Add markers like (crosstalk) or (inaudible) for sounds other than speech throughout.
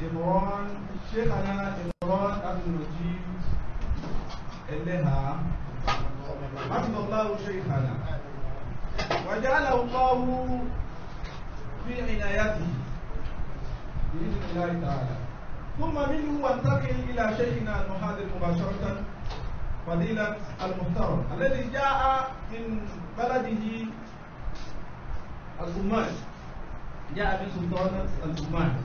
إمران شيخنا إمران أبو نجيب لها حفظ الله شيخنا وجعله الله في عنايته بإذن الله تعالى ثم منه وانتقل إلى شيخنا المحاضر مباشرة فضيلة المحترم الذي جاء من بلده الزمان جاء من سلطان الزمان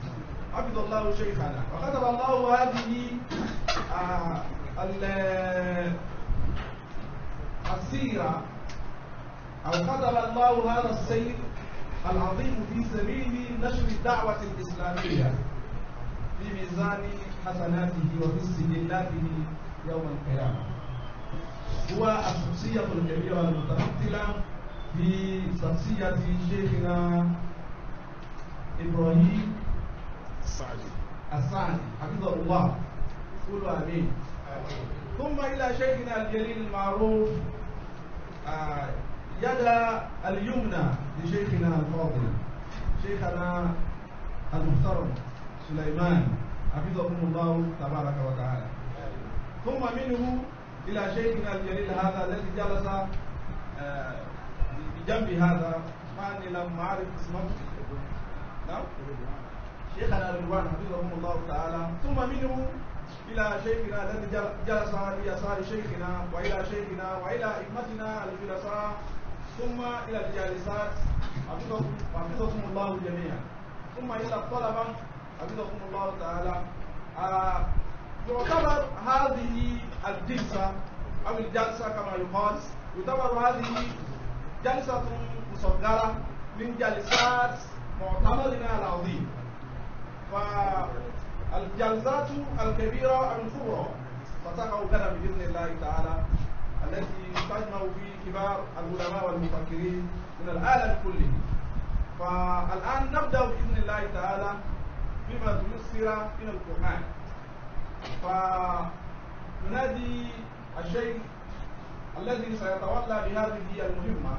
حفظ الله شيخنا وختم الله هذه آه، السيرة أو ختم الله هذا السير العظيم في سبيل نشر الدعوة الإسلامية في ميزان حسناته وفي سجلاته يوم القيامة هو الشخصية الكبيرة المتمثلة في شخصية شيخنا إبراهيم السعدي الصعدي حفظه الله قولوا امين ثم الى شيخنا الجليل المعروف آه، يد اليمنى لشيخنا الفاضل شيخنا المحترم سليمان حفظكم الله تبارك وتعالى ثم منه الى شيخنا الجليل هذا الذي جلس آه، بجنب هذا مع اني لم اعرف اسمه نعم شيخنا رضوان حفظهم الله تعالى ثم منه إلى شيخنا الذي جلس بيسار شيخنا وإلى شيخنا وإلى أئمتنا الجلساء ثم إلى الجالسات حفظكم الله جميعا ثم إلى الطلبة حفظكم الله تعالى آه يعتبر هذه الجلسة أو الجلسة كما يقال يعتبر هذه جلسة مصغرة من جلسات معتمدنا العظيم فالجلسات الكبيرة الكبرى ستقع لنا بإذن الله تعالى التي تجمع في كبار العلماء والمفكرين من العالم كله فالآن نبدأ بإذن الله تعالى بما تيسر من القرآن فننادي الشيخ الذي سيتولى بهذه المهمة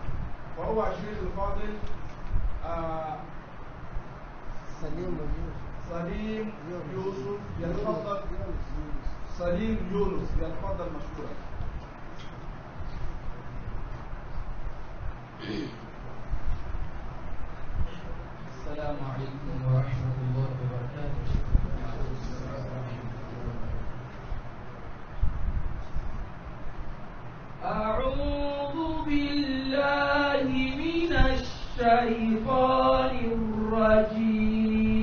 وهو الشيخ الفاضل آه سليم مجيب سليم يوسف يتفضل سليم يونس يتفضل مشكورا السلام عليكم ورحمة الله وبركاته أعوذ بالله من الشيطان الرجيم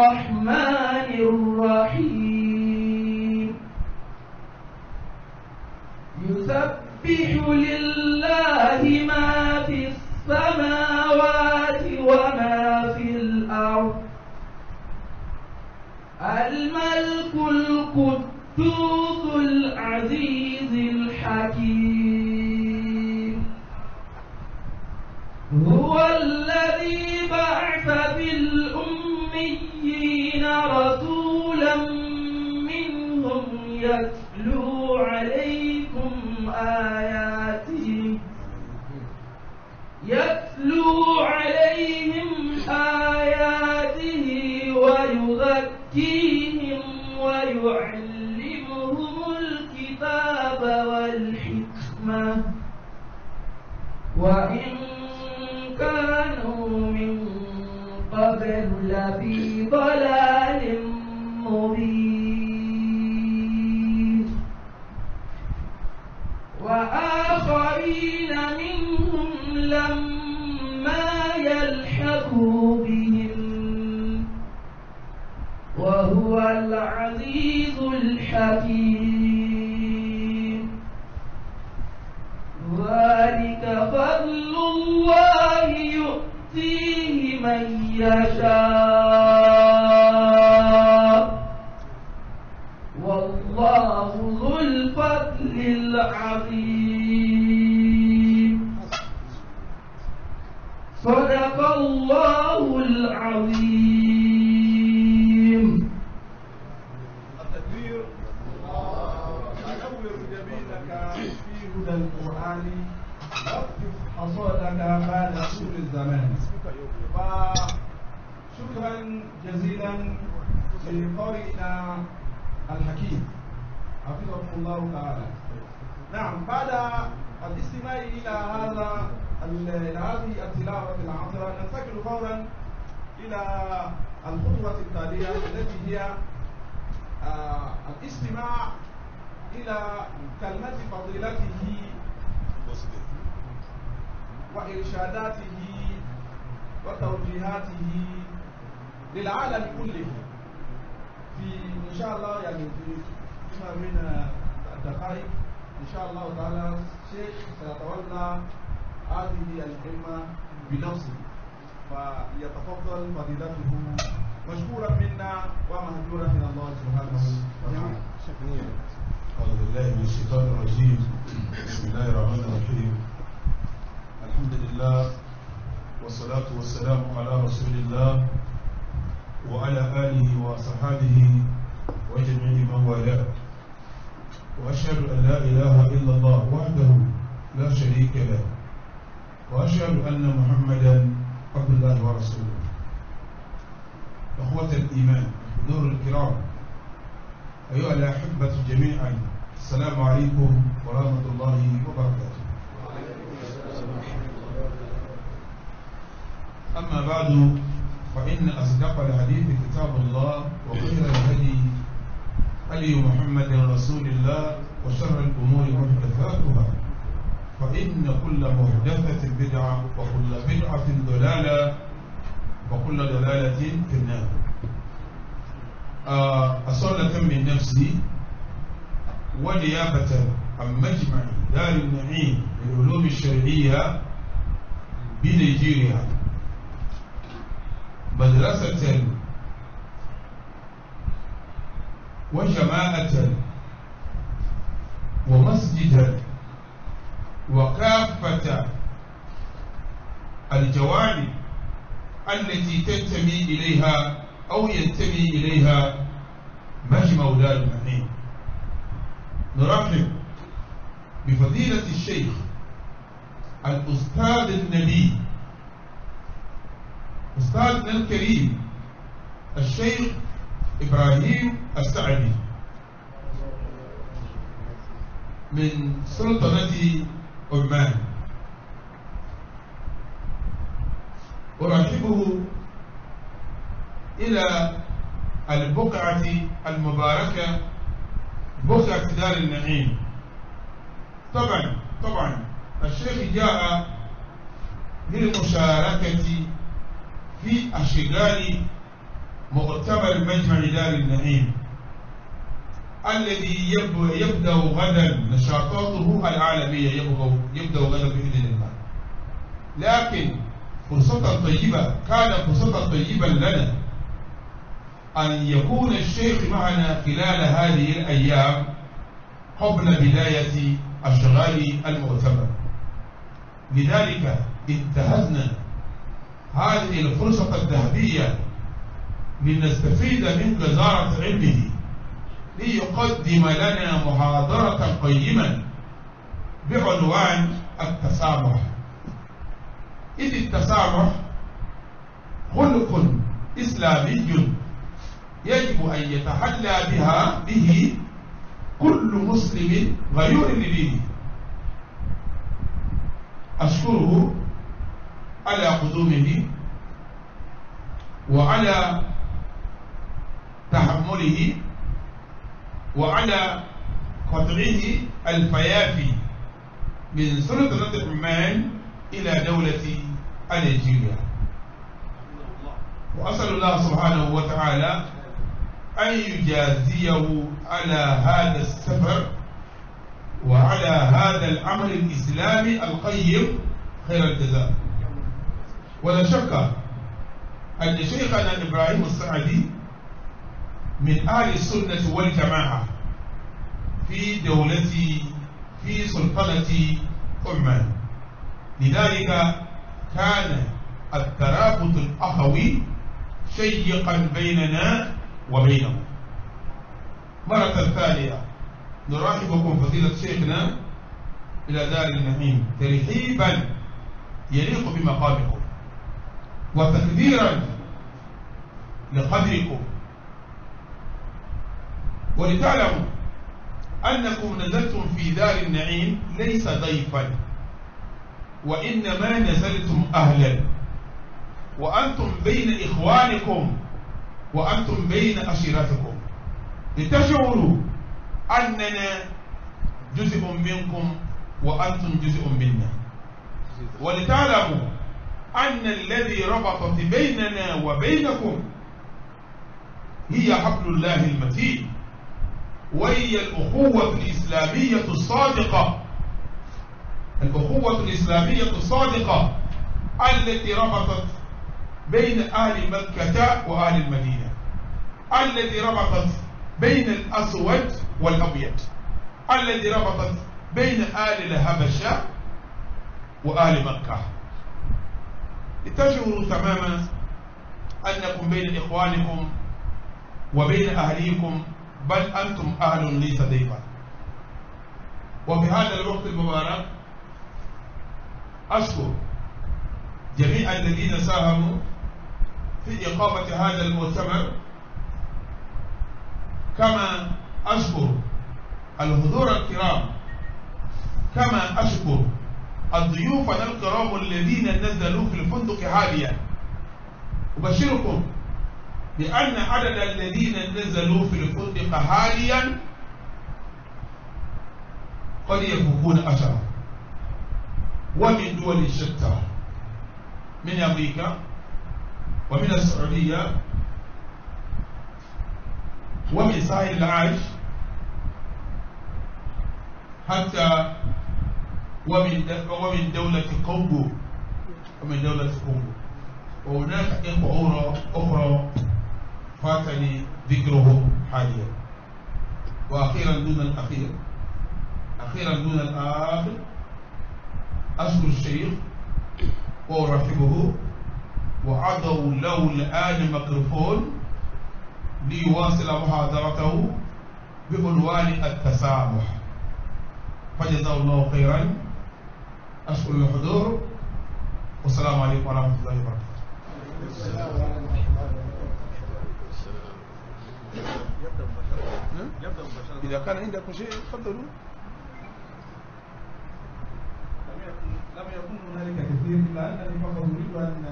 Gracias. ان شاء الله تعالى الشيخ سيتولى هذه الخدمه بنفسه فليتفضل فضيلته مشكورا منا ومهجورا من الله سبحانه وتعالى. أعوذ بالله من الشيطان الرجيم بسم الله الرحمن الرحيم الحمد لله والصلاة والسلام على رسول الله وعلى آله وصحبه وجميع من والاه وأشهد أن لا إله إلا الله وحده لا شريك له وأشهد أن محمدا عبد الله ورسوله أخوة الإيمان نور الكرام أيها الأحبة جميعا السلام عليكم ورحمة الله وبركاته أما بعد فإن أصدق الحديث كتاب الله وخير الهدي علي محمد رسول الله وشر الأمور محدثاتها فإن كل محدثة بدعة وكل بدعة ضلالة وكل ضلالة في النار آه، أصالة من نفسي ونيابة عن مجمع دار النعيم للعلوم الشرعية بنيجيريا مدرسة وجماعة ومسجدا وكافة الجوانب التي تنتمي إليها أو ينتمي إليها مجمع دار المعنين نرحب بفضيلة الشيخ الأستاذ النبي أستاذنا الكريم الشيخ إبراهيم السعدي من سلطنة عمان أرحبه إلى البقعة المباركة بقعة دار النعيم طبعا طبعا الشيخ جاء للمشاركة في أشغال مؤتمر مجمع دار النعيم الذي يبدأ غدا نشاطاته العالمية يبدأ غدا بإذن الله لكن فرصة طيبة كان فرصة طيبة لنا أن يكون الشيخ معنا خلال هذه الأيام قبل بداية أشغال المؤتمر لذلك انتهزنا هذه الفرصة الذهبية لنستفيد من جزارة علمه ليقدم لنا محاضرة قيمة بعنوان التسامح إذ التسامح خلق إسلامي يجب أن يتحلى بها به كل مسلم غيور لدينه أشكره على قدومه وعلى تحمله وعلى قطعه الفيافي من سلطنة عمان إلى دولة أليجيريا وأسأل الله سبحانه وتعالى أن يجازيه على هذا السفر وعلى هذا الأمر الإسلامي القيم خير الجزاء ولا شك أن شيخنا إبراهيم السعدي من أهل السنة والجماعة في دولة في سلطنة عمان لذلك كان الترابط الأخوي شيقا بيننا وبينهم مرة ثانية نرحبكم فضيلة شيخنا إلى دار النعيم ترحيبا يليق بمقامكم وتكبيرا لقدركم ولتعلموا أنكم نزلتم في دار النعيم ليس ضيفا وإنما نزلتم أهلا وأنتم بين إخوانكم وأنتم بين أشيرتكم لتشعروا أننا جزء منكم وأنتم جزء منا ولتعلموا أن الذي ربطت بيننا وبينكم هي حبل الله المتين وهي الأخوة الإسلامية الصادقة الأخوة الإسلامية الصادقة التي ربطت بين أهل مكة وأهل المدينة التي ربطت بين الأسود والأبيض التي ربطت بين أهل الهبشة وأهل مكة لتشعروا تماما أنكم بين إخوانكم وبين أهليكم بل أنتم أهل لي تديما وفي هذا الوقت المبارك أشكر جميع الذين ساهموا في إقامة هذا المؤتمر كما أشكر الحضور الكرام كما أشكر الضيوف الكرام الذين نزلوا في الفندق حاليا أبشركم لأن عدد الذين نزلوا في الفندق حاليا قد يفوقون عشرة ومن دول شتى من أمريكا ومن السعودية ومن سائر العاج حتى ومن ومن دولة كونغو ومن دولة كونغو وهناك إخوة أخرى فاتني ذكرهم حاليا وأخيرا دون الأخير أخيرا دون الآخر أشكر الشيخ وأرحبه وعدوا له الآن ميكروفون ليواصل محاضرته بعنوان التسامح فجزاه الله خيرا أشكر الحضور والسلام عليكم ورحمة الله وبركاته. إذا كان عندكم شيء تفضلوا لم يكن هنالك كثير إلا أنني فقط أريد أن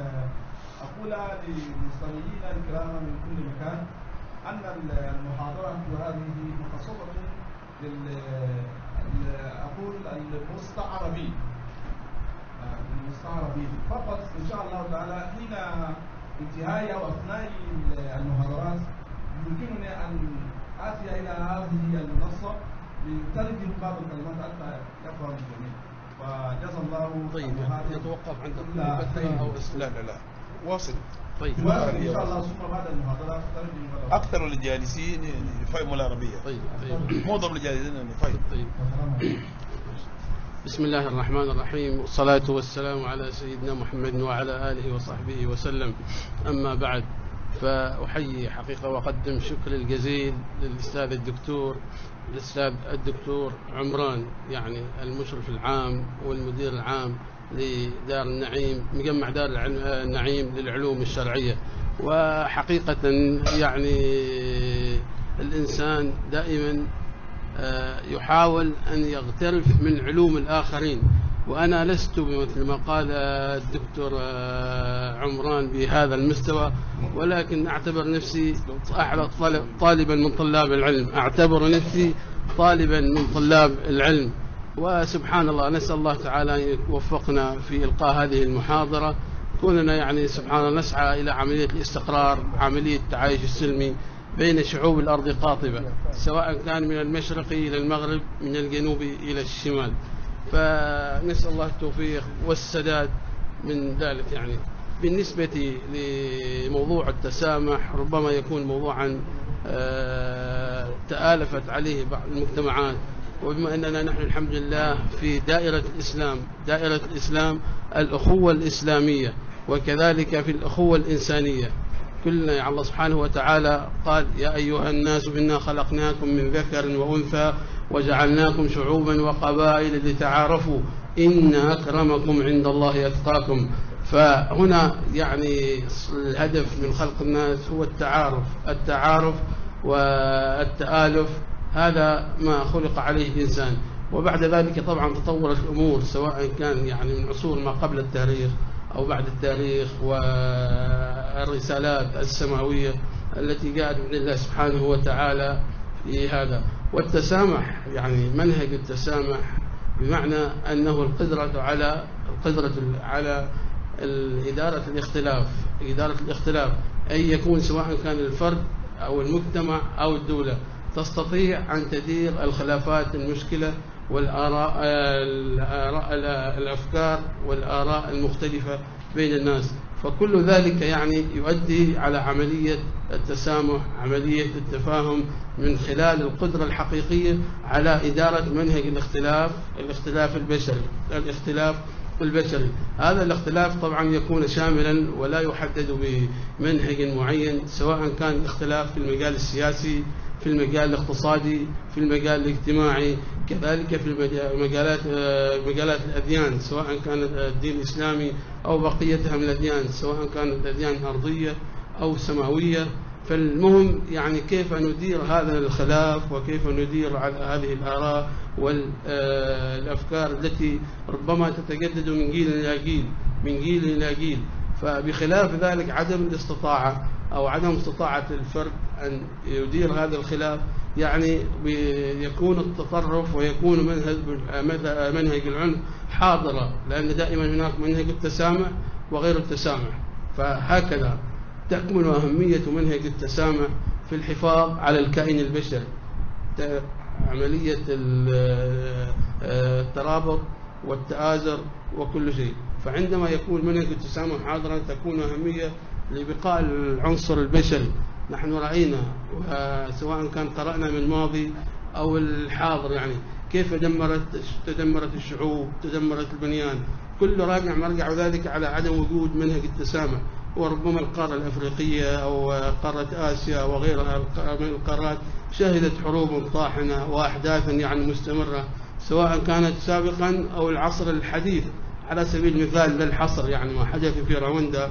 أقول للمستمعين الكرام من كل مكان أن المحاضرة هذه مخصصة لل أقول المستعربي المستعربي فقط إن شاء الله تعالى حين انتهاء وأثناء المحاضرات يمكنني أن آتي إلى هذه المنصة لترجم بعض الكلمات حتى يفهم الجميع فجزا الله طيب يعني يتوقف عند كل أو لا لا لا واصل طيب ان شاء الله ثم بعد المحاضره اكثر الجالسين يفهموا العربيه طيب طيب معظم الجالسين يعني طيب طيب بسم الله الرحمن الرحيم والصلاة والسلام على سيدنا محمد وعلى آله وصحبه وسلم أما بعد فأحيي حقيقة وأقدم شكر الجزيل للأستاذ الدكتور الأستاذ الدكتور عمران يعني المشرف العام والمدير العام لدار النعيم مجمع دار آه، النعيم للعلوم الشرعية وحقيقة يعني الإنسان دائما آه، يحاول أن يغترف من علوم الآخرين وأنا لست مثل ما قال الدكتور آه، عمران بهذا المستوى ولكن أعتبر نفسي أعلى طالبا من طلاب العلم أعتبر نفسي طالبا من طلاب العلم وسبحان الله نسأل الله تعالى أن يوفقنا في إلقاء هذه المحاضرة كوننا يعني سبحان الله نسعى إلى عملية الاستقرار عملية التعايش السلمي بين شعوب الأرض قاطبة سواء كان من المشرق إلى المغرب من الجنوب إلى الشمال فنسأل الله التوفيق والسداد من ذلك يعني بالنسبة لموضوع التسامح ربما يكون موضوعا آه، تآلفت عليه بعض المجتمعات وبما أننا نحن الحمد لله في دائرة الإسلام دائرة الإسلام الأخوة الإسلامية وكذلك في الأخوة الإنسانية كلنا يعني الله سبحانه وتعالى قال يا أيها الناس إنا خلقناكم من ذكر وأنثى وجعلناكم شعوبا وقبائل لتعارفوا إن أكرمكم عند الله أتقاكم فهنا يعني الهدف من خلق الناس هو التعارف التعارف والتآلف هذا ما خلق عليه الإنسان وبعد ذلك طبعا تطورت الأمور سواء كان يعني من عصور ما قبل التاريخ أو بعد التاريخ والرسالات السماوية التي جاءت من الله سبحانه وتعالى في هذا والتسامح يعني منهج التسامح بمعنى أنه القدرة على القدرة على إدارة الاختلاف إدارة الاختلاف أي يكون سواء كان الفرد أو المجتمع أو الدولة تستطيع أن تدير الخلافات المشكلة والآراء الأفكار والآراء المختلفة بين الناس فكل ذلك يعني يؤدي على عملية التسامح عملية التفاهم من خلال القدرة الحقيقية على إدارة منهج الاختلاف الاختلاف البشري الاختلاف البشري هذا الاختلاف طبعا يكون شاملا ولا يحدد بمنهج معين سواء كان اختلاف في المجال السياسي في المجال الاقتصادي في المجال الاجتماعي كذلك في مجالات آه، مجالات الأديان سواء كانت الدين الإسلامي أو بقيتها من الأديان سواء كانت أديان أرضية أو سماوية فالمهم يعني كيف ندير هذا الخلاف وكيف ندير على هذه الآراء والأفكار آه، التي ربما تتجدد من جيل إلى جيل من جيل إلى جيل فبخلاف ذلك عدم الاستطاعة أو عدم استطاعة الفرد أن يدير هذا الخلاف يعني يكون التطرف ويكون منهج منهج العنف حاضرة لأن دائما هناك منهج التسامح وغير التسامح فهكذا تكمن أهمية منهج التسامح في الحفاظ على الكائن البشري عملية الترابط والتآزر وكل شيء فعندما يكون منهج التسامح حاضرا تكون أهمية لبقاء العنصر البشري نحن رأينا سواء كان قرأنا من الماضي أو الحاضر يعني كيف دمرت تدمرت الشعوب تدمرت البنيان كل راجع مرجع ذلك على عدم وجود منهج التسامح وربما القارة الأفريقية أو قارة آسيا وغيرها من القارات شهدت حروب طاحنة وأحداثا يعني مستمرة سواء كانت سابقا أو العصر الحديث على سبيل المثال للحصر يعني ما حدث في رواندا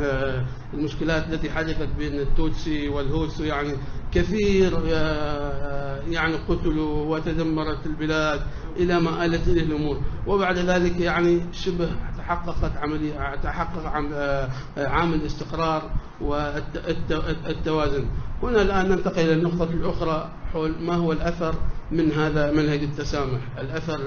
آه، المشكلات التي حدثت بين التوتسي والهوسو يعني كثير آه، آه، يعني قتلوا وتدمرت البلاد إلى ما آلت إليه الأمور وبعد ذلك يعني شبه تحققت عملية تحقق عامل الاستقرار والتوازن هنا الآن ننتقل إلى النقطة الأخرى حول ما هو الأثر من هذا منهج التسامح الأثر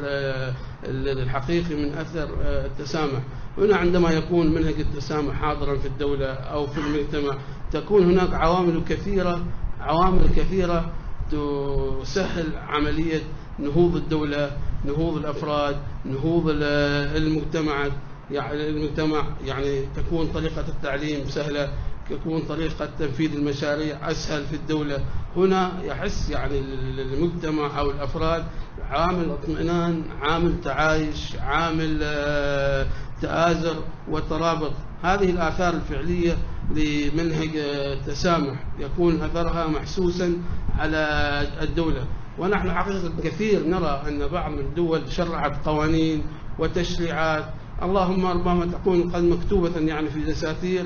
الحقيقي من أثر آه، التسامح هنا عندما يكون منهج التسامح حاضرا في الدولة أو في المجتمع تكون هناك عوامل كثيرة عوامل كثيرة تسهل عملية نهوض الدولة نهوض الأفراد نهوض المجتمع يعني المجتمع يعني تكون طريقة التعليم سهلة يكون طريقة تنفيذ المشاريع أسهل في الدولة هنا يحس يعني المجتمع أو الأفراد عامل اطمئنان عامل تعايش عامل آه، تآزر وترابط هذه الآثار الفعلية لمنهج التسامح آه، يكون أثرها محسوسا على الدولة ونحن حقيقة كثير نرى أن بعض الدول شرعت قوانين وتشريعات اللهم ربما تكون قد مكتوبة يعني في دساتير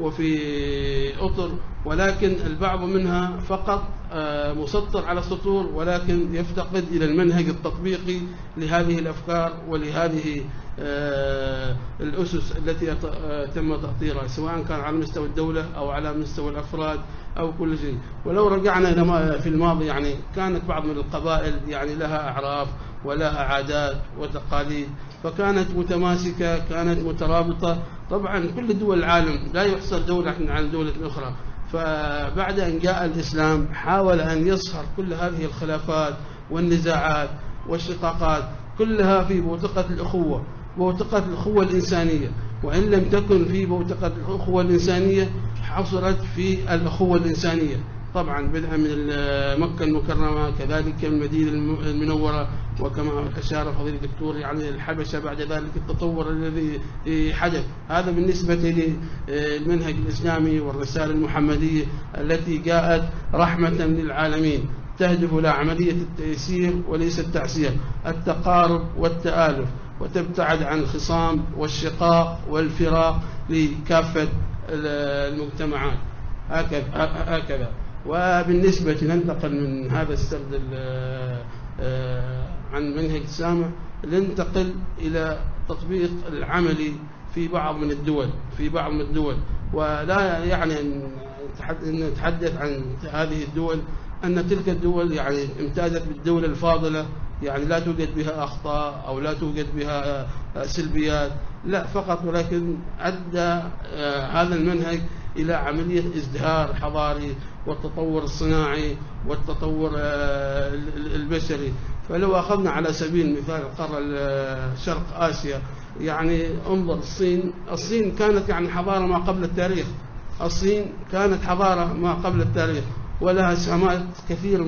وفي أطر ولكن البعض منها فقط آه، مسطر على السطور ولكن يفتقد إلى المنهج التطبيقي لهذه الأفكار ولهذه آه، الأسس التي آه، تم تأطيرها سواء كان على مستوى الدولة أو على مستوى الأفراد أو كل شيء ولو رجعنا إلى في الماضي يعني كانت بعض من القبائل يعني لها أعراف ولها عادات وتقاليد فكانت متماسكة كانت مترابطة طبعا كل دول العالم لا يحصر دولة عن دولة أخرى فبعد أن جاء الإسلام حاول أن يصهر كل هذه الخلافات والنزاعات والشقاقات كلها في بوتقة الأخوة بوتقة الأخوة الإنسانية وإن لم تكن في بوتقة الأخوة الإنسانية حصلت في الأخوة الإنسانية طبعا بدءا من مكة المكرمة كذلك المدينة المنورة وكما أشار فضيلة الدكتور يعني الحبشة بعد ذلك التطور الذي حدث هذا بالنسبة للمنهج الإسلامي والرسالة المحمدية التي جاءت رحمة للعالمين تهدف إلى عملية التيسير وليس التعسير التقارب والتآلف وتبتعد عن الخصام والشقاق والفراق لكافة المجتمعات هكذا وبالنسبة ننتقل من هذا السرد آه، عن منهج سامع لننتقل إلى تطبيق العملي في بعض من الدول في بعض من الدول ولا يعني أن نتحدث عن هذه الدول أن تلك الدول يعني امتازت بالدولة الفاضلة يعني لا توجد بها أخطاء أو لا توجد بها آه، سلبيات لا فقط ولكن أدى آه، هذا المنهج إلى عملية ازدهار حضاري والتطور الصناعي والتطور آه، البشري فلو أخذنا على سبيل المثال قرى شرق آسيا يعني انظر الصين الصين كانت يعني حضارة ما قبل التاريخ الصين كانت حضارة ما قبل التاريخ ولها سمات كثيرة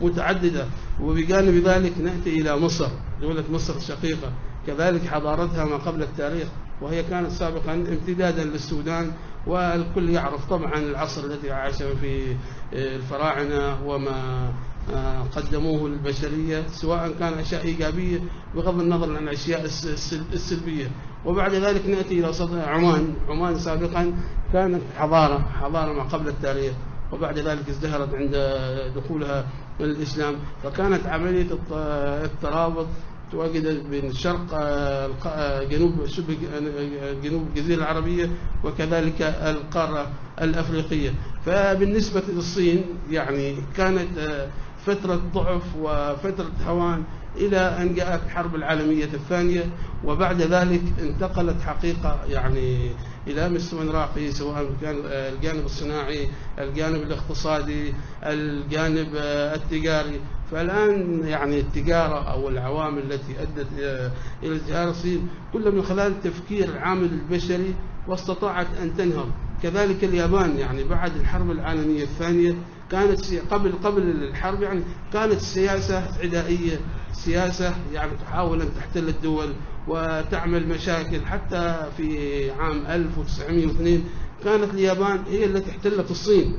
متعددة وبجانب ذلك نأتي إلى مصر دولة مصر الشقيقة كذلك حضارتها ما قبل التاريخ وهي كانت سابقا امتدادا للسودان والكل يعرف طبعا العصر الذي عاش في آه، الفراعنة وما آه، قدموه للبشرية سواء كان أشياء إيجابية بغض النظر عن الأشياء السلبية وبعد ذلك نأتي إلى عمان عمان سابقا كانت حضارة حضارة ما قبل التاريخ وبعد ذلك ازدهرت عند دخولها الإسلام فكانت عملية الترابط تواجد بين شرق آه، آه، جنوب شبه جنوب الجزيرة العربية وكذلك القارة الأفريقية فبالنسبة للصين يعني كانت فترة ضعف وفترة هوان إلى أن جاءت الحرب العالمية الثانية وبعد ذلك انتقلت حقيقة يعني إلى مستوى راقي سواء كان الجانب الصناعي الجانب الاقتصادي الجانب التجاري فالآن يعني التجارة أو العوامل التي أدت إلى ازدهار الصين كلها من خلال تفكير العامل البشري واستطاعت أن تنهض كذلك اليابان يعني بعد الحرب العالمية الثانية كانت قبل قبل الحرب يعني كانت سياسة عدائية سياسة يعني تحاول أن تحتل الدول وتعمل مشاكل حتى في عام 1902 كانت اليابان هي التي احتلت الصين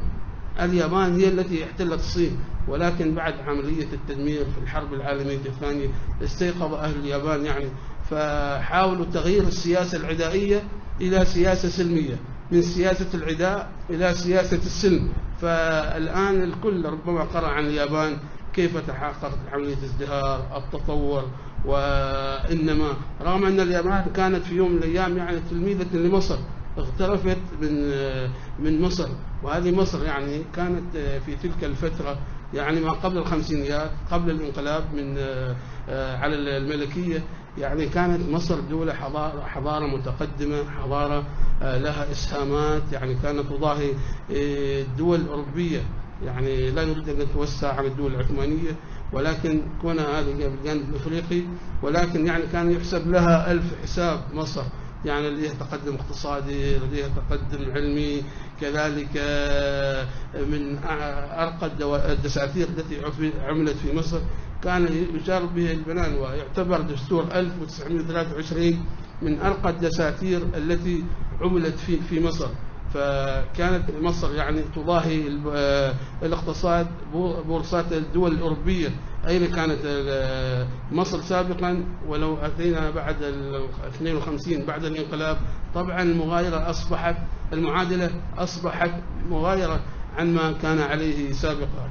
اليابان هي التي احتلت الصين ولكن بعد عملية التدمير في الحرب العالمية الثانية استيقظ أهل اليابان يعني فحاولوا تغيير السياسة العدائية إلى سياسة سلمية من سياسة العداء إلى سياسة السلم فالآن الكل ربما قرأ عن اليابان كيف تحققت عملية ازدهار التطور وإنما رغم أن اليابان كانت في يوم من الأيام يعني تلميذة لمصر اغترفت من من مصر وهذه مصر يعني كانت في تلك الفترة يعني ما قبل الخمسينيات قبل الانقلاب من آه، على الملكية يعني كانت مصر دولة حضارة, حضارة متقدمة حضارة آه، لها إسهامات يعني كانت تضاهي آه، الدول الأوروبية يعني لا نريد أن نتوسع عن الدول العثمانية ولكن كون هذه بالجانب الأفريقي ولكن يعني كان يحسب لها ألف حساب مصر يعني لديها تقدم اقتصادي لديها تقدم علمي كذلك آه، من أرقى الدساتير التي عملت في مصر كان يجار به البنان ويعتبر دستور 1923 من أرقى الدساتير التي عملت في في مصر فكانت مصر يعني تضاهي آه، الاقتصاد بورصات الدول الأوروبية أين كانت آه، مصر سابقا ولو أتينا بعد 52 بعد الانقلاب طبعا المغايرة أصبحت المعادلة أصبحت مغايرة عن ما كان عليه سابقا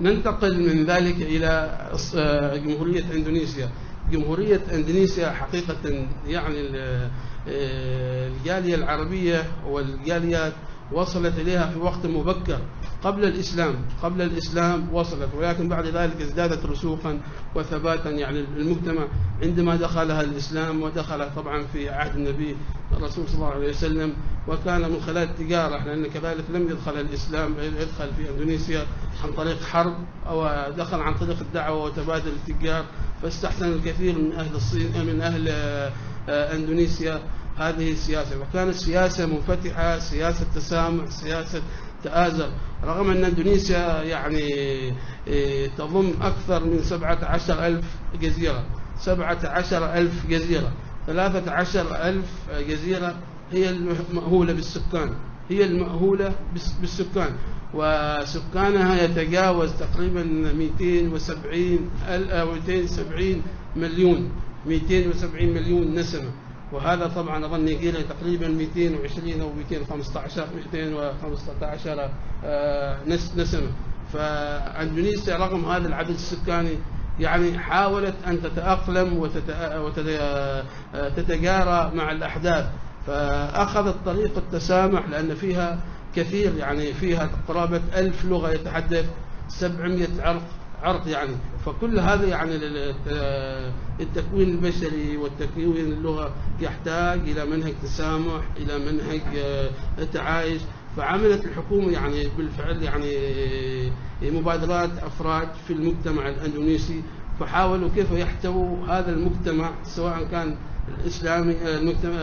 ننتقل من ذلك إلى آه، جمهورية إندونيسيا جمهورية إندونيسيا حقيقة يعني آه، الجالية العربية والجاليات وصلت إليها في وقت مبكر قبل الإسلام قبل الإسلام وصلت ولكن بعد ذلك ازدادت رسوخا وثباتا يعني المجتمع عندما دخلها الإسلام ودخل طبعا في عهد النبي الرسول صلى الله عليه وسلم وكان من خلال التجارة لأن كذلك لم يدخل الإسلام يدخل في إندونيسيا عن طريق حرب أو دخل عن طريق الدعوة وتبادل التجار فاستحسن الكثير من أهل الصين من أهل آه، أندونيسيا هذه السياسة وكانت سياسة منفتحة سياسة تسامح سياسة تآزر رغم أن إندونيسيا يعني إيه، تضم أكثر من 17 ألف جزيرة 17 ألف جزيرة 13 ألف جزيرة هي المأهولة بالسكان هي المأهولة بالسكان وسكانها يتجاوز تقريبا 270 270 مليون 270 مليون نسمة وهذا طبعا أظني قيل تقريبا 220 أو 215 215 آه، نسمة فأندونيسيا رغم هذا العدد السكاني يعني حاولت أن تتأقلم وتتجارى آه، مع الأحداث فأخذت طريق التسامح لأن فيها كثير يعني فيها قرابة ألف لغة يتحدث 700 عرق عرق يعني فكل هذا يعني آه، التكوين البشري والتكوين اللغة يحتاج إلى منهج تسامح إلى منهج آه، تعايش فعملت الحكومة يعني بالفعل يعني آه، مبادرات أفراد في المجتمع الأندونيسي فحاولوا كيف يحتووا هذا المجتمع سواء كان الإسلامي المجتمع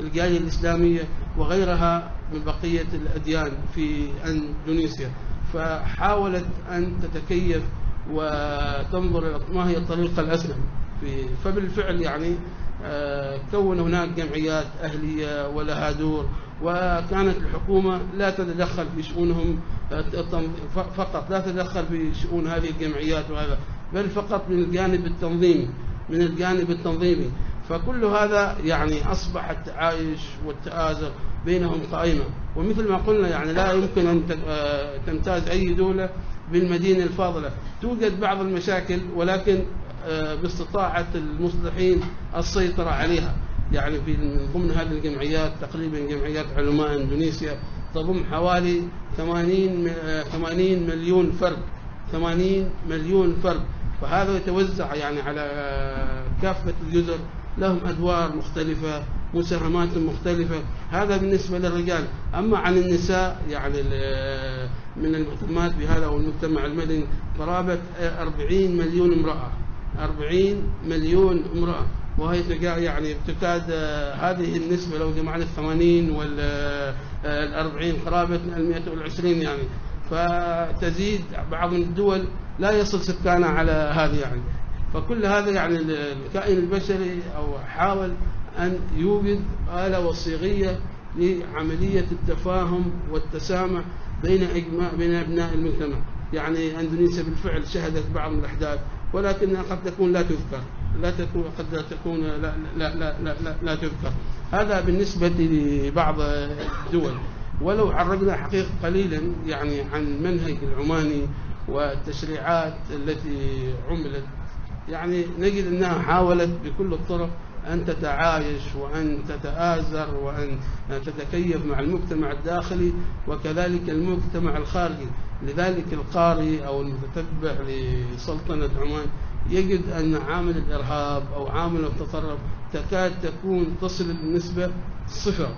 الجالية الإسلامية وغيرها من بقية الأديان في أندونيسيا فحاولت أن تتكيف وتنظر إلى ما هي الطريقة الأسلم فبالفعل يعني آه، كون هناك جمعيات أهلية ولها دور وكانت الحكومة لا تتدخل في شؤونهم آه، فقط لا تتدخل في شؤون هذه الجمعيات وهذا بل فقط من الجانب التنظيمي من الجانب التنظيمي فكل هذا يعني أصبح التعايش والتآزر بينهم قائمة ومثل ما قلنا يعني لا يمكن أن آه، تمتاز أي دولة بالمدينة الفاضلة توجد بعض المشاكل ولكن آه، باستطاعة المصلحين السيطرة عليها يعني في ضمن هذه الجمعيات تقريبا جمعيات علماء اندونيسيا تضم حوالي 80 80 آه، مليون فرد 80 مليون فرد فهذا يتوزع يعني على كافة الجزر لهم أدوار مختلفة مسرمات مختلفة هذا بالنسبة للرجال أما عن النساء يعني من المهتمات بهذا والمجتمع المجتمع المدني قرابة 40 مليون امرأة 40 مليون امرأة وهي يعني تكاد آه، هذه النسبة لو جمعنا الثمانين والأربعين آه، قرابة المئة والعشرين يعني فتزيد بعض الدول لا يصل سكانها على هذه يعني فكل هذا يعني الكائن البشري أو حاول أن يوجد آلة وصيغية لعملية التفاهم والتسامح بين أجماع بين أبناء المجتمع يعني أندونيسيا بالفعل شهدت بعض الأحداث ولكنها قد تكون لا تذكر لا تكون قد تكون لا لا لا لا, لا, لا تذكر هذا بالنسبة لبعض الدول ولو عرضنا حقيقة قليلا يعني عن المنهج العماني والتشريعات التي عملت يعني نجد أنها حاولت بكل الطرق أن تتعايش وأن تتآزر وأن تتكيف مع المجتمع الداخلي وكذلك المجتمع الخارجي لذلك القارئ أو المتتبع لسلطنة عمان يجد أن عامل الإرهاب أو عامل التطرف تكاد تكون تصل النسبة صفر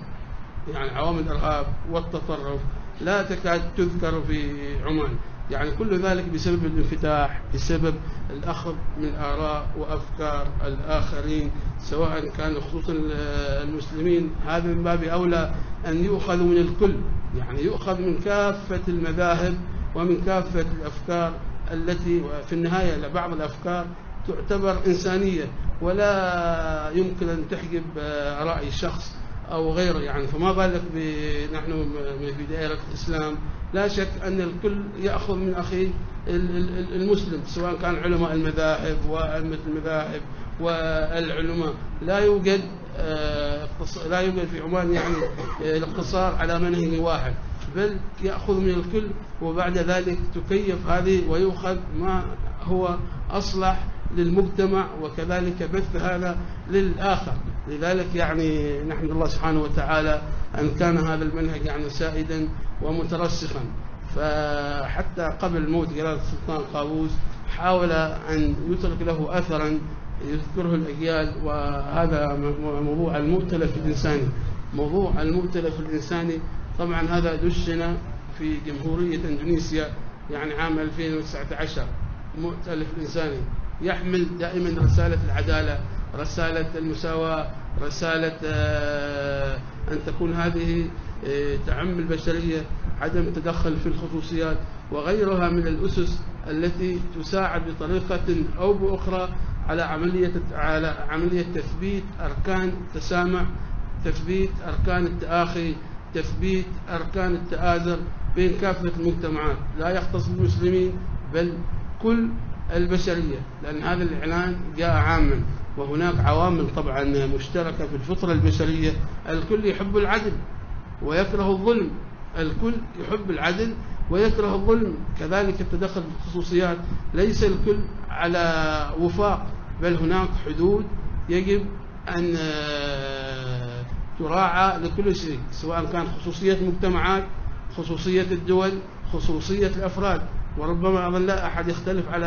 يعني عوامل الإرهاب والتطرف لا تكاد تذكر في عمان يعني كل ذلك بسبب الانفتاح بسبب الأخذ من آراء وأفكار الآخرين سواء كان خصوصا المسلمين هذا من باب أولى أن يؤخذ من الكل يعني يؤخذ من كافة المذاهب ومن كافة الأفكار التي في النهاية بعض الأفكار تعتبر إنسانية ولا يمكن أن تحجب رأي شخص أو غيره يعني فما بالك نحن في دائرة الإسلام لا شك أن الكل يأخذ من أخيه المسلم سواء كان علماء المذاهب وأئمة المذاهب والعلماء لا يوجد آه، لا يوجد في عمان يعني آه، الاقتصار على منهج واحد بل يأخذ من الكل وبعد ذلك تكيف هذه ويؤخذ ما هو أصلح للمجتمع وكذلك بث هذا للآخر لذلك يعني نحمد الله سبحانه وتعالى أن كان هذا المنهج يعني سائدا ومترسخا فحتى قبل موت جلالة السلطان قابوس حاول أن يترك له أثرا يذكره الأجيال وهذا موضوع المؤتلف الإنساني موضوع المؤتلف الإنساني طبعا هذا دشن في جمهورية إندونيسيا يعني عام 2019 مؤتلف إنساني يحمل دائما رسالة العدالة رسالة المساواة رسالة آه، أن تكون هذه إيه، تعم البشرية عدم تدخل في الخصوصيات وغيرها من الأسس التي تساعد بطريقة أو بأخرى على عملية على عملية تثبيت أركان التسامح تثبيت أركان التآخي تثبيت أركان التآزر بين كافة المجتمعات لا يختص بالمسلمين بل كل البشرية لأن هذا الإعلان جاء عاما وهناك عوامل طبعا مشتركة في الفطرة البشرية الكل يحب العدل ويكره الظلم الكل يحب العدل ويكره الظلم كذلك التدخل في الخصوصيات ليس الكل على وفاق بل هناك حدود يجب أن آه، تراعى لكل شيء سواء كان خصوصية المجتمعات خصوصية الدول خصوصية الأفراد وربما أظن لا أحد يختلف على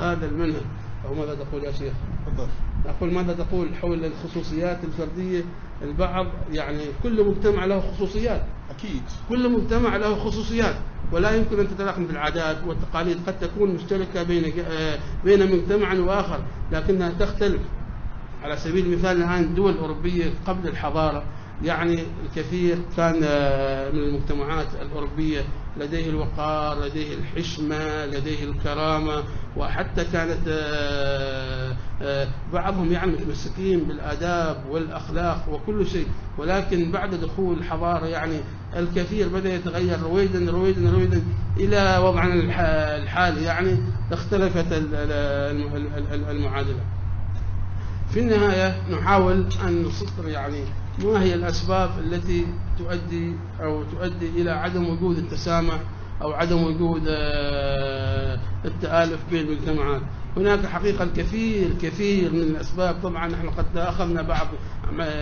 هذا المنهج أو ماذا تقول يا شيخ؟ تفضل أقول ماذا تقول حول الخصوصيات الفردية البعض يعني كل مجتمع له خصوصيات أكيد كل مجتمع له خصوصيات ولا يمكن أن في العادات والتقاليد قد تكون مشتركة بين آه، بين مجتمع وآخر لكنها تختلف على سبيل المثال الآن الدول الأوروبية قبل الحضارة يعني الكثير كان آه، من المجتمعات الأوروبية لديه الوقار لديه الحشمة لديه الكرامة وحتى كانت آه، آه، بعضهم يعني متمسكين بالآداب والأخلاق وكل شيء ولكن بعد دخول الحضارة يعني الكثير بدأ يتغير رويدا رويدا رويدا إلى وضعنا الحالي يعني اختلفت المعادلة في النهاية نحاول أن نسطر يعني ما هي الأسباب التي تؤدي أو تؤدي إلى عدم وجود التسامح أو عدم وجود آه، التآلف بين المجتمعات هناك حقيقة الكثير كثير من الأسباب طبعا نحن قد تأخذنا بعض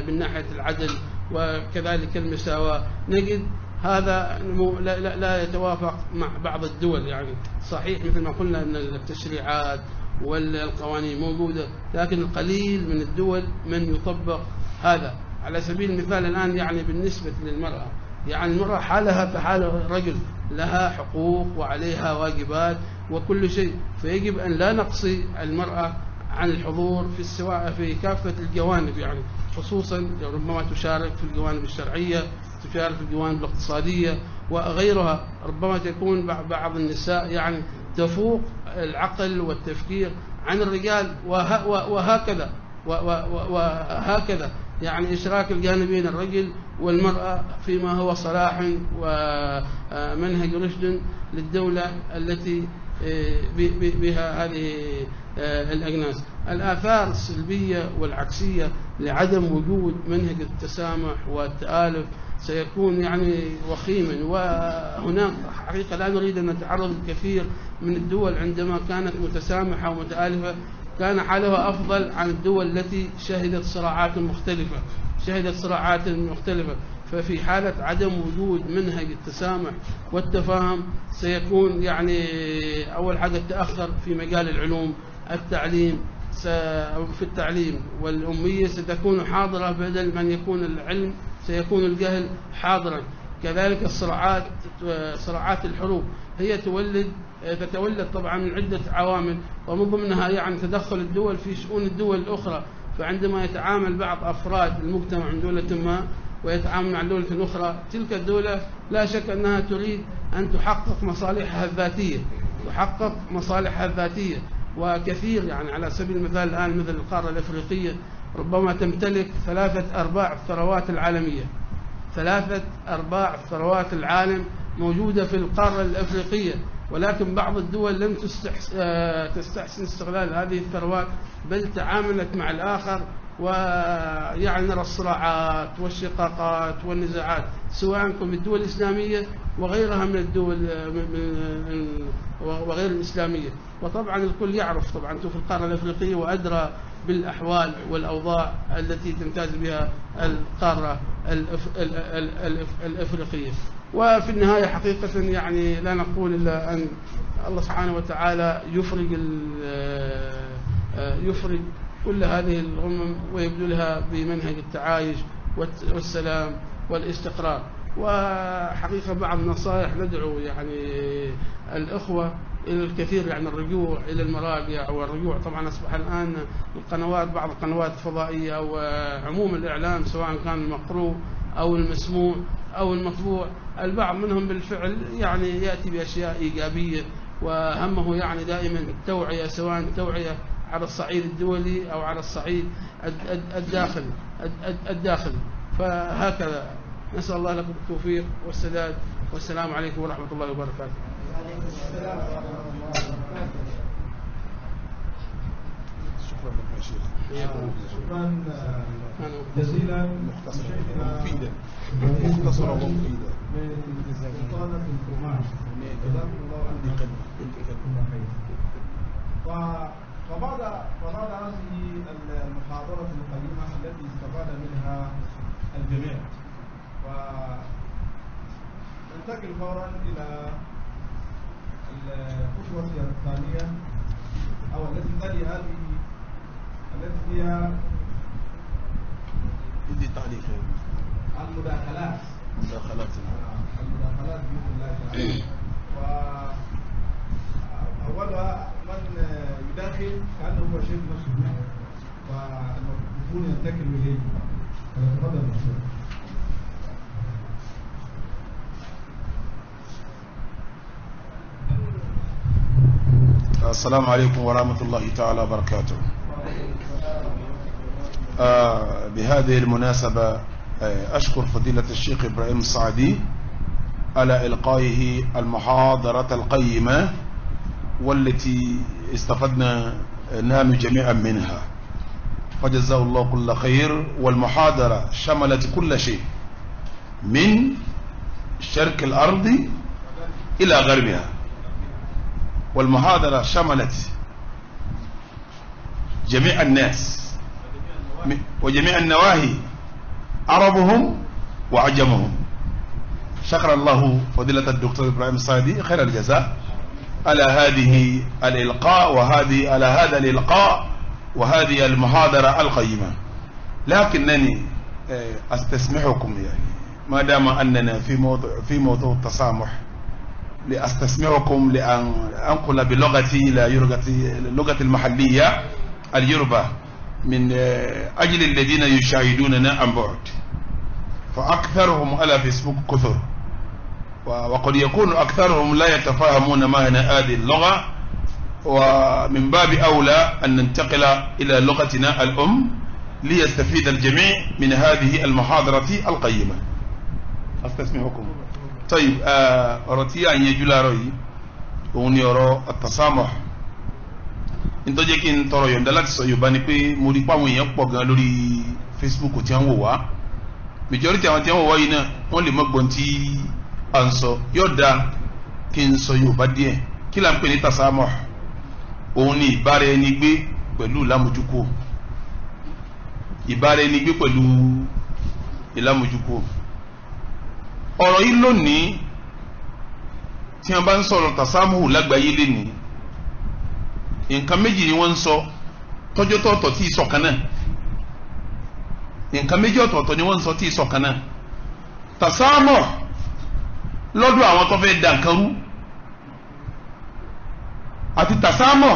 من ناحية العدل وكذلك المساواة نجد هذا لا, لا, لا يتوافق مع بعض الدول يعني صحيح مثل ما قلنا أن التشريعات والقوانين موجودة لكن القليل من الدول من يطبق هذا على سبيل المثال الآن يعني بالنسبة للمرأة يعني المرأة حالها كحال الرجل لها حقوق وعليها واجبات وكل شيء فيجب أن لا نقصي المرأة عن الحضور في السواء في كافة الجوانب يعني خصوصا ربما تشارك في الجوانب الشرعية تشارك في الجوانب الاقتصادية وغيرها ربما تكون بعض النساء يعني تفوق العقل والتفكير عن الرجال وهكذا وهكذا يعني إشراك الجانبين الرجل والمرأة فيما هو صلاح ومنهج آه، رشد للدولة التي آه، بها هذه آه، الأجناس الآثار السلبية والعكسية لعدم وجود منهج التسامح والتآلف سيكون يعني وخيما وهناك حقيقة لا نريد أن نتعرض الكثير من الدول عندما كانت متسامحة ومتآلفة كان حالها أفضل عن الدول التي شهدت صراعات مختلفة شهدت صراعات مختلفة ففي حالة عدم وجود منهج التسامح والتفاهم سيكون يعني أول حاجة التأخر في مجال العلوم التعليم في التعليم والأمية ستكون حاضرة بدل من يكون العلم سيكون الجهل حاضرا كذلك الصراعات صراعات الحروب هي تولد إيه، تتولد طبعا من عدة عوامل ومن ضمنها يعني تدخل الدول في شؤون الدول الأخرى فعندما يتعامل بعض أفراد المجتمع من دولة ما ويتعامل مع دولة أخرى تلك الدولة لا شك أنها تريد أن تحقق مصالحها الذاتية تحقق مصالحها الذاتية وكثير يعني على سبيل المثال الآن مثل القارة الأفريقية ربما تمتلك ثلاثة أرباع الثروات العالمية ثلاثة أرباع ثروات العالم موجودة في القارة الأفريقية ولكن بعض الدول لم آه، تستحسن استغلال هذه الثروات بل تعاملت مع الآخر ويعني نرى الصراعات والشقاقات والنزاعات سواء في الدول الإسلامية وغيرها من الدول آه، وغير الإسلامية وطبعا الكل يعرف طبعا في القارة الأفريقية وأدرى بالأحوال والأوضاع التي تمتاز بها القارة الأفريقية وفي النهاية حقيقة يعني لا نقول إلا أن الله سبحانه وتعالى يفرج آه، يفرج كل هذه الأمم ويبذلها بمنهج التعايش والسلام والاستقرار وحقيقة بعض النصائح ندعو يعني الأخوة إلى الكثير يعني الرجوع إلى المراجع والرجوع طبعا أصبح الآن القنوات بعض القنوات الفضائية وعموم الإعلام سواء كان المقروء أو المسموع أو المطبوع البعض منهم بالفعل يعني يأتي بأشياء إيجابية وهمه يعني دائما التوعية سواء التوعية على الصعيد الدولي أو على الصعيد الداخل الداخل فهكذا نسأل الله لكم التوفيق والسداد والسلام عليكم ورحمة الله وبركاته شيخ شكرا جزيلا مختصرا ومفيدا مختصرا ومفيدا من سلطانة الكماش جزاكم الله عندي قلب فبعد فبعد هذه المحاضرة القيمة التي استفاد منها الجميع ننتقل فورا إلى الخطوة الثانية أو التي تلي هذه التي فيها بدي تعليق المداخلات نعم المداخلات باذن الله تعالى آه، اولها من يداخل كانه هو شيخ نفسه فالمفروض ينتقل اليه فليتفضل المشروع السلام عليكم ورحمة الله تعالى وبركاته آه، بهذه المناسبة آه، أشكر فضيلة الشيخ إبراهيم السعدي على إلقائه المحاضرة القيمة والتي استفدنا نام جميعا منها فجزاه الله كل خير والمحاضرة شملت كل شيء من شرق الأرض إلى غربها والمحاضرة شملت جميع الناس وجميع النواهي عربهم وعجمهم شكر الله فضيلة الدكتور إبراهيم الصادي خير الجزاء على هذه الإلقاء وهذه على هذا الإلقاء وهذه المحاضرة القيمة لكنني آه، أستسمحكم يعني ما دام أننا في موضوع في موضوع التسامح لأستسمعكم لأن أنقل بلغتي إلى لغتي المحلية اليربة من آه، أجل الذين يشاهدوننا عن بعد فأكثرهم على فيسبوك كثر وقد يكون أكثرهم لا يتفاهمون معنى هذه اللغة ومن باب أولى أن ننتقل إلى لغتنا الأم ليستفيد الجميع من هذه المحاضرة القيمة أستسمعكم طيب أرتيا آه، أن يجل رأيي التسامح nítorí kí n tọrọ yọ̀ǹda láti sọ yorùbá ni pé mo rí pé èèyàn pọ̀ gan lórí facebook tí wọ́n wò wá majority àwọn tí wọ́n wò wá yìí náà wọ́n lè mọ́ gbọ́n tí à ń sọ yóò dáa kí n sọ yorùbá díẹ̀ kí là ń pè ní tasaamọ̀ òun ni ìbára ẹni gbé pẹ̀lú ìlàmójúkò ìbára ẹni gbé pẹ̀lú ìlàmójúkò ọ̀rọ̀ yìí lónìí tí wọ́n bá ń sọ̀rọ̀ tasaamọ̀ lágbàáyé lénìí nǹkan méjì ni wọ́n ń sọ tọ́jọ́ tọ̀ọ̀tọ̀ tí ì sọ̀kan náà nǹkan méjì ọ̀tọ̀ọ̀tọ̀ ni wọ́n ń sọ tí ì sọ̀kan náà tàsámọ̀ lọ́dọ̀ àwọn tó fẹ́ dà nǹkan rú àti tàsámọ̀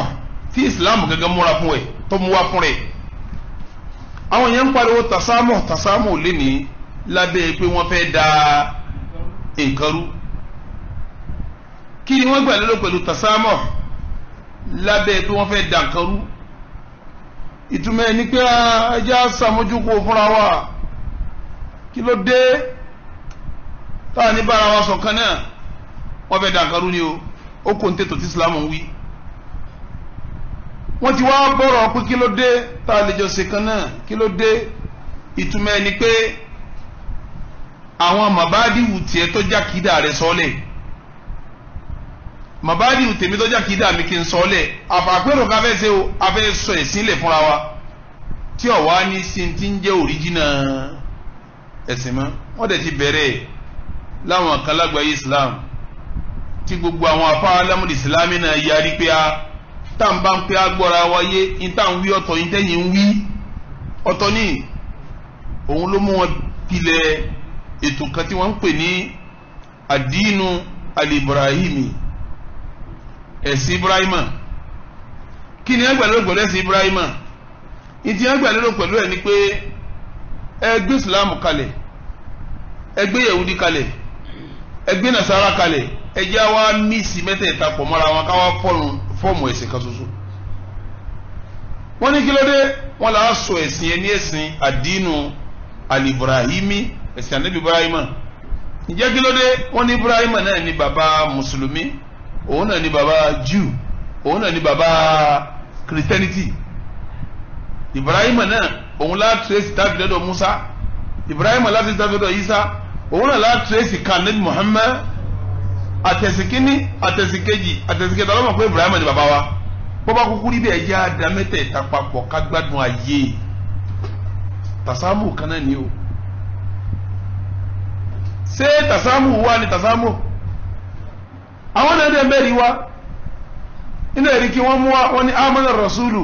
tí Islam gẹ́gẹ́ múra fún ẹ̀ tó mú wá fún rẹ̀ àwọn yẹn ń pariwo tàsámọ̀ tàsámọ̀ lé ní lábẹ́ pé wọ́n fẹ́ da nǹkan kí ni wọ́n gbà lérò pẹ̀lú tàsámọ̀ lábẹ́ pé wọ́n fẹ́ dànkarú ìtumọ̀ ní pé ah, ẹjẹ́ àṣàmójúkò fúnra wa kí ló dé táà ní bára wa ṣọ̀kan náà wọ́n fẹ́ dànkarú ni o ó kò ń tètò tí Islam ń wí wọ́n ti wá bọ̀rọ̀ pé kí ló dé táà lè jọ ṣe kan náà kí ló dé ìtumọ̀ ní pé àwọn màbáàdìwù tiẹ̀ tó jákèjá rẹ̀ sọ́lẹ̀. So màbáàdì tèmi tọ́jà kì í dà mí kí n sọ ọ́ lẹ̀ àfàgbèrò ká fẹ́ ṣe o a fẹ́ sọ ẹ̀sìn lẹ̀ fúnra wa tí ọ̀ wá ní sin ti ń jẹ́ òríjìnà ẹ̀sìn mọ́ wọ́n dẹ̀ ti bẹ̀rẹ̀ láwọn kan Islam tí gbogbo àwọn afá alámúdì Islámì náà yarí pé a tá n bá ń pé agbọ́ra wáyé n tá n wí ọ̀tọ̀ yín tẹ́yìn ń wí ọ̀tọ̀ ní òun ló mú wọn pilẹ̀ ètò kan tí wọ́n ń pè ní àdínú alibrahimi. esi Ibrahima kí ni ẹgbẹ́ lérò pẹ̀lú ẹ̀sìn Ibrahima ìdí ẹgbẹ́ pẹ̀lú ẹ̀ ni pé ẹgbẹ́ Islam kalẹ̀ ẹgbẹ́ Yehudi kalẹ̀ ẹgbẹ́ Nasara kalẹ̀ ẹjẹ́ wa mísì mẹ́tẹ̀ẹ̀ta pọ̀ mọ́ra wọn káwá fọ́ọ̀mù ẹ̀sìn kan ṣoṣo wọ́n ní kí wọ́n là á sọ ẹ̀sìn ẹni ẹ̀sìn àdínú alibrahimi ẹ̀sìn ànábì Ibrahima nje kí wọ́n ní Ibrahima náà ní baba mùsùlùmí òun náà ni baba Jew òun náà ni baba Christianity Ibrahim náà òun la trace tábìlì lọ́dọ̀ Musa Ibrahim la trace tábìlì lọ́dọ̀ Isa òun náà la trace kanad Muhammad àtẹ̀sìkíní àtẹ̀sìkejì àtẹ̀sìkẹta lọ́mọ pé Ibrahim ni baba wa bọ́ba kúkú níbi ẹ̀jẹ̀ àdámẹ́tẹ̀ ìtapapọ̀ kágbádùn ayé tasamu kan náà ni o ṣé tasamu wà ní tasamu àwọn náà dẹ̀ mẹ́rin wá nínú ẹ̀rí kí wọ́n mú wá wọ́n ní amana rasulu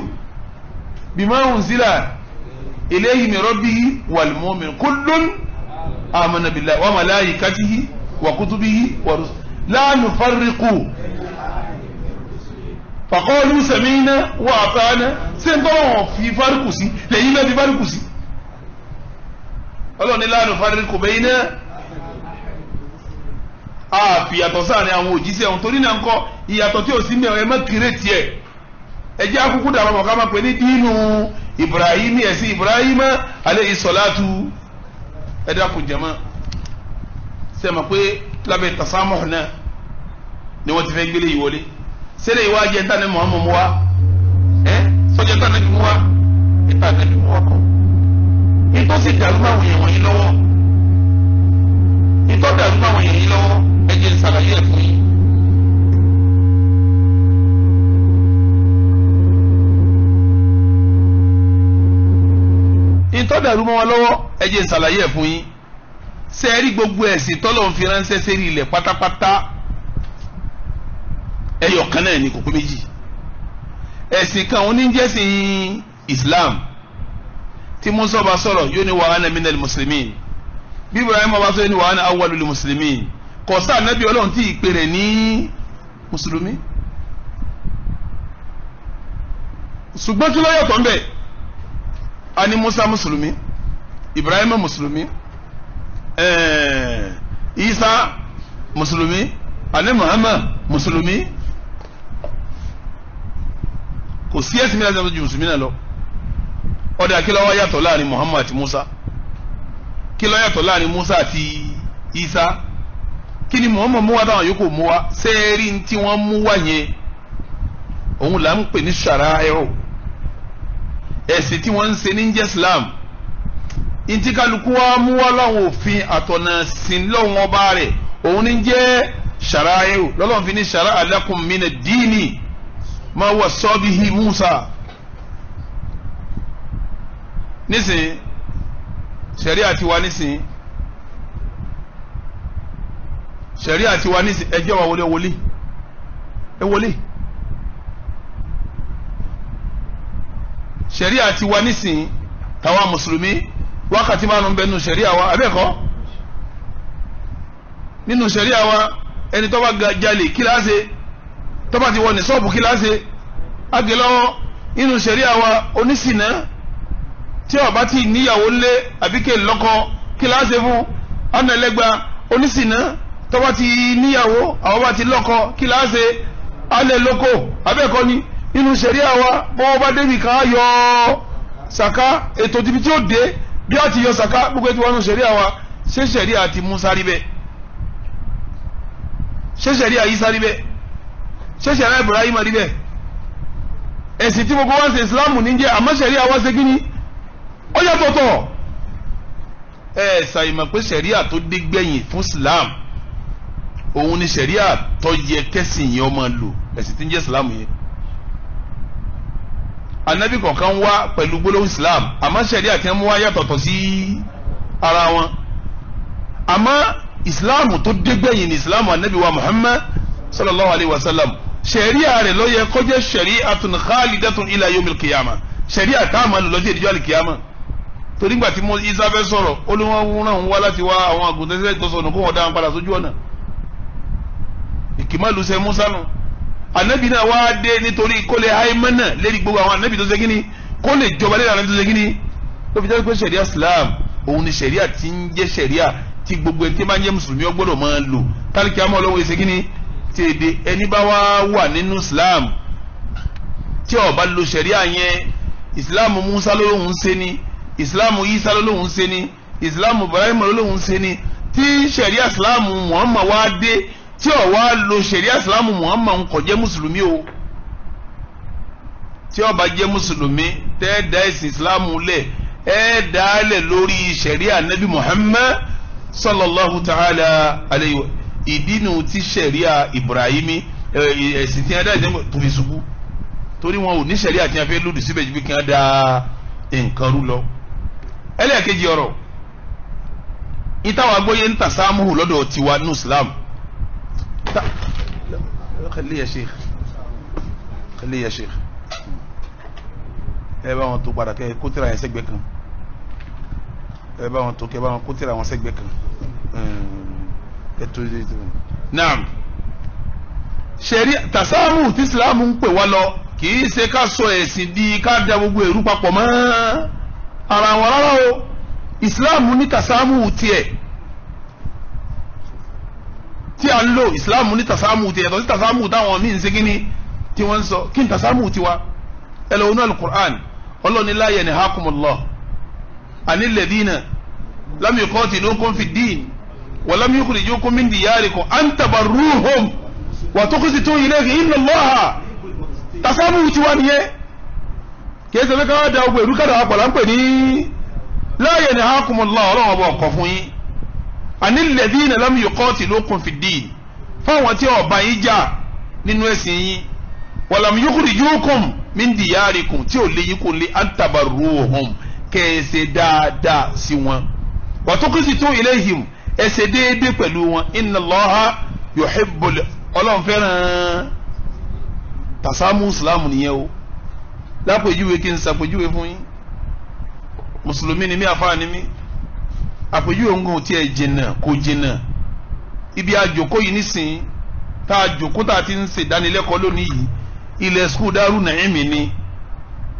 bima unzila ilayhi min rabbihi wal mu'min kullun amana billahi wa malaikatihi wa kutubihi wa rusul la nufarriqu fàkọ́ọ̀lù sẹ̀mínà wà àtàánà ṣé ń tọ́wọ́ wọn fi fárikù sí lẹ́yìn náà ti fárikù sí ọlọ́ọ̀ni la nufarriqu bayna a fi yàtọ̀ sáàrin àwọn òjíṣẹ́ ọ̀hún torí náà ń kọ́ ìyàtọ̀ tí ò sí mẹ́rin ẹ má kéré tiẹ̀ ẹ jẹ́ akúkú dàbọ̀ mọ̀ ká má pè ní dínú Ibrahim ẹ̀sìn Ibrahim alayhi salatu ẹ dákun jẹ̀mọ́ ṣe mọ̀ pé lábẹ́ tasamuh náà ni wọ́n ti fẹ́ gbélé ìwọlé sẹ́lẹ̀ ìwádìí ẹ̀ ń tàn ní Muhammad wa ẹ sọ́jà tàn ní wa ẹ̀ tàn ní wa kọ́ ìtọ́sí dàrú máa wọ̀nyẹ̀wọ̀nyẹ̀ lọ́wọ́ ìtọ́ dàrú máa wọ̀nyẹ̀yẹ̀ lọ́wọ́ ẹ jẹ́ ṣàlàyé ẹ̀ fún yín. ìtọ́dàrú mọ́ wọn lọ́wọ́ ẹ jẹ́ ṣàlàyé ẹ̀ fún yín ṣe é rí gbogbo ẹ̀sìn tọ́lọ̀ ń fi ránṣẹ́ sérí ilẹ̀ pátápátá ẹyọ kan náà ni kò pé méjì ẹ̀sìn kan òun ní jẹ́ sìn Islam tí Musa bá sọ̀rọ̀ yóò ní wa ana minal muslimin bí Ibrahim bá sọ̀rọ̀ yóò ní wa ana awwalul kò sí ànábì ọlọ́run tí ìpè rẹ̀ ní mùsùlùmí ṣùgbọ́n kí ló yàtọ̀ ń bẹ̀ a ní Musa mùsùlùmí Ibrahim mùsùlùmí ẹ̀ẹ́ eh, Isa mùsùlùmí ani Muhammad mùsùlùmí kò sí ẹ̀sìn mi láti ṣe mùsùlùmí náà lọ ọ̀dà kí ló yàtọ̀ láàrin Muhammad àti Musa kí ló yàtọ̀ láàrin Musa àti Isa kí ni mọ̀ọ́mọ̀ mú wa dáhùn yòókù mú wa sẹ́ẹ̀rí tí wọ́n mú wa yẹn òun là ń pè ní ṣàrá'írù ẹ̀sìn tí wọ́n ń ṣe ní jẹ́ Islam ntí kálukú wa mú wa láwọn òfin àtọ̀nà sìn lọ́wọ́n ọba rẹ̀ òun ní jẹ́ ṣàrá'írù lọ́lọ́run fi ní ṣàrá'a lakum mina dini ma wassa bihi Musa nísìnyí sẹ̀rí àti wa nísìnyí sẹ̀rí àti wa ní ẹjọ́ wa wọlé wọlé ẹ wọlé sẹ̀rí àti wa nísìn tàwa mùsùlùmí wákàtí márùn-ún bẹ́ẹ̀ nù sẹ̀rí àwa abẹ́ẹ̀kọ́ nínú sẹ̀rí àwa ẹni tó bá jalè kíláàsì tó bá ti wọ ní sọ́ọ̀bù kíláàsì agẹlọ́wọ́ nínú sẹ̀rí àwa onísìnà tí ó bá ti níyàwó lé àbíkè lọ́kọ kíláàsì fún ọ̀nà ẹlẹ́gba onísìnà tọ́ba ti níyàwó àwọn bá ti lọ́kọ kí alẹ́ lóko abẹ́ẹ̀kọ́ ni inú sẹ̀ríà wa bọ́wọ́ bá débi ká yọ sàká ètò tìbí tí ó dé bí a ti yọ sàká gbogbo ètò wọn nù sẹ̀ríà wa ṣé sẹ̀ríà ti Musa rí bẹ́ẹ̀ ṣé sẹ̀ríà Isa rí bẹ́ẹ̀ ṣé sẹ̀ríà Ibrahim rí bẹ́ẹ̀ ẹ̀sìn tí gbogbo wa ń ṣe Islam ní jẹ́ àmọ́ sẹ̀ríà wa ṣe kí ni ó yàtọ̀tọ̀ ẹ̀ ṣàyẹ̀mọ̀ pé sẹ̀ríà tó dé gbẹ̀yìn fún Islam òun ni sẹ̀ríà tó yẹ kẹ́sìn yẹn ọmọ lò ẹ̀sìn tí ń jẹ́ islam yẹn anabi kọ̀ọ̀kan wá pẹ̀lú gbólóhùn islam àmọ́ sẹ̀ríà tí wọ́n mú wá yàtọ̀tọ̀ sí ara wọn àmọ́ islam tó dégbẹ̀yìn ni islam anabi wa muhammad sallallahu alayhi wa sallam sẹ̀ríà rẹ̀ ló yẹ kó jẹ́ shari'atun khalidatun ila yomil kiyama sẹ̀ríà tá a máa lò lọ́jọ́ ìdíjọ́ alikiyama torí gbà tí mo isa fẹ́ sọ̀rọ̀ ó ní wọ́n rán òun wá láti wá àwọn àgùntàn sẹ́yìn tó sọnù kó wọ́n dá wọn padà sójú ọ̀nà ìkìmọ̀lù ṣe Musa nù anabi náà wá dé nítorí kó lè haimẹ́ náà lérí gbogbo àwọn anabi tó ṣe kíni kó jọba lérí anabi tó ṣe kíni ló fi jẹ́ pé sẹ̀ríà Islam òun ni sẹ̀ríà ti ń jẹ́ sẹ̀ríà tí gbogbo ẹni tí máa ń jẹ́ mùsùlùmí ó máa lò tálíkì àmọ́ ọlọ́run ṣe kíni ti èdè ẹni bá wá wà nínú Islam tí ó bá lo sẹ̀ríà yẹn Islam Musa lọ́lọ́hún ṣe ni Islam Isa lọ́lọ́hún ṣe ni Islam Ibrahim lọ́lọ́hún ṣe ni tí sẹ̀ríà Islam Muhammad wá dé tí ó wá lo ṣẹ̀ríà ìsìlámù Muhammad ń kọjẹ́ mùsùlùmí o tí ó bá jẹ́ mùsùlùmí tẹ́ ẹ dá ẹ̀sìn ìsìlámù lẹ̀ ẹ dá a lórí ṣẹ̀ríà ànábì Muhammad sallallahu ta'ala alayhi wa ìdínú tí ṣẹ̀ríà Ibrahimi ẹ̀sìn tí wọ́n dá ẹ̀sìn tó fi ṣubú torí wọn ò ní ṣẹ̀ríà tí wọ́n fẹ́ lòdì síbẹ̀ ju bí kí wọ́n dá nǹkan rú lọ ẹlẹ́ẹ̀kejì ọ̀rọ̀ ìtawà gbóyè ń tàsámùhù lọ́dọ̀ tiwa ní Islam لا خليه يا شيخ خليه يا شيخ ẹ bá wọn tó padà kẹ kó tírà yẹn sẹ́gbẹ̀ kan ẹ bá wọn tó kẹ bá wọn kó tírà wọn sẹ́gbẹ̀ kan ẹ tó yé tó. naam sẹ̀rí tasáàmù tí islámù ń pè wá lọ kì í ṣe ká sọ ẹ̀sìn di ká da gbogbo èrú papọ̀ mọ́ ara wọn rárá o islámù ní tasáàmù tiẹ̀ tí a ń lò islam ní tasamu ti yàtọ̀ sí tasamu táwọn míì ń segin ni tí wọ́n ń sọ kí n tasamu ti wa ẹlòmínú alukur'an ọlọ́ni la yanhakumullah anil ladina lam yuqatilukum fid din wa lam yukhrijukum min diyarikum an tabarruhum wa tuqsitu ilayhim inna Allaha tasamu ti wa nìyẹn kìí ṣe fẹ́ ká da ogun èrú kádà wà pọ̀ là ń pè ní la yanhakumullah ọlọ́wọ́n bọ̀ ọ̀kọ̀ fún yín àní lẹ́dínà lọ́mú yuqatilukum fid-din fáwọn tí ọba yín jà nínú ẹ̀sìn yín walam yukhrijukum min diyarikum tí ò lè yín kò lè antabarruhum kẹ̀ẹ́sẹ̀ dáadáa sí wọn wa tuqsitu ilayhim ẹsẹ̀ déédéé pẹ̀lú wọn inna Allaha yuhibbul ọlọ́run fẹ́ràn tàsámù islam nìyẹn o lápèjúwe kí n sàpèjúwe fún yín mùsùlùmí ni mí àfáà ni mí àpèjú òǹgàn tí ẹ jìnnà kò jìnnà ibi àjòkó yìí nísìnyí tá a jòkó tá a ti ń ṣe ìdánilẹ́kọ̀ọ́ lónìí yìí ilẹ̀ skul Daaru Naimi ni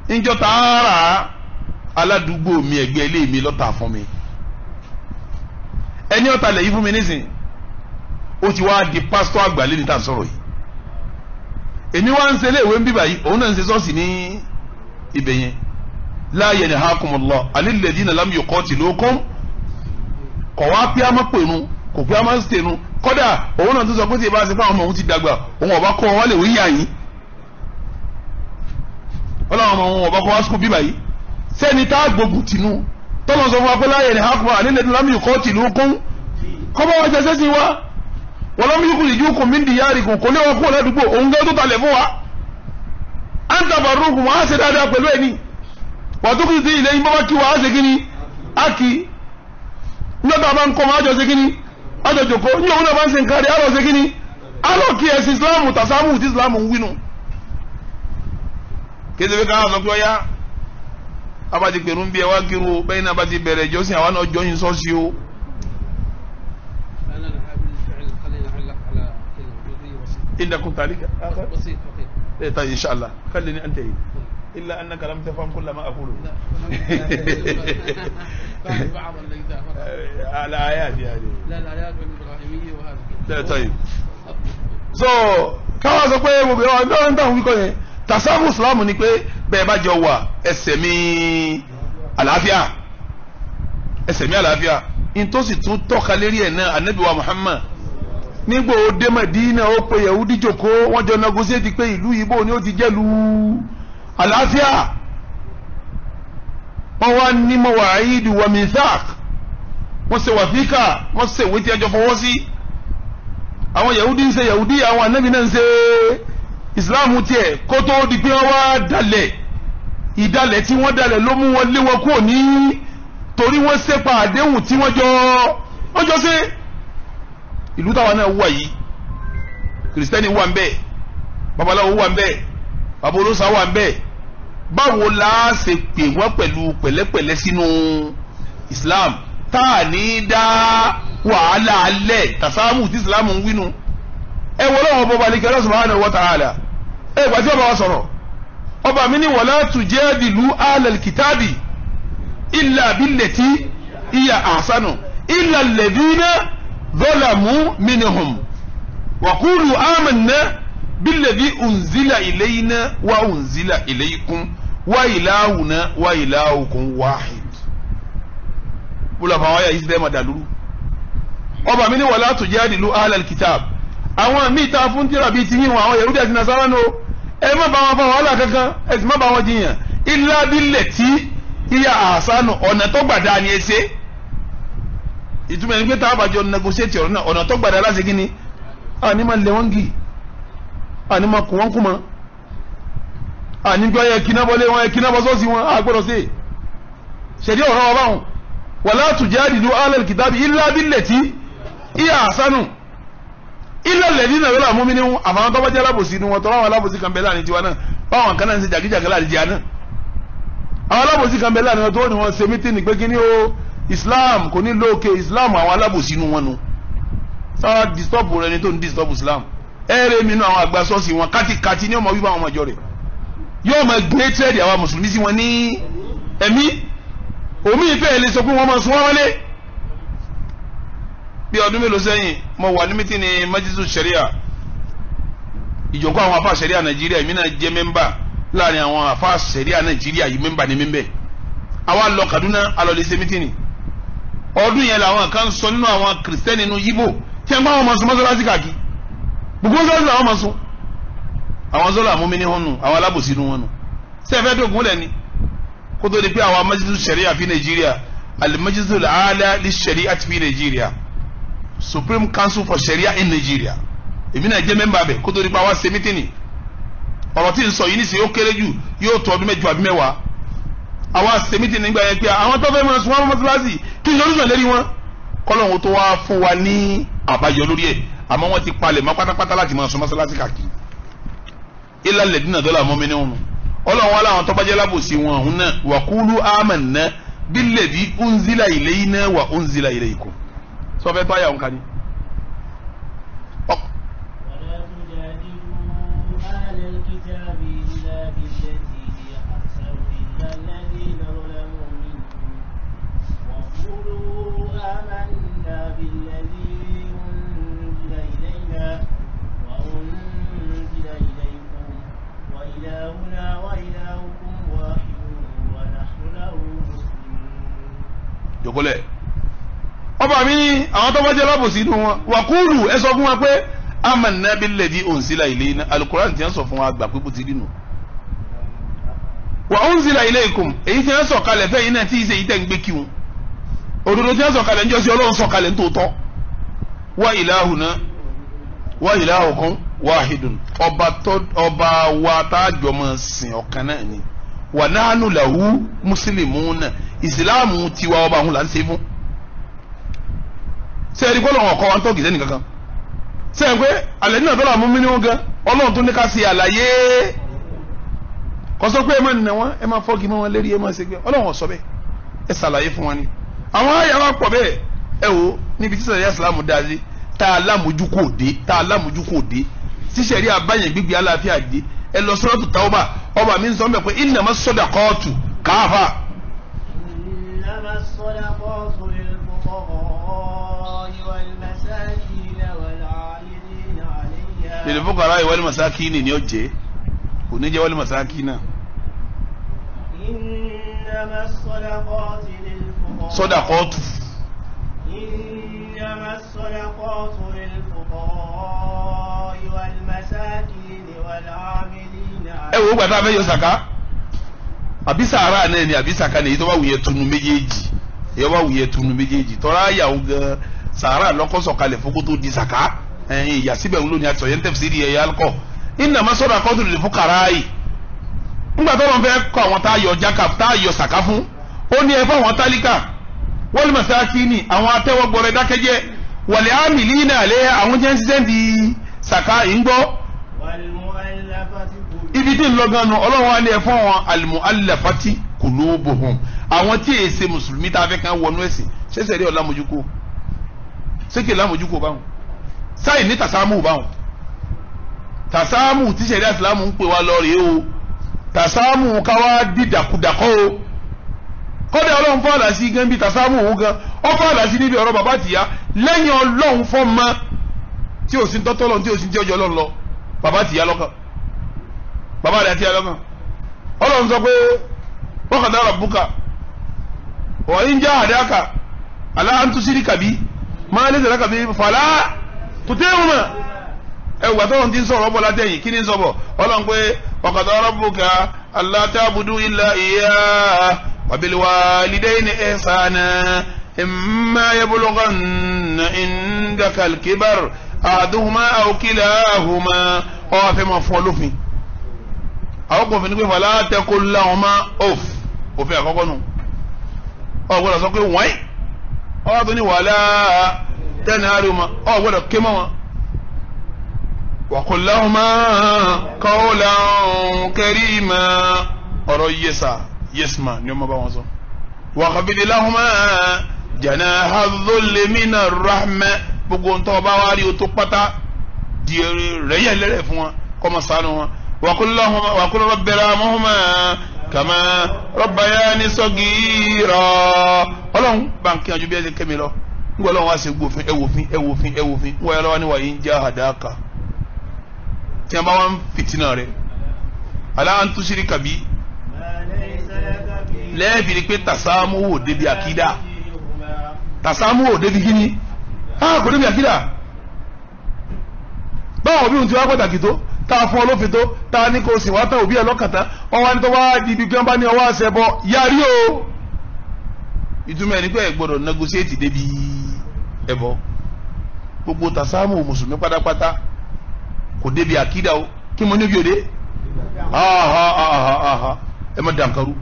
níjọ́ tá a rà á aládùúgbò mi ẹ̀gbẹ́ ilé mi lọ́tà fún mi ẹni ọ̀tà lẹ̀ yìí fún mi nísìnyí ó ti wá di pásítọ̀ àgbàlẹ́ níta sọ̀rọ̀ yìí èmi wá ń ṣe iléèwé ń bíbà yìí òun náà ń ṣe sọ́ọ̀sì ní ibẹ̀ yẹn la yanhakumullahu anil ladhina lam yuqatilukum kọ̀ wá pé àmọ́ pèrú kò pé àmọ́ sèrú kọ́dà òun náà tó sọ pé tí ìbá ṣe fáwọn ọmọ òun ti dàgbà òun ọ̀bá kọ́ wọn lè wí yà yín ọlọ́run ọmọ òun ọ̀bá kọ́ wá sùkú bíbà yìí sẹ́ni tá a gbógun tìǹú tọ́lọ́ sọ fún wa pé láyé ni hakuba àlélẹ́ ni lámì kọ́ tìǹú kún kọ́bọ̀ wá jẹ́sẹ́ sí wa wọ́n lámì yìí kò lè yíkùn mí di yáàrì kò kò lé wọn kú ọ̀lẹ́dùgbò òun gẹ́ tó talẹ̀ fún wa à ń wọn á ṣe dáadáa pẹ̀lú ẹni wàtúkùn sí ilé yín bọ́bá kí wa á ṣe kí ni á kì í níjọ́ tá a bá ń kọ́ ọmọ àjọ ṣe kíní àjọ jòkó níjọ́ òun náà bá ń ṣe nǹkan rẹ̀ àlọ́ ṣe kíní àlọ́ kí ẹ̀sìn islam tàṣàmù tí islam ń wínú. kéde pé káwọn sọ pé ọyá abati pẹ̀lú ń bí ẹ wá kiri o bẹ́ẹ̀ náà abati bẹ̀rẹ̀ ìjọsìn àwọn náà jọyìn sọ́ọ̀sì o. إلا كنت عليك آخر بسيط فقير طيب إن شاء الله خليني أنتهي إلا أنك لم تفهم كل ما أقوله بعض (laughs) الاجزاء الايات يعني لا الايات وهذا طيب so káwọn sọ pé gbogbo ẹwà ẹgbẹ́ ọ̀rẹ́ tasamu ni pé bẹ́ẹ̀ jọ wà ẹsẹ̀ mi àlàáfíà ẹsẹ̀ mi àlàáfíà ntòsí anabiwa muhammad ó dé Mẹdínà ó pe wọ́n jọ ti pé ìlú Igbo ni ti àlàáfíà. wọ́n wá ní mawa'id wa mithaq wọ́n ṣe wàfíkà wọ́n ṣe ìwé ẹjọ́ fọwọ́ sí àwọn yahudi ń ṣe yahudi àwọn anabi náà ń ṣe islam tiẹ̀ kó tó di pé wọ́n wá dalẹ̀ ìdalẹ̀ tí wọ́n dalẹ̀ ló mú wọn lé wọn kúrò ní torí wọ́n ṣẹ́pa àdéhùn tí wọ́n jọ wọ́n jọ ṣe ìlú táwọn náà wà yìí kìrìsìtẹ́nì wà ń bẹ́ẹ̀ babaláwo wà ń bẹ́ẹ̀ babolósa wà ń bẹ́ẹ̀ báwo la ṣe pè wọ́n pẹ̀lú pẹ̀lẹ́pẹ̀lẹ́ sínú Islam tá a ní dá wàhálà alẹ́ tasáàmù tí Islam ń wínú ẹ wọ́n lọ́wọ́ bọ́ba alẹ́ kẹrẹ́ subhanahu wa ta'ala ẹ gbàtí ọba wa sọ̀rọ̀ ọba mi ní wala tujadilu alal kitabi illa billati iya ahsanu illa alladhina zalamu minhum wa qulu amanna billadhi unzila ilayna wa unzila ilaykum wa ilahuna wa ilahukum wahid bula fa waya yìí dẹ́mà dàlúrú ọba mi ni wala tujadilu ahlal kitab àwọn míì ta fún tíra bíi ti yín wọn àwọn yahudi àti nasara nù ẹ má bá wọn fa wàhálà kankan ẹ sì má bá wọn jiyàn illa billati hiya ahsanu ọ̀nà tó gbàdá ni ẹ ìtumọ̀ ẹni pé tá a bàjọ́ negotiate ọ̀rọ̀ náà ọ̀nà tó gbàdá láti gíní àní máa lé wọn gì àní máa kó wọn kú máa ànígbọ́ yẹ kí nábọ́lé wọn yẹ kí nábọ́ sọ́ọ̀sì wọn àgbọ̀dọ̀ sí ṣẹ̀dí ọ̀rọ̀ ọba wọn wala tujadilu alal kitabi illa billati iya ahsanu illa alladhina la yu'minun àfàwọn tọ́wọ́ jẹ́ alábòsí ni wọn tọ́wọ́ àwọn alábòsí kan bẹ́ẹ̀ láàrin tiwa náà báwọn kan náà ń ṣe jàgíjàgí láàrin tiwa náà àwọn alábòsí kan bẹ́ẹ̀ láàrin tó ní wọn ṣe mítìnì pé kí ni o Islam kò ní lóòkè Islam àwọn alábòsí nu wọn nu sáà disturb rẹ ni tó ń disturb Islam ẹ̀ẹ́rẹ́ mi nu àwọn àgbà sọ́ọ̀sì wọn kátikati ní ọmọ wíwá ọmọ ìjọ rẹ̀ yóò máa gbé tírẹ́dì àwa mùsùlùmí sí wọn ní ẹ̀mí omi ìfẹ́ lè sọ pé wọ́n máa sun wọ́n wọlé bí ọdún mélòó sẹ́yìn mo wà ní mítí ní májísù sẹ́ríà ìjókòó àwọn afá sẹ́ríà nàìjíríà èmi náà jẹ́ mẹ́mbà láàrin àwọn afá sẹ́ríà nàìjíríà yìí mẹ́mbà ní mẹ́mbẹ́ àwa lọ Kaduna alọ́lẹ̀ ṣe mítí ni ọdún yẹn làwọn kan sọ nínú àwọn kìrìsìtẹ́nì nínú yíbò tí wọ́n máa sun mọ́sálásí àwọn zọlọ àmúmíní hàn nù àwọn alábòsí nù wọn nù sẹfẹ dògún lẹni kótó di pé àwọn amajidu sariya fi nàìjíríà alimajidu ala li sariya ti fi nàìjíríà supreme council for sariya in nàìjíríà èmi náà jẹ mẹmbà bẹ kótó di pé àwọn sẹmítìnì ọ̀rọ̀ tí n sọ yìí ní sè é ó kéré jù yóò tọ ọdún mẹ́jọ àbí mẹ́wàá àwọn sẹmítìnì nígbà yẹn pé àwọn tó fẹ́ mọ sunwọ́n wọn fún wa ní àbáyọ lórí ẹ̀ àmọ́ wọ́n ti palẹ̀ mọ́ pátápátá ilà lẹ́dínà dọ́là mọ́mìnì wọn ọlọ́run wa láwọn tọ́bajẹ́ lábòsí wọn ọ̀hún náà wà kúlú àmánà bí lẹ́dí unzila ilayna wà unzila ilaykum sọfẹ́ tó àyà òǹkà ni. آمنا بالذي أنزل إلينا إلهنا وإلهكم واحد ونحن له مسلمون jókòó lẹ̀ ọba mi àwọn tó bá jẹ́ lábòsí inú wọn wàkúùlù ẹ sọ fún wa pé amanna billadhi unzila ilayna alukuran tí wọ́n sọ fún wa gbà pé bó ti rí nù wa unzila ilaykum èyí tí wọ́n sọ kalẹ̀ fẹ́yìn náà tí ì ṣe yìí tẹ̀ ń gbé kí òdodo tí wọ́n sọ kalẹ̀ ń jọ sí ọlọ́run sọ kalẹ̀ ń tó tọ́ wa ilahuna wa ilahukum wahidun ọba tó ọba wa tá a jọ máa sìn ọ̀kan náà ni wà nánú làwù muslimuna ìsìláàmù tiwa ọba àwọn là ń ṣe fún ṣe é rí kọ́ ọkọ wa ń tọ́ gìdẹ́ nìkankan ṣe é pé alẹ́ nínú àtọ́lá mú mímú gan ọlọ́run tó ní ká ṣe àlàyé kò sọ pé ẹ máa nà wọn ẹ máa fọ́ọ̀gì mọ́ wọn lérí ẹ máa ṣe gbé ọlọ́run sọ bẹ́ẹ̀ ẹ ṣàlàyé fún wọn ni àwọn àyà wa pọ̀ bẹ́ẹ̀ ẹ wo níbi tí sàlàyé àsìlámù dáa sí tá a lámójú kò dé tá a lámójú kò dé tíṣẹ̀rí àbáyẹn gbígbé aláàfíà dé ẹ lọ sọ́dọ̀tù tàwọ́bà ọba mi ń sọ mẹ́pẹ́ ìnàmọ́ sọ́dà kọ́ọ̀tù káfà. ìnàmọ́ sọ́dà kọ́ọ̀tù lil fuqara wal masakin wal amilin alayha. ni ó jẹ́ kò ní jẹ́ wal masakin náà. ìnàmọ́ sọ́dà kọ́ọ̀tù lil fuqara. sọ́dà kọ́ọ̀tù. ìnàmọ́ ẹ wo gbàtà fẹ́ yọ sàká àbí sàárà náà ni àbí sàká nìyí tó bá wùyẹ tunu méjèèjì ẹ bá wùyẹ tunu méjèèjì tọ́ra yàwó gan sàárà lọ́kọ́sọ̀kalẹ̀ fókó tó di sàká ẹ̀yìn ìyà síbẹ̀ ń lónìí àti ọ̀yẹ́ ń tẹ̀sí ìdí ẹ̀yà alukọ̀ iná ma sọ̀rọ̀ akọ́tù lè fún kàrá yìí nígbà tó wọn fẹ́ kọ́ àwọn tá a yọ jáka tá a yọ sàká fún ó ní ẹ fáwọn tálíkà wọ́n lè mọ̀ sáà kí àwọn atẹ́wọ́ gbọ́rọ̀ ẹ̀dákẹ́jẹ́ wọ̀lẹ́ àmì lína àlẹ́ àwọn jẹ́ ń ṣiṣẹ́ ń sàká ìgbọ́ ibi tí ń lọ gan nu ọlọ́run alẹ́ fún àwọn almuallafati qulubuhum àwọn tí èyí ṣe mùsùlùmí tá a fẹ́ kàn wọnú ẹ̀sìn ṣẹ̀ṣẹ̀ rí ọ̀làmójúkó ṣéke lámójúkó báwọn sáì ní tàsámù báwọn tàsámù tíṣẹ̀rí àsìlámù ń pè wá lọ rèé o tàsámù káwá dídàkudàkọ́ o kọ́dà ọlọ́run fọ́ àlàsí gan bí tàsámù òun gan ọ fọ́ àlàsí níbi ọ̀rọ̀ bàbá tìyá lẹ́yìn ọlọ́run fọ́ máa tí o sì ń tọ́tọ́ lọ́n tí o sì ń jẹ́ ọjọ́ lọ́n lọ bàbá ti yá lọ́kàn bàbá rẹ̀ ti yá lọ́kàn ọlọ́run sọ pé wọ́n kàn dára bùkà wọ́n yín já àdáka aláǹtúsírí kàbí máa lé sẹ̀dá kàbí fàlà tó tẹ́ wọn ẹ wà tọ́lọ́n ti ń sọ̀rọ̀ ọbọ̀ látẹ̀yìn kí ni ń sọ̀bọ̀ ọlọ́run pé wọ́n kàn dára bùkà ilà ìyá wàbílwàlídẹ́yìn ẹ̀sánà إما يبلغن àdúhùmá àwòkílẹ̀ àhùmá ọwọ́ afẹ́ máa fún ọlọ́fin àwọn kò fi ní pé fàlà àtẹkọ làwọn máa ọf òfin àkọ́kọ́ nù ọ gbọ́dọ̀ sọ pé wọ́n ọwọ́ tó ní wàhálà tẹ́nà àríwọ̀má ọ gbọ́dọ̀ ké mọ́ wọn. wàkùn làwọn máa kọ́ làwọn kẹrí máa ọ̀rọ̀ yẹsà yẹsìmá ni wọ́n bá wọn sọ. wàkàbìdì làwọn gbogbo ntọ́ ọba wa rí o tó pátá di rẹ́yẹ̀ lẹ́rẹ̀ fún wọn kọ́mọ sànù wọn wàkúlọ̀ rọ̀bẹ̀rẹ̀ amọ́húnmá kàmá rọ̀bàyà ní sọ́gìrọ̀ ọlọ́run bá ń kí ọjọ́ bí ẹ ṣe kẹ́mi lọ ń gbọ́ ọlọ́run wá sí gbòfin ẹwòfin ẹwòfin ẹwòfin ń wọ ẹ lọ́wọ́ ní wàyí ń já àdáàkà tí a bá wọn fìtínà rẹ alá ń tún sírí kàbí lẹ́ẹ̀bìrì pé tàsámù wò débi àkídà tàsámù wò débi kíní kò débi àkídà báwọn òbí òun ti wá pàtàkì tó tá a fún ọ lófin tó tá a ní kó o sì wá tán òbí ẹ lọ́kàtà wọn wá wá di ibi kí wọn bá ní ọwọ́ àṣẹ bọ yarí o ìtumọ̀ ẹni pé ẹ gbọ́dọ̀ negotiate débi ẹbọ gbogbo tasamu mùsùlùmí pátápátá kò débi àkídà o kí mo níbi òde ẹ má dànkarú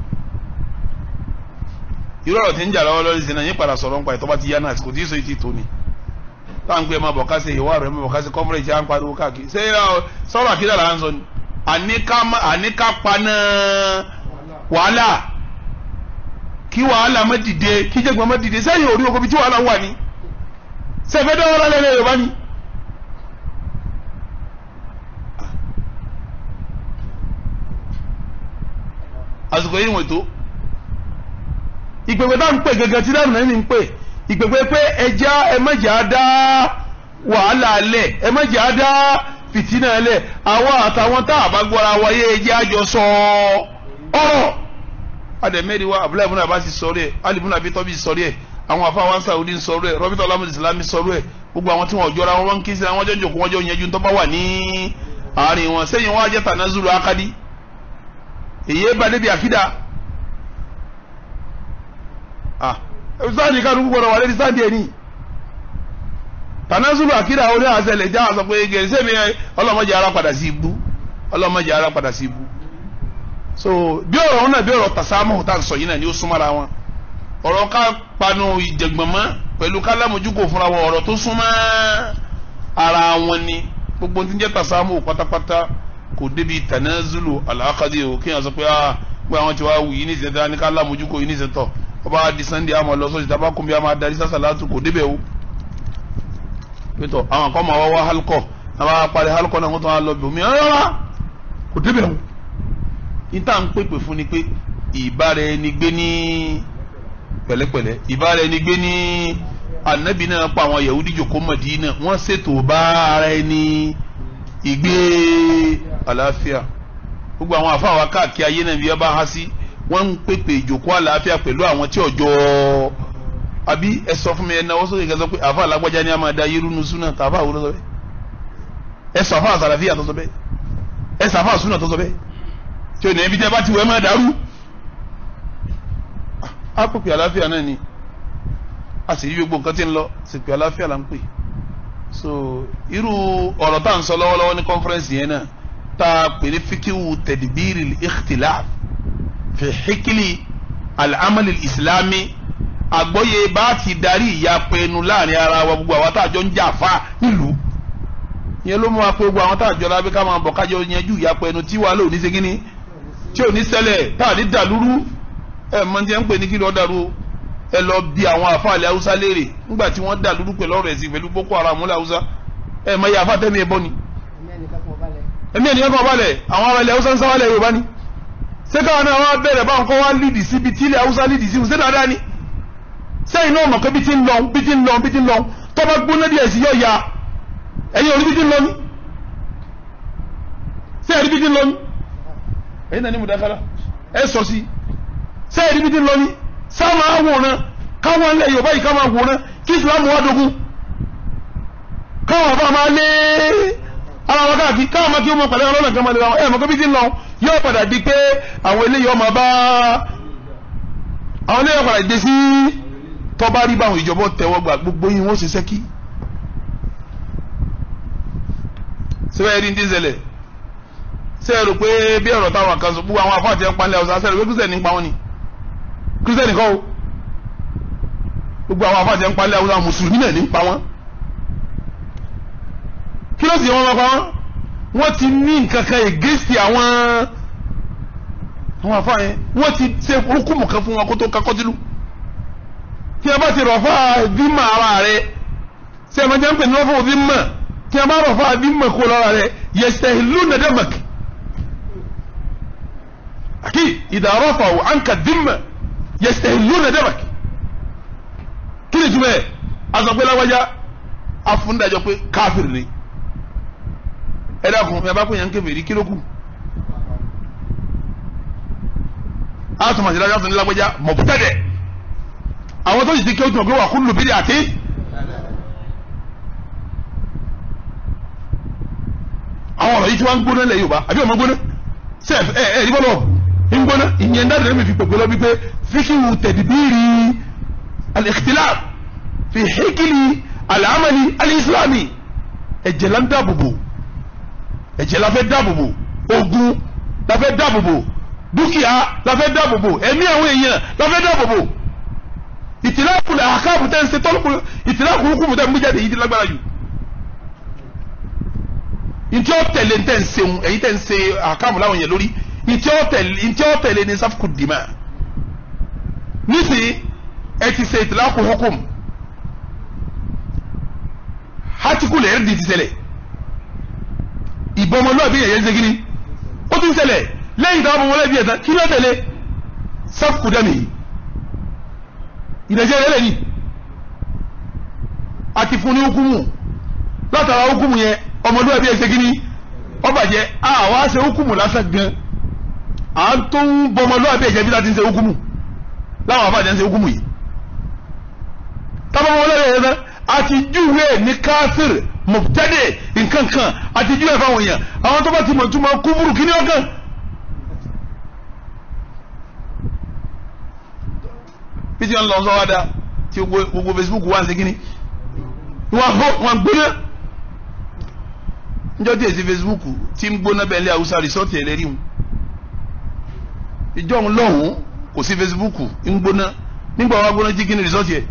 irú ọ̀rọ̀ tí ń jà lọ́wọ́ lórí sinna yín padà sọ̀rọ̀ ń pa ẹ̀ tó ti yá náà kò tí ì sọ èyí ti tó ni táǹgbé ẹ máa bọ̀ ká ṣe ìwà rẹ̀ máa bọ̀ ká ṣe kọ́fúrẹ́ ìṣe à ń pariwo káàkiri ṣé sọ̀rọ̀ àkídà là ń sọ ni àníká paná wàhálà kí wàhálà má dìde kí jẹ́gbọ́n má dìde sẹ́yìn orí oko bí tí wàhálà wà ní sẹ́fẹ́ dọ́wọ́ rẹ̀ lẹ́nu Yorùbá ni. àsìkò yìí wọ̀n tó ìpèpè tá à ń pè gẹ́gẹ́ tí dáàbò náà ní ń pè ìpèpè pé ẹja ẹ mọ̀jà dá wàhálà lẹ̀ ẹ mọ̀jà dá fìtínà lẹ̀ àwọn àtàwọn tá a bá gbọ́ra wáyé ẹja àjọ sọ ọ̀rọ̀ wa abúlé ibùnà bá ti sọ̀rọ̀ ẹ̀ alìbùnà bí tọ́bí sọ̀rọ̀ ẹ̀ àwọn afáwọn saudi sọ̀rọ̀ ẹ̀ rọ́bìtà ọlámùdí islámi sọ̀rọ̀ ẹ̀ gbogbo àwọn tí wọn jọra wọn ń kí sí àwọn jọjọ kó wọn jọ yẹn ju tó bá wà ní àárín wọn sẹ́yìn wọn ajẹ́ta náà zulu akadi èyí bá débi àfídà sáàdì kálukú gbọdọ̀ wà lórí sáàdì ẹni tanazulu akida orí àṣẹlẹ̀ já àṣọ pé gẹ̀ẹ́sẹ̀ mi ọlọ́mọdé ara padà sí ibú ọlọ́mọdé ara padà sí ibú so bí ọ̀rọ̀ náà bí ọ̀rọ̀ tasámọ̀ tá à ń sọ yìí náà ni ó súnmọ́ra wọn ọ̀rọ̀ ká panu ìjẹ̀gbọ̀nmọ́ pẹ̀lú kálámùjú kò fúnra wọn ọ̀rọ̀ tó súnmọ́ ara wọn ni gbogbo ní jẹ́ tasámọ̀ pátápátá kò débi tanazulu alákàdé o kí wọ́n sọ pé ah gbé àwọn tí wàá wù yìí ní ìsìn ọba di sunday àmọ́ lọ sọ́ọ̀ṣì tábà kún bí a máa darí sásàlátù kò débẹ̀ o pétọ àwọn akọ́ máa wá wá hálùkọ́ àwọn apàdé hálùkọ́ náà wọ́n tún á lọ bòmí ọ̀rọ̀ kò débẹ̀ o níta ń pèpè fún ni pé ìbára ẹni gbé ní pẹ̀lẹ́pẹ̀lẹ́ ìbára ẹni gbé ní anabi náà pa àwọn yahudi jòkó Mádínà wọ́n ṣètò bá ara ẹni ìgbé àlàáfíà gbogbo àwọn àfa àwọn káàkiri ayé náà bí wọ́n bá há sí wọ́n ń pèpè ìjòkó àlàáfíà pẹ̀lú àwọn tí ọjọ́ àbí ẹ sọ fún mi ẹ náwó sókè kẹsàn pé àfa alágbájá ni a máa da yérúnu súnà tàbá àwòrán sọ bẹ́ẹ̀ ẹ sọ àfa àsàlàfíà tó sọ bẹ́ẹ̀ ẹ sọ àfa àsúnà tó sọ bẹ́ẹ̀ tí ò ní ẹbí tẹ́ bá ti wọ ẹ máa dàrú á pèpè àlàáfíà náà ni a sì yí gbogbo nǹkan tí ń lọ sì pè àlàáfíà là ń pè so irú ọ̀rọ̀ tá à ń sọ lọ́wọ́lọ́wọ́ ní conference yẹn náà tá a pè ní fikihu tẹ̀dìbírì ìkìtìláàfù fi hikili al'amali islami àgbọ́yé bá ti darí ìyapẹ ẹnu láàrin ara wa gbogbo àwọn táàjọ ń jà fa nílùú yẹn ló mú wa pé gbogbo àwọn táàjọ lábẹ́ ká máa bọ̀ kájọ yanjú ìyapẹ ẹnu tí wàá lò ní ṣe kíní tí ò ní ṣẹlẹ̀ táà ní dàlúrú ẹ mọ tí ẹ ń pè ní kí lọ́ọ́ dàrú ẹ lọ bí àwọn àfàlẹ́ haúsá léèrè nígbà tí wọ́n dàlúrú pẹ̀lú ọ̀rọ̀ ẹ̀sìn pẹ̀lú boko haram múlẹ̀ ẹ mọ iye àfàtẹ́mi ẹ bọ́ ni ẹ̀mí ẹ̀nìkan ṣé káwọn náà wá bẹ̀rẹ̀ báwọn kọ́ wá lídìí sí ibi tí ilẹ̀ haúsá lídìí sí ṣé dáadáa ni sẹ́yìn náà mọ̀ pé bí ti ń lọ bí ti ń lọ bí ti ń lọ tó bá gbóná díẹ̀ sí yọ̀ ya ẹ̀yin òní bí ti ń lọ ni sẹ́yìn bí ti ń lọ ni ẹ̀yin náà ní mùdákàlà ẹ̀ sọ sí sẹ́yìn bí ti ń lọ ni sáwọn àwòrán káwọn ilẹ̀ yorùbá yìí káwọn àwòrán kí islam wá dogun káwọn àbá máa lé ara wọn káàkiri káwọn máa kí wọn pẹ̀lẹ́ ọlọ́nà kan máa lè wọn ẹ̀ mọ̀ pé bí ti ń lọ yóò padà di pé àwọn eléyìí ọmọ bá àwọn eléyìí padà dé sí tọ́ba rí báwọn ìjọba tẹ́wọ́ gbà gbogbo yín wọ́n ṣe sẹ́kí. sẹ́wọ́n ẹ̀rí ń dín ṣẹlẹ̀ sẹ́ẹ̀ rò pé bí ọ̀rọ̀ táwọn kan sọ gbogbo àwọn afọ́ àti ẹ̀pá ọ̀sán sẹ́ẹ̀ rò pé kírísítẹ̀nì ń pa wọ́n ni kírísítẹ̀nì kọ́ o gbogbo àwọn afọ́ àti ẹ̀pá ọ̀sán mùsùlùmí náà ní pa wọ́n kí ló sì wọ́n máa pa wọ́n wọ́n ti ní nǹkan kan ègésì àwọn àwọn àfa yẹn wọ́n ti ṣe hukumu kan fún wọn kó tó ka kọ́tìlú tí a bá ti rọ̀fà dímà ara rẹ ṣe àmọ́ jẹ́ ń pè ní rọ́fà dímà tí a bá rọ̀fà dímà kó lọ́ra rẹ yẹsẹ̀ ìlú nàdẹ́mẹ̀kì àkì ìdá ò ànkà dímà yẹsẹ̀ ìlú nàdẹ́mẹ̀kì kí ni jùmọ̀ ẹ̀ azọ̀gbẹ́láwájá afúndájọ pé káfíìrì ni ẹ dákun ẹ bá pè yẹn kèfèrí kí ló kù asọmọ ìdájọ asọmọ ìlágbẹjà mọ̀bútẹ́dẹ̀ àwọn tó sì ti kí o tún ọgbẹ́ wà kún lùbílẹ̀ àti. àwọn ọ̀rọ̀ yìí tí wọ́n ń gbóná lẹ̀ Yorùbá àbí ọmọ gbóná sef ẹ ẹ rí bọ́lọ̀ ń gbóná ìyẹn dáadáa lẹ́mìí fi pèpè lọ wípé fíkìwù tẹ̀dìbìrì al fi hikili al-amali al-islami ẹ̀jẹ̀ lá ẹ̀jẹ̀ la fẹ́ dáàbòbò ogun la fẹ́ dáàbòbò dúkìá la fẹ́ dáàbòbò ẹ̀mí àwọn èèyàn la fẹ́ dáàbòbò ìtìláàkù àkáàbù tẹ́ ń ṣe tọ́lùkù ìtìláàkù hukumu tẹ́ ń mú jáde yìí ti lágbára jù ntí ó tẹ̀lé ntẹ́ ń ṣe ẹ̀yìn tẹ́ ń ṣe àkáàbù láwọn yẹn lórí ntí ó tẹ̀lé ní sáfùkù dìímà nísìnyí ẹ ti ṣe ìtìláàkù hukumu hatikul ẹ̀rẹ́dì ti ṣẹlẹ̀ ìbọmọlúwàbí yẹn ń ṣe kíni ó tún ṣẹlẹ̀ lẹ́yìn táwọn ọmọlẹ́bí ẹ̀ tán kí ló tẹ̀lé sáfùkùdẹ́mì ìdẹ̀jẹ́ rẹ̀ lẹ́ni àti fún ní hukumu látara hukumu yẹn ọmọlúwàbí ẹ̀ ṣe kíni ọbàjẹ́ àwa ṣe hukumu lásán gan à ń tó ń bọmọlúwàbí ẹ̀jẹ̀ bí láti ń ṣe hukumu láwọn àbájá ń ṣe hukumu yìí táwọn ọmọlẹ́bí ẹ̀ tán àti júwe ní káfíìrì mọ̀tẹ́dẹ̀ nǹkan kan àtijú ẹ̀ fáwọn èèyàn àwọn tó bá ti mọ̀ tó máa kú burúkú ní ọkàn. pété ń lọ sọ́wọ́dà tí gbogbo Facebook wá sí kínní wọ́n hó wọ́n gbóná njọ́ tí èsì Facebook ti ń gbóná bẹ́ẹ̀ lé Haúsá rìsọ́ọ̀tì ẹ̀rẹ́rì wọn ìjọ́ òun lọ́hùn-ún kò sí Facebook ń gbóná nígbà wọn gbóná jí kínní rìsọ́ọ̀tì ẹ̀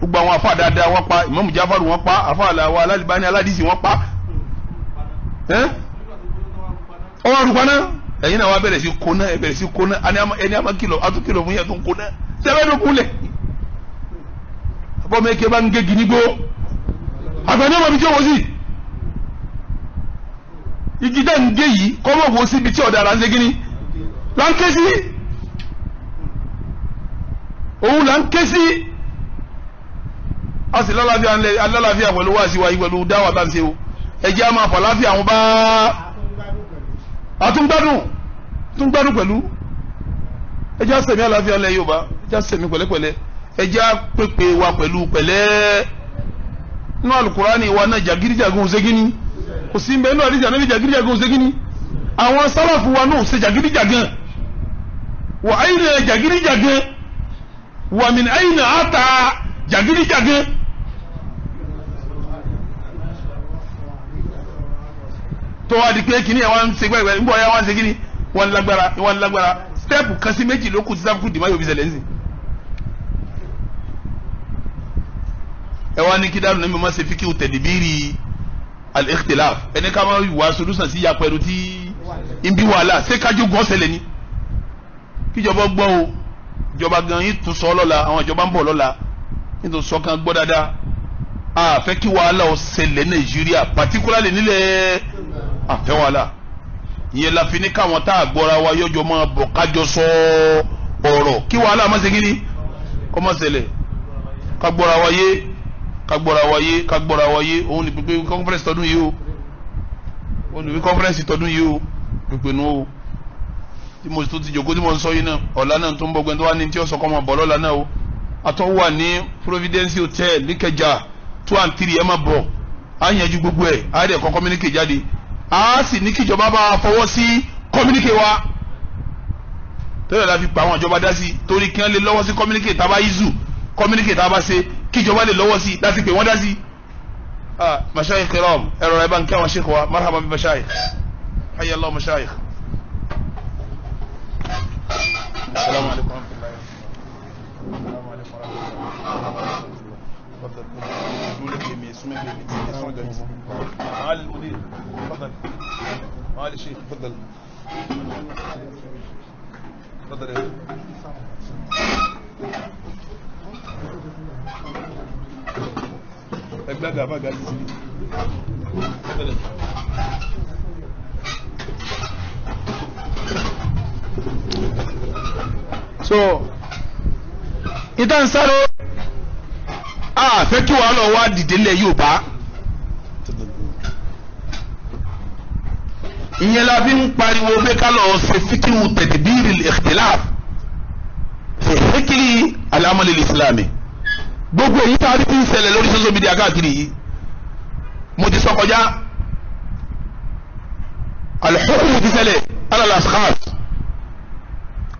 gbogbo àwọn afa dáadáa wọ́n pa Imam Jafaru wọ́n pa afa alawa alalibani aladisi wọ́n pa ọwọ́ àrùkpaná ẹ̀yin náà na bẹ̀rẹ̀ sí kóná ẹ̀ bẹ̀rẹ̀ sí kóná ẹni àmà kìlọ̀ àtún kìlọ̀ fún yẹn tó ń kóná sẹ́fẹ́ do kúnlẹ̀ bọ́mọ eke bá ń gé ginigbó àgbàdo ọmọ mi tí o wọ sí igi dá ń gé yìí kọ́mọ̀ wò síbi tí ọ̀dà ránṣẹ́ gíní là ń ké sí òun là ń ké sí a sì lálàáfíà ńlẹ̀ alálàáfíà pẹ̀lú wáàsí wa yìí pẹ̀lú dáwà tá à ń ṣe o ẹ jẹ́ a máa fà láfíà àwọn bá àtúngbádùn túngbádùn pẹ̀lú ẹ jẹ́ àsẹ̀mí àlàáfíà ńlẹ̀ Yorùbá ẹ jẹ́ àsẹ̀mí pẹ̀lẹ́pẹ̀lẹ́ ẹ jẹ́ àpèpè wa pẹ̀lú pẹ̀lẹ́ nínú alukurani wa náà jàgídíjàgún ṣégíní kò sí mbẹ́ nínú àdíjà náà jàgídíjàgún ṣégíní àwọn sálàfù wa náà ṣe jàgídíjàgán wà áyìn jàgídíjàgán wà mí áyìn àtà jàgídíjàgán. tó wá di pé kíní ẹ̀ wọ́n ń ṣe gbẹ́gbẹ́ níbo ọ̀yá wọ́n ń ṣe kíní wọ́n lágbára wọ́n lágbára stẹ́ẹ̀pù kan sí méjì ló kù tí sáfù dì má yóò fi ṣẹlẹ̀ ńsìn. ẹ wá ní kí dáàbò náà mi máa ṣe fíkì tẹ̀lébírì al-ikhtilaf ẹni ká máa wà gan ṣẹlẹ̀ ni kíjọba gbọ́ o ìjọba gan yìí tún sọ lọ́la àwọn ìjọba ń bọ̀ lọ́la nítorí sọ kan gbọ́ dáadáa àfẹ́ àfẹ́wàlà ah, ìyẹn la káwọn tá a gbọ́ra wa yọjọ máa bọ̀ kájọ sọ ọ̀rọ̀ kí wàhálà má ṣe ni kọ́ má ṣẹlẹ̀ ká gbọ́ra wa yé ká gbọ́ra wa yé ká gbọ́ra wa yé òun ni pípé kọ́nfẹ́rẹ́nsì tọdún yìí o òun ni pípé kọ́nfẹ́rẹ́nsì tọdún yìí o pípé nu o tí mo tó ti jòkó tí mo ń sọ yìí náà ọ̀la náà tó ń bọ̀ gbẹ́ni tó wà ní tí ó sọ kọ́ ọmọ bọ̀ lọ́la náà o atọ́ wà ní Providence Hotel ní Ìkẹjà two and three ẹ̀ máa bọ̀ á yẹn ju gbogbo ẹ̀ á dẹ̀ kọ́ communicate jáde a sì ní kíjọba bá wa fọwọ́ sí kọ́míníkè wa tẹ́lẹ̀ la fi pa àwọn ìjọba dá sí torí kí wọ́n lè lọ́wọ́ sí kọ́míníkè tá a bá yíṣù kọ́míníkè tá a bá ṣe kíjọba lè lọ́wọ́ sí láti pè wọ́n dá sí. mashayikh kiram ẹ̀rọ ẹ̀ bá ń kí àwọn sheikh wa marhaba bi mashayikh hayya allah mashayikh. assalamu alaikum warahmatullahi wabarakatuh اتفضل بيقول لك يسمى يسمى جايز معالي المدير اتفضل معالي الشيخ اتفضل اتفضل يا اجدادها بقى جايز اتفضل انت So, idan saro a fẹ́ kí wàhálà wa dìde lẹ̀ Yorùbá ìyẹn la fi ń pariwo pé ká lọ ṣe fíkìrì tẹ̀tẹ̀bírì ìkìtìláf fíkìrì alámọ̀lẹ̀ ìsìlámì gbogbo èyí tá a rí ti ń ṣẹlẹ̀ lórí social media káàkiri yìí mo ti sọ kọjá alihukumu ti ṣẹlẹ̀ alala sikaas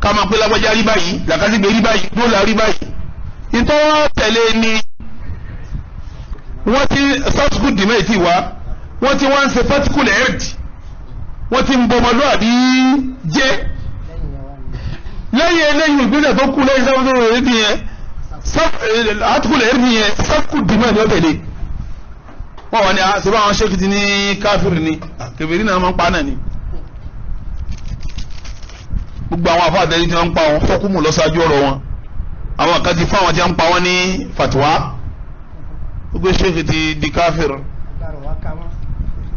kama pé lágbájá rí báyìí làkàtúgbè rí báyìí dóòlà rí báyìí ìtọ́wọ́ tẹ̀lé ni wọ́n ti sátúkù dìmẹ́ ìtì wá wọ́n ti wá ń ṣe fátíkù lẹ́ẹ̀dì wọ́n ti ń bọmọlúwàbí jẹ́ lẹ́yìn eléyìí ìgbésẹ̀ tó kú lẹ́yìn sáwọn tó rẹ̀ rí nìyẹn yẹn sátúkù eh, dìmẹ́ ni ó tẹ̀lé wọ́n wà ní àṣìbá ah, àwọn ṣéèkì ti ní káfíìrì ni kẹfìrí náà máa ń pa náà ni gbogbo àwọn afáàtẹ́lẹ́ tí wọ́n ń pa wọn fọ́kùmù lọ́sàájú ọ̀rọ̀ wọn àwọn kan fún àwọn tí wọ́n ń pa wọn ní fàtúwá gbogbo sheikh ti di káfíìr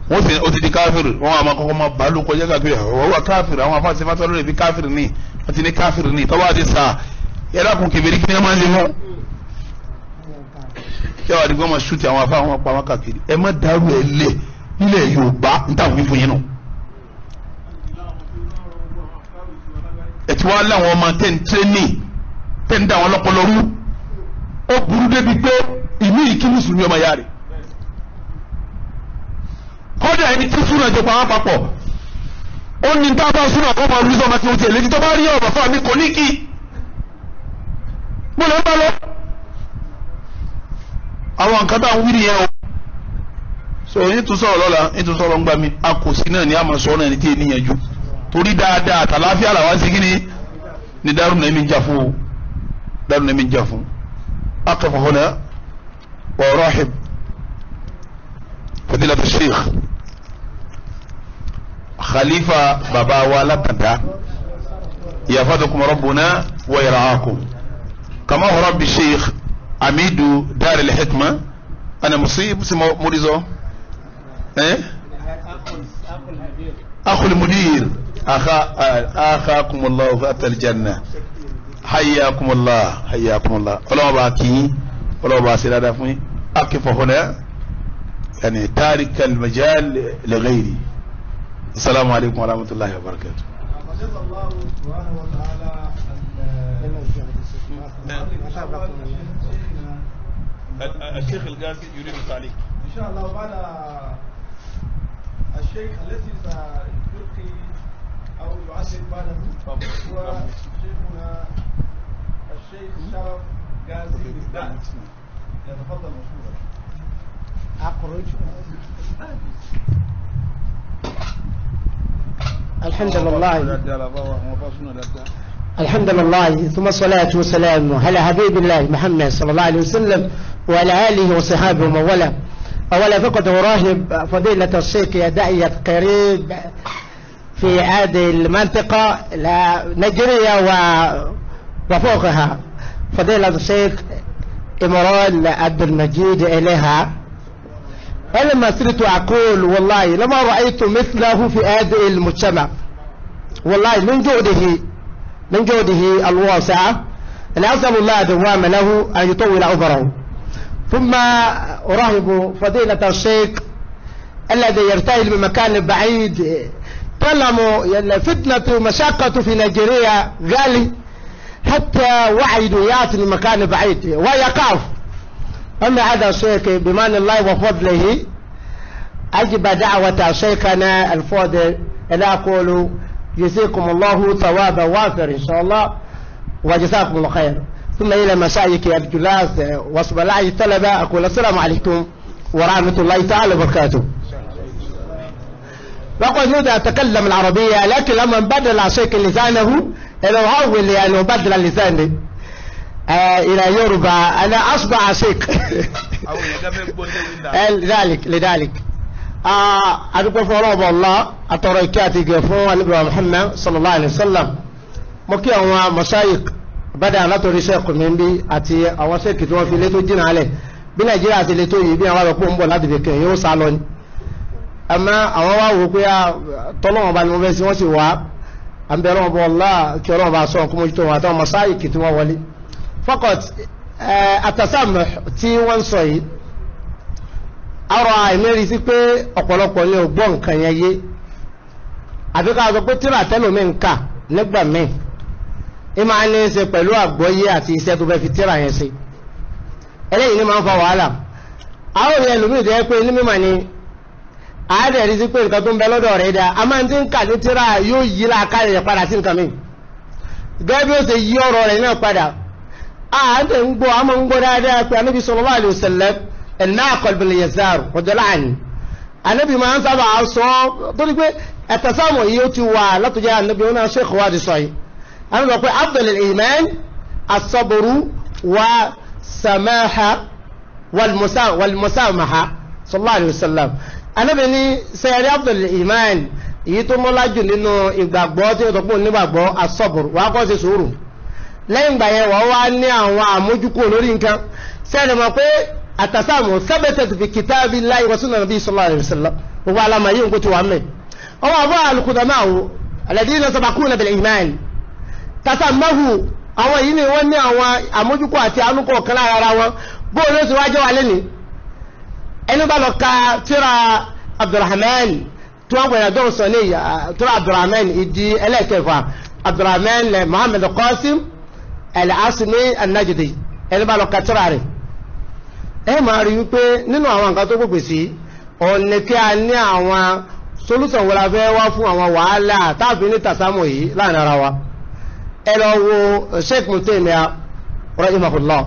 wọ́n sì ó ti di káfíìr wọ́n àwọn akọ́kọ́ máa bá ló kọjá káfíìr àwọn wà káfíìr àwọn afáàsì fásitì lórí ibi káfíìr ni wọ́n ti ní káfíìr ni tọ́wọ́ àti sà yàrá kun kébèrè kí ni wọ́n máa ń ṣe fún. kí wàá digbọ́n máa ṣùtì àwọn afáàwọn apá wọn káàkiri ẹ má dàrú ẹ lé nílẹ̀ Yorùbá ntàwọn fífún yín nù. ẹ ti láwọn ọmọ tẹ́ ń tẹ́ ní tẹ́ ń dá àwọn ọlọ́pọlọ rú ó burú débi pé ìlú yìí kí mùsùlùmí ọmọ ya rẹ̀ kọ́dà ẹni tí súnà jọ pàmò papọ̀ ó ní tá a bá súnà kọ́ máa lùsọ̀ máa ti wọ́n ti ẹ̀lẹ́dí tó bá rí ọ̀rọ̀ fún mi kò ní kí mo lè bá lọ. àwọn nǹkan tá à ń wí nìyẹn o so yín tún sọ̀rọ̀ lọ́la yín tún sọ̀rọ̀ ń gbà mí a kò sí náà ní àmọ̀ sọ̀rọ̀ náà ní tí ènìyàn jù torí dáadáa àtàláfíà làwọn ṣe kí ni ni Darunnaimi ń jà fún o Darunnaimi ń jà fún akẹ́fọ̀ọ́ náà. وراحب فضيلة الشيخ خليفة بابا ولا تدع يفادكم ربنا ويرعاكم كما هو رب الشيخ عميد دار الحكمة أنا مصيب مريزو إيه أخو المدير أخا أخاكم الله فأتى الجنة حياكم الله حياكم الله الله باكين ولو باسي لدى فمي اقف هنا يعني تارك المجال لغيري السلام عليكم ورحمة الله وبركاته الشيخ القاسي يريد التعليق ان شاء الله وبعد الشيخ الذي سيلقي او يعلم بعده هو شيخنا الشيخ شرف قاسي اخرج الحمد لله الحمد لله ثم الصلاة والسلام على حبيب الله محمد صلى الله عليه وسلم وعلى آله وصحابه ومن أولا فقد أراهب فضيلة الشيخ يا داعية قريب في هذه المنطقة نجرية وفوقها فضيلة الشيخ إمران عبد المجيد إليها أنا ما صرت أقول والله لما رأيت مثله في هذه المجتمع والله من جوده من جوده الواسعة لأسأل الله دوام له أن يطول عمره ثم أراهب فضيلة الشيخ الذي يرتهل من مكان بعيد تعلم فتنة مشاقة في نيجيريا غالي حتى وعد ياتي المكان بعيد ويقاف أما هذا الشيك بمان الله وفضله أجب دعوة شيخنا الفاضل إلى أقول جزيكم الله ثوابا وافر إن شاء الله وجزاكم الله خير ثم إلى مشايك الجلاس وصبلاء الطلبة أقول السلام عليكم ورحمة الله تعالى وبركاته وقد أتكلم العربية لكن لما بدل شيخ لسانه ẹ̀rọ wa wèlé àná bá dìlà lè sẹ́ni ilẹ̀ yorùbá ẹ̀nà asùgbà àṣek lidalik adúgbò fún ọlọ́ọ̀bọ̀ ọ̀la àtọ̀rọ̀ ìkẹ́ àti ìgẹ̀ fún alibra muhammad sallallahu alayhi wa sallam mo kí àwọn mosaic bẹ́ẹ̀ alátorí sẹ́ẹ̀kù mi bí àti àwọn sẹ́ẹ̀kì tí wọ́n fi lé tó jìnnà alẹ̀ bí nàìjíríà ti lè tó yìí bí àwọn àròpọ̀ ń bọ̀ láti bèkè yóò sá ni àmọ́ àwọn wá wò pé tọ́lọ́wọ́n bá ni mo fẹ́ sí wọ́n sì wá àbẹ̀rẹ̀ ọba ọlá kí ọlọ́run bá sọ ọkùnrin tó wọn àtàwọn mọ̀sáìkì tí wọ́n wọlé fọ́kọ̀t àtàsàmù tí wọ́n sọ yìí arọ àìmẹ́rí sí pé ọ̀pọ̀lọpọ̀ ní ògbọ́ nǹkan yẹn yé àfi ká sọ pé tíra tẹ́lómi ń kà nígbà míì ẹ máa ní í ṣe pẹ̀lú àgbọ́yé àti iṣẹ́ tó fẹ́ fi tíra yẹn ṣe eléyìí ni máa ń fa wàhálà àwọn ènìyàn lómi àádẹ́rí sí pé nǹkan tó ń bẹ lọ́dọ̀ rẹ̀ dá a máa ti ń kà ní tíra yóò yí láàká rẹ̀ padà sí nǹkan mìíràn gẹ́gẹ́ bí ó ṣe yí ọ̀rọ̀ rẹ̀ náà padà àádẹ́ ń gbọ́ a ń gbọ́ dáadáa pé anábì sallallahu alaihi wasallam an-naqal bin Yazar ọ̀dọ́lá àní anábì máa ń sábà sọ torí pé ẹ̀tẹ̀sáàmù yìí ó ti wà látọjá anábì ó anábì ní sẹ́ẹ̀rí abdul iman èyí tó mọ́lájù nínú ìgbàgbọ́ tí ó tọ́pọ̀ nígbàgbọ́ asọ́bùrù wàá kọ́ ṣe sùúrù lẹ́yìn ìgbà yẹn wọ́n wá ní àwọn àmójúkú lórí nǹkan sẹ́ẹ̀rí mọ̀ pé àtàsàmù sẹ́bẹ̀tẹ̀tì fi kìtàbí láì wọ́sùn nàbí sallallahu alaihi wasallam gbogbo alamọ̀ yìí nǹkó ti wà mẹ́ ọwọ́ àbọ̀ iman àwọn yìí ni wọ́n ní àwọn àmójúkú àti kan lára wọn bóòlù wa lẹ́nìí ẹni bá lọ ka tíra abdulrahman tí wọ́n gbẹ̀yà dọ́rọ̀ sọ ní tíra abdulrahman ìdí ẹlẹ́kẹfà abdulrahman muhammed qasim al-asmi an-najdi ẹni bá lọ ka tíra rẹ̀ ẹ máa rí wípé nínú àwọn nǹkan tó gbogbo sí ọ̀nà kí a ní àwọn solúsàn wọlá fẹ́ wá fún àwọn wàhálà táàbí ní tàsámù yìí láàrin ara wa ẹ lọ wo sheikh mutemiya rahimahullah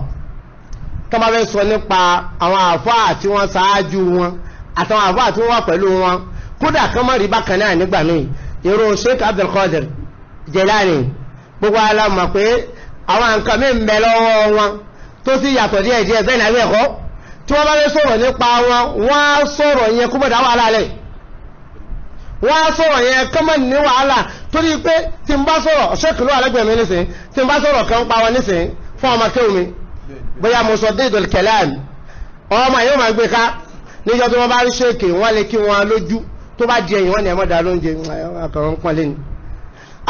tó bá fẹ́ sọ nípa àwọn àáfàá tí wọ́n ṣáájú wọn àtàwọn àáfàá tí wọ́n wà pẹ̀lú wọn kódà kán mọ̀ rí bákan náà nígbà míì irú Sheikh Abdul Qadir Jilani gbogbo ala mọ̀ pé àwọn nǹkan mi ń bẹ lọ́wọ́ wọn tó sì yàtọ̀ díẹ̀ díẹ̀ bẹ́ẹ̀ náà ẹ̀kọ́ tí wọ́n bá fẹ́ sọ̀rọ̀ nípa wọn wọ́n á sọ̀rọ̀ yẹn kó bọ̀dá wàhálà lẹ̀ wọ́n á sọ̀rọ̀ yẹn kọ́mọ̀ ní wàhálà torí pé tí n bá sọ̀rọ̀ Sheikh ló nísìn tí n bá sọ̀rọ̀ kan pa wọn nísìn fún ọmọ kéwù bóyá mo sọ déèdòl kẹlẹ́m ọmọ yóò máa gbé ká níjọ́ tó wọ́n bá rí ṣèkè wọ́n lè kí wọn lójú tó bá di ẹ̀yìn wọn ni ẹ̀ mọ́dà lóúnjẹ àkàrọ̀ ń pọ́n lẹ́nu.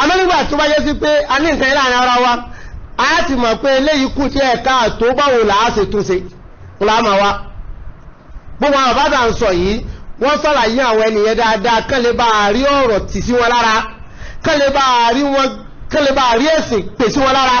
àmọ́ nígbà tó bá yẹ sí pé a ní nǹkan láàrin ara wa a ti mọ̀ pé eléyìí kù tí ẹ̀ka tó báwo là á ṣe túnṣe là á wa. gbogbo àwọn bàbá ń sọ yìí wọ́n ṣàlàyé àwọn ènìyàn dáadáa kán lè bá a rí ọ̀rọ̀ tì sí wọn lára kán lè bá a rí ẹ̀sìn pè sí wọn lára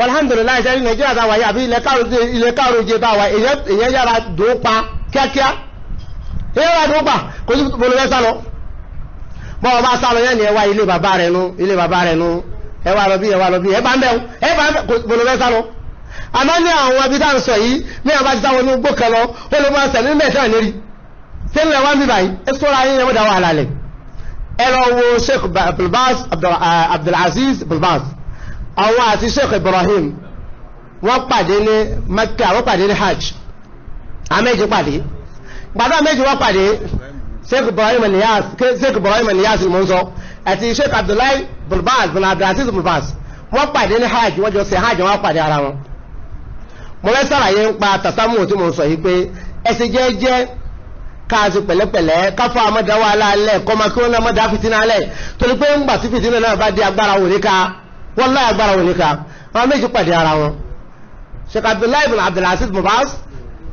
alhamdulillah ṣe ní nàìjíríà tá a wà yìí àbí ilẹ̀ káàròjẹ tá a wà èyàn yára dùn pa kíákíá èyàn yára dùn pa kò sí bolo bẹ́ẹ̀ sálọ bọ́ ọ bá sálọ yẹn ni ẹ wá ilé bàbá rẹ nu ilé bàbá rẹ nu ẹ wá lọ bí ẹ wá lọ bí ẹ bá ń bẹ̀ ẹ bá ń bẹ̀ kò bolo bẹ́ẹ̀ sálọ àmọ́ ní àwọn ibi tá à ń sọ yìí ní àwọn bá ti sáwọn inú gbókan lọ ó ló máa sẹ̀lú mẹ́ta lérí sẹ́nu àwọn àti Sheikh Ibrahim wọ́n pàdé ní Mecca wọ́n pàdé ní hajj àmẹ́jì pàdé gbàdá méjì wọ́n pàdé Sheikh Ibrahim ni mo ń sọ àti Sheikh Abdullahi bulbaz bin Abdulaziz bulbaz wọ́n pàdé ní hajj wọ́n jọ ṣe hajj wọ́n pàdé ara wọn mo fẹ́ sàlàyé ń pa tàtàmù tí mo sọ yìí pé ẹsẹ̀ jẹ́jẹ́ káàsì pẹ̀lẹ́pẹ̀lẹ́ káfọ́ amọ́dáwọ́ alálẹ̀ kọ́mọkí wọn náà mọ́dá fìtínà alẹ̀ torí pé ń gbà sí fìtínà náà bá di agbára òní ká wọ́n láyà agbára wọn nìkan àwọn méjì pàdé ara wọn Sheikh Abdullahi ibn Abdulaziz Mubaz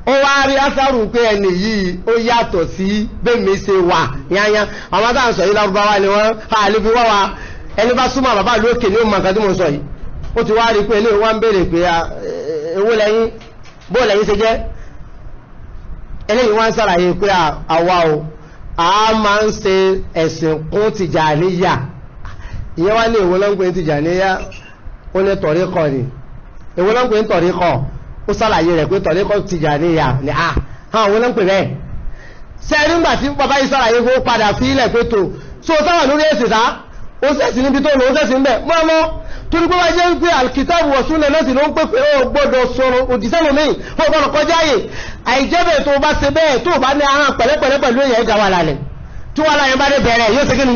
ó wá rí asaru pé ẹni yìí ó yàtọ̀ sí bẹ́ẹ̀mí ṣe wà yányá àwọn táwọn sọ yìí lárúbáwá ni wọ́n àlè fi wá wa ẹni bá súnmọ́ bàbá lókè ní òun màkàtí mo sọ yìí ó ti wá rí pé eléyìí wá ń béèrè pé ewó lẹ́yìn bó lẹ́yìn ṣe jẹ́ eléyìí wá ń sàlàyé pé àwa o a máa ń ṣe ẹ̀sìn kún tìjà níyà ìyẹn wá ní ìwọlọ́ngbẹ̀ Tìjàníyà ó ní tọ̀ríkọ̀ ni ìwọlọ́ngbẹ̀ tọ̀ríkọ̀ ó sàlàyé rẹ̀ pé tọ̀ríkọ̀ Tìjàníyà ni a hàn ìwọlọ́ngbẹ̀ bẹ́ẹ̀ sẹ́ẹ̀rí ńgbà tí bàbá yìí sàlàyé kó padà sí ilẹ̀ pé tó so sáwà lórí èsì sá ó sẹ́sì níbi tó lò ó sẹ́sì ń bẹ̀ mọ́ ọmọ torí pé wáyé ń pé alkitabu wa sunna lẹ́sìn ló ń pè pé ó gbọ́dọ̀ sọ̀rọ̀ òdìsẹ́lò míì ó gbọ́dọ̀ kọjá yè àìjẹ́bẹ̀ tó bá ṣe bẹ́ẹ̀ tó bá ní ahọ́n pẹ̀lẹ́pẹ̀lẹ́ pẹ̀lú èèyàn ìjà wà lálẹ́ tí wàhálà yẹn bá dé bẹ̀rẹ̀ yóò ṣe ni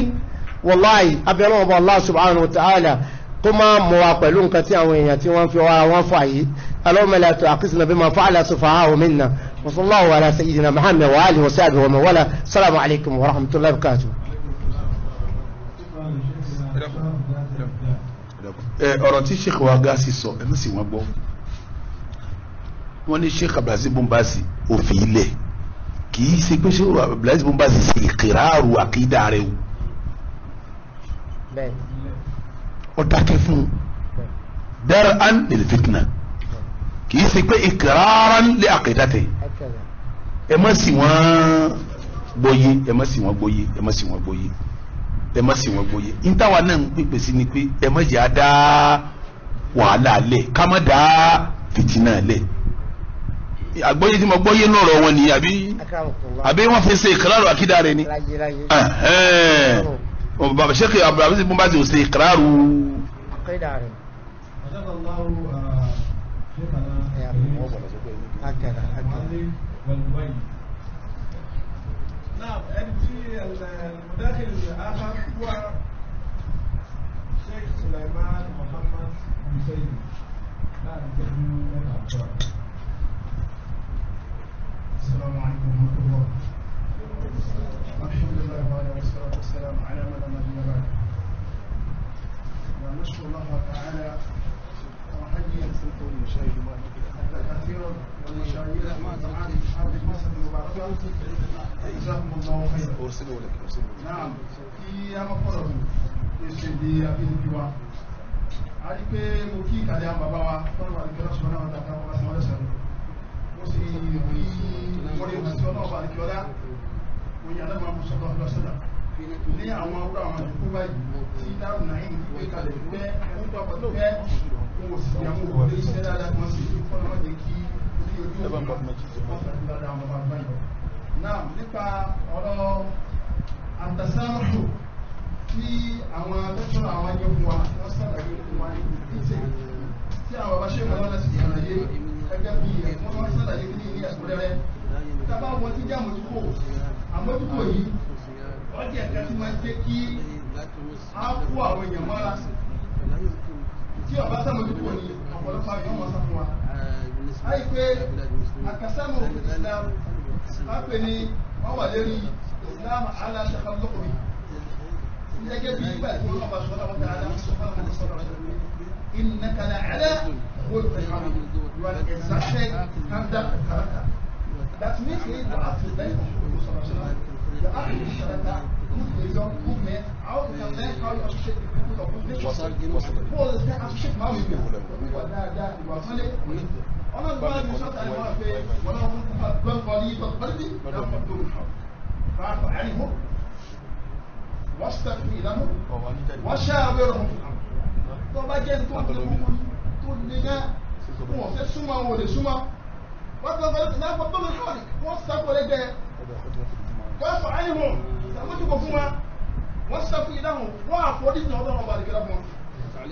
wọláì abẹ́rẹ́ ọba Allah subhanahu wa ta'ala kó máa mọ̀ wá pẹ̀lú nǹkan tí àwọn èèyàn tí wọ́n fi wá wọn fà yìí اللهم لا تعاقزنا بما فعل سفهاء منا وصلى الله على سيدنا محمد وآله وصحبه ومن والاه السلام عليكم ورحمة الله وبركاته ọ̀rọ̀ tí sheikh wa gaasi sọ ẹnu sì wọ́n gbọ́ wọ́n ní sheikh abdulaziz bumbasi òfin ilẹ̀ kì í ṣe pé sheikh abdulaziz bumbasi ṣe ìkìrààrù àkídà rẹ̀ o. O dákẹ́ fún un dẹ́rẹ́ án lè fitna kì í ṣe pé ìkìrara lé àkìdá tẹ̀ ẹ má sì wọ́n gbóyè ẹ má sì wọ́n gbóyè ẹ má sì wọ́n gbóyè ẹ má sì wọ́n gbóyè ntàwa náà ń pèpè sí ni pé ẹ má yà á dá wàhálà lẹ̀ ká má dá fìtínà lẹ̀ àgbọ́yé tí mo gbọ́yé lọ́rọ̀ wọn ni àbí àbí wọ́n fi ṣe ìkìrara àkìdá rẹ ni. بابا شيخ عبد العزيز بن باز واستقراره عقيده عليه وجزا الله شيخنا هكذا نعم عندي المداخل الاخر هو الشيخ سليمان محمد السلام عليكم ورحمه الله الحمد لله وعلى والسلام على من لا نبي ونشكر نعم، الله تعالى وحجيا سلطوني شيء حتى كثيرا والمشاهير والجماعات في مصر المباركة جزاهم الله خيرا أرسلوا لك أرسلوا نعم في مقرب ìṣèdè àbílùbí wa a rí pé mo kí ìkàlẹ̀ àbàbá wa tọ́rọ àríkẹ́ lọ́sùn náà dáadáa wọ́n bá sí wọ́n lẹ́sẹ̀ mo sì rí orí ìwọ̀n ìwọ̀n sí ọlọ́ọ̀bà àríkẹ́ ọlá oyin alábàámu sọlọ lọsọlọ ní àwọn awúrò àwọn àdúgbò báyìí tí dáhùn náà yìí gbé kalẹ̀ pẹ́ ń tọkọ tó pẹ́ ń wò sí àwọn òkúté iṣẹ́ dáadáa kan sí ní fọlọ́mọdé kí orí ojú òkú ọ̀gá dáadáa àwọn ọmọ àgbáyé lọ. náà nípa ọ̀rọ̀ àtàsáàmù tí àwọn akẹ́kọ̀ọ́ àwọn ẹgbẹ́ fún wa wọ́n sàlàyé fún wa ní ìdíje tí àwọn bàbá ṣẹ́gun lọ́dọ̀ sì àlàyé gẹ́gẹ́ bí ẹ̀kọ́ wọn sàlàyé ní ilé ẹ̀kọ́ rẹ̀ tábà wọn ti jáàmù tó kò àmójútó yìí wọ́n jẹ́ ẹ̀ka tí máa ń jẹ́ kí á kó àwọn èèyàn mọ́ra tí ọba sàmójútó ni ọ̀pọ̀lọpọ̀ àwọn ọmọ sàfún wa láì pé àkàsàmù Islam á pè wọ́n wà lérí Islam aláṣàkàlọ́kùnrin gẹ́gẹ́ bí ìgbà tí wọ́n bá sọ́lá wọn dáadáa wọ́n sọ́lá wọn sọ́lá wọn إنك لعلى خلق عظيم you are exacted standard of character That means the accident the actions that are good result movement, how you can learn how you associate the people of good nature. Paul is there associate how you do. أنا ما نشوف أنا ما في ولا هم بلن قليل بلن قلبي لا مبدو الحق فاعف عنهم واستغفر لهم وشاورهم في الأمر tó bá jẹ́ nítorí tó lè náà wọ́n fẹ́ súnmọ́ wọn ò lè súnmọ́ wọ́n sọ fẹ́lẹ́ tìlá fọ́ bọ́ọ̀lù sọ́ọ̀lì wọ́n sàkó lẹ́gbẹ́ wọ́n sọ ayé wọn sàmójúkọ fún wa wọ́n sàkó ìdáhùn wọ́n àfọ́dí ní ọdọ́ ọba àdìgẹ́ra fún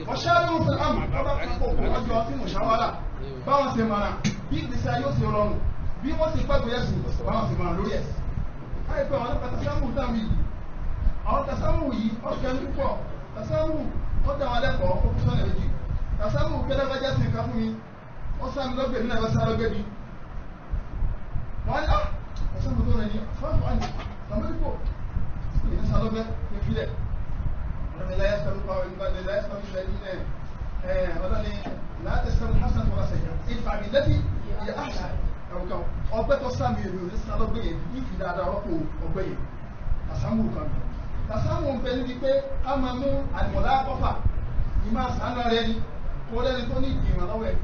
wọn ṣáré wọn fẹ́ àmà bàbá kókó ọjọ́ sí mùsàwárà báwọn ṣe mara bí ìgbésí ayé ó ṣe rọrùn bí wọ́n ṣe pẹ́gbẹ́ ẹ̀sùn báwọn ṣe mara lórí ẹ̀sìn láìpẹ́ àwọn tasámù dáhùn yìí àwọn tasámù yìí ọ̀kẹ́ ní púpọ̀ tasámù ó dáwọn alẹ́kọ̀ọ́ ó fi sọ́nà méjì tasámù kẹ́lẹ́gbẹ́jẹ́ sí nǹkan fún mi ó sá mi lọ́gbẹ̀ẹ́ nínú ẹ̀rọ sá lọ́gbẹ̀ẹ́ wọ́n á ẹ̀sẹ̀ mi tó rẹ̀ ní fọ́ọ̀fù àná lọ́mọdébò ìyẹn sá lọ́gbẹ́ ìpìlẹ̀ ọlọ́ni láyé sọ́rọ̀ pàwọ́ ìbàdàn láyé sọ́rọ̀ ìbàdàn ilẹ̀ ọlọ́ni láti sọ́rọ̀ hasan tó rásẹ̀ yẹn ìfàmì lẹ́tí ìyẹ àṣà ẹ̀wùkà ọgbẹ́ tó sàmì èrò ní sá lọ́gbẹ́ yẹn ìfì dáadáa rọ́pò ọgbẹ́ yẹn àsámù kan lọ àsámù ń bẹ níbi pé a máa mú àdìmọ̀lá kọfà ìmọ̀ àsánà rẹ ni kó lẹ́ni tó ní ìgbìmọ̀ lọ́wọ́ ẹ̀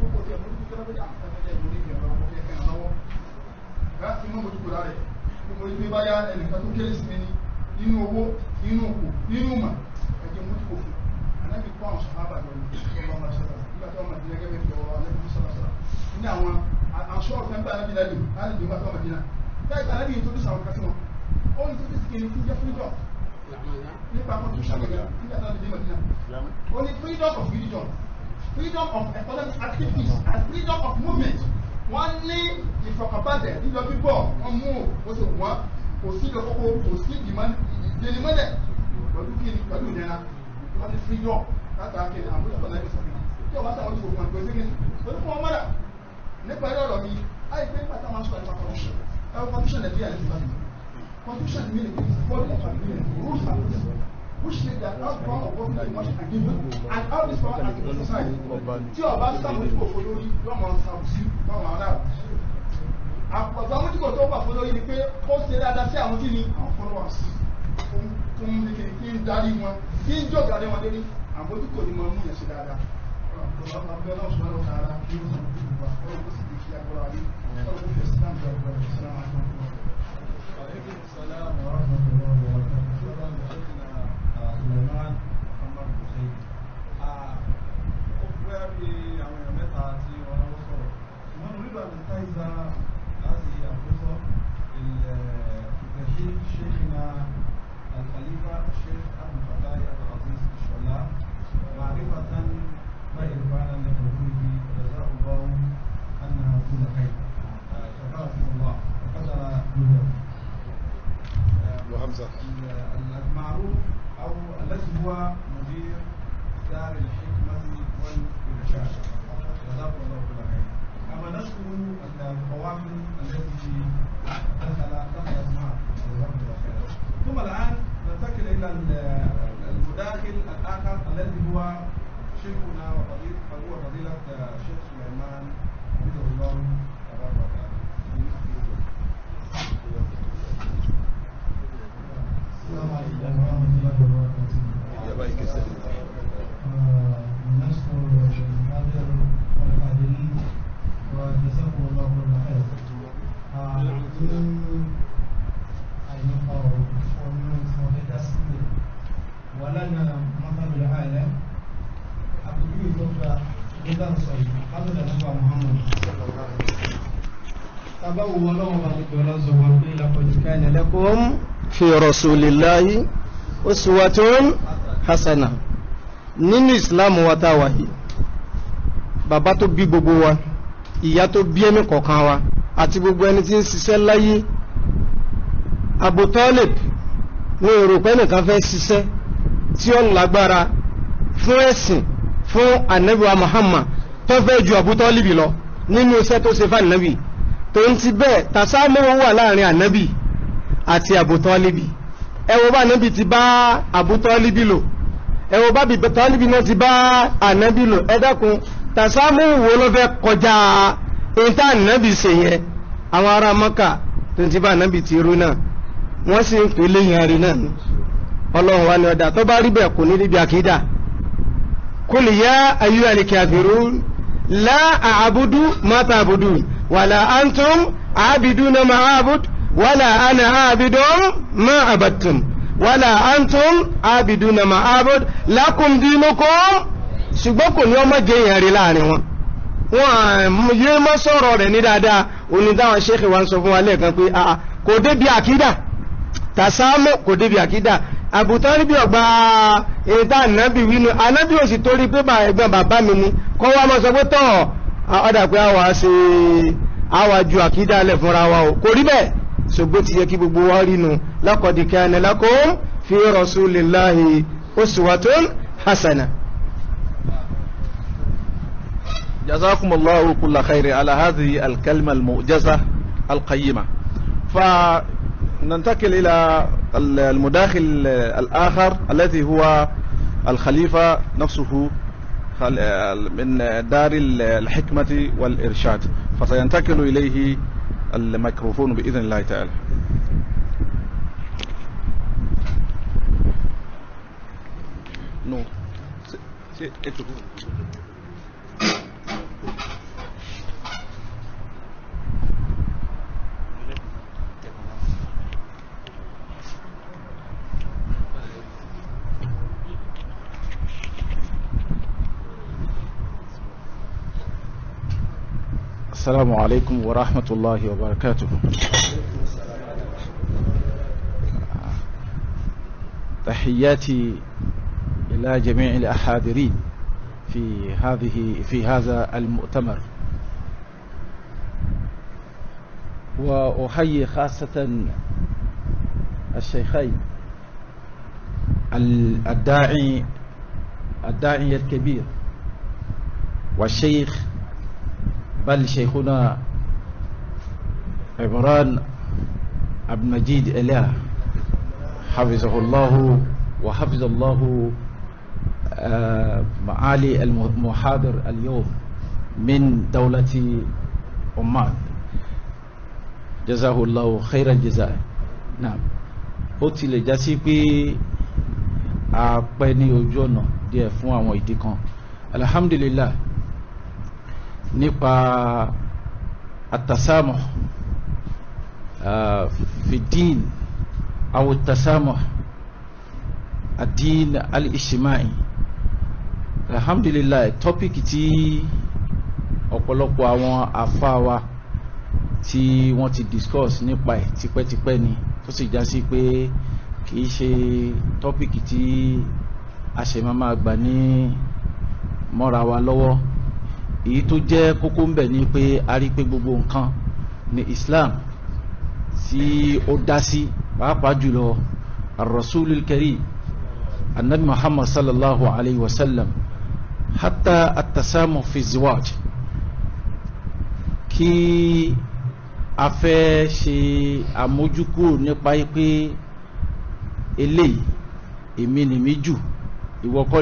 láti mọ́ mojúkò lára ẹ̀ mo rí pé báyá ẹnìkan tó kéré sí mi ní nínú owó nínú òkú nínú mà ẹ̀jẹ̀ mojúkò fún anábì kọ́ àwọn sọ̀rọ̀ àbàjọ ní ọlọ́run máa ṣẹlẹ̀ nígbà tó ọmọ ìdílé gẹ́gẹ́ bí ọwọ́ anábì mú sọ̀rọ̀ sọ̀rọ̀ ní àwọn aṣọ ọ̀fẹ́ ń bá anábì lálẹ́ lálẹ́ nígbà tó ọmọ ìdílé láìpẹ́ anábì yìí tó dùn sàwọn kásí wọn ó ní tó dùn sí kiri fún jẹ́ freedom nípa àwọn tó ṣàgbẹ̀gẹ̀ nígbà tó ọmọ ìdílé ó ní freedom of religion freedom of economic activities and freedom of movement wọ́n ní ìfọkànbalẹ̀ lílọ bíbọ̀ wọ́n mú o ṣe wọ́n kò sí ìlọ́kọ́kọ́ kò sí ìdílẹ́mọ́lẹ̀ pẹ̀lú kí ni pẹ̀lú ìnira wọ́n ti fíjọ́ látara kí ni àwọn ìṣọ̀kan láìpẹ́ sọ̀kan tí ọba táwọn ti fòkàn pé ṣégi pẹ̀lú fún ọmọdà nípa ẹ̀rọ ọ̀rọ̀ mi àìpé nípa táwọn aṣọ àìpá kọ̀ọ̀ṣọ̀ ẹ̀rọ constitution nàìjíríà ní ti bá mi constitution mi ni kò sí fọ́ọ̀lù ọ̀kan mi ni rules and which means that outcome of government must be given and all this power has been exercised. Tí ọba sàmójú kò fún lórí lọ́mọ sàmójú lọ́mọ aláàbò. Àpọ̀sàmójú kò tó wà fún lórí ni pé ó ṣe dáadáa sí àwọn kí ni àwọn followers fún mi kiri kí n darí wọn kí n jọ̀gá lé wọn lórí àbójú kò ní mọ mú yẹn ṣe dáadáa. Ọ̀pọ̀lọpọ̀ abẹ́ náà sọ̀rọ̀ lọ́ta ara ní ìlú ìgbà ọ̀rọ̀ kó sì di kí agbára ayé ọ̀rọ̀ kó fẹ́ sí náà jẹ́ ọ̀rọ̀ ìsìlámù àti ọ̀rọ̀. Suleiman Muhammad Hussein ó fẹ́ bí àwọn èèyàn mẹ́ta tí wọ́n lọ́wọ́ sọ̀rọ̀ ṣùgbọ́n orí ìlú àdìsáìsà láti àkóso ilẹ̀ ìtẹ̀sí ṣéṣìnà alkhalifa sheikh abu fatai abdulaziz shola معرفة وإرفانا لحضوره جزاه الله أنها كل خير شكركم الله وقدر جهده وهمزة المعروف أو الذي هو مدير دار الحكمة والإرشاد جزاكم الله كل خير كما نشكر القوافل التي دخل دخلت معه جزاك الله خير ثم الآن ننتقل إلى المداخل الآخر الذي هو شيخنا وفضيلة فهو فضيلة الشيخ سليمان حفظه الله báwo ọlọ́run bá ti jọ lọ́sọ̀rọ̀ pé lọ́kọ̀ọ́jú káyọ̀ lẹ́kọ̀ọ́ fi rasulillahi uswatun hasana ninu Islamu wa tá wà yìí bàbá gbogbo wa iya to bí ẹni kọ̀ọ̀kan wa àti gbogbo ẹni tí ń ṣiṣẹ́ láyé Abu Talib ní èrò pé ẹnìkan fẹ́ ṣiṣẹ́ tí ó lágbára fún ẹ̀sìn anabiwa Muhammad tó fẹ́ ju Abu Talib lọ nínú iṣẹ́ to ṣe fún anabi tó ń ti bẹ́ẹ̀ tasámọ́wọ́ wà láàrin anabi àti àbútọ́líbì ẹwọ bá nábì ti bá àbútọ́líbì lò ẹwọ bá bìtọ́líbì náà ti bá ànábì lò ẹ̀dákun tàṣámù wo ló fẹ́ kọjá ìta ànábì ṣe yẹn àwọn ará mọ́kà tó ti bá ànábì ti rú náà wọ́n sì ń pè léyìn àrí náà ni ọlọ́run wa ni ọ̀dà tó bá rí bẹ́ẹ̀ kò ní níbi àkídà kul ya ayyuhal kafirun la a'budu ma ta'budun wala antum abiduna ma a'budu ولا أنا عابد ما عبدتم ولا أنتم عابدون ما عبد لكم دينكم ṣùgbọ́n kò ní ọmọ jẹ èèyàn rí láàrin wọn wọn yé mọ́ sọ̀rọ̀ rẹ̀ ní dáadáa òní dáwọn ṣéèkì wa ń sọ fún wa lẹ́ẹ̀kan pé àà kò débi àkídà tàṣámọ́ kò débi àkídà àbùtán níbi ọ̀gbà èdè ànábì wínú ànábì ò sì torí pé ẹ̀gbọ́n bàbá mi ni kọ́ wa mọ́ sọ pé tọ̀ ọ̀dà pé àwa ṣe àwa ju àkídà lẹ̀ fúnra wa o kò rí bẹ́ẹ̀ ṣùgbọ́n ti yẹ kí gbogbo wa rínu laqad kana lakum fi rasulillahi uswatun hasana جزاكم الله كل خير على هذه الكلمة المؤجزة القيمة فننتقل إلى المداخل الآخر الذي هو الخليفة نفسه من دار الحكمة والإرشاد فسينتقل إليه الميكروفون بإذن الله تعالى نور السلام عليكم ورحمة الله وبركاته تحياتي إلى جميع الأحاضرين في هذه في هذا المؤتمر وأحيي خاصة الشيخين الداعي الداعي الكبير والشيخ بل شيخنا عمران عبد المجيد إله حفظه الله وحفظ الله آه، معالي المحاضر اليوم من دولة عمان جزاه الله خير الجزاء نعم ó tilẹ̀ já sí pé a pẹ́ ní ojú nípa àtàsámọ̀ fìdín àwọn àtàsámọ̀ àdín alìṣìmáì alhamdulillah tọ́píkì tí ọ̀pọ̀lọpọ̀ àwọn àfáà wa tí wọ́n ti discuss nípa ẹ̀ tipẹ́tipẹ́ ni tó sì já sí pé kìí ṣe tọ́píkì tí a ṣe máa máa gbà ní mọ́ra wa lọ́wọ́ èyí tó jẹ́ kókó ń bẹ ni pé a rí pé gbogbo nǹkan ní Islam tí ó dá sí pàápàá jùlọ ar-rasulul karim anabi Muhammad sallallahu alayhi wa sallam hatta atasamu fi ziwaj kí a fẹ́ ṣe àmójúkúrò nípa pé eléyìí èmi nìmí jù ìwọ kọ́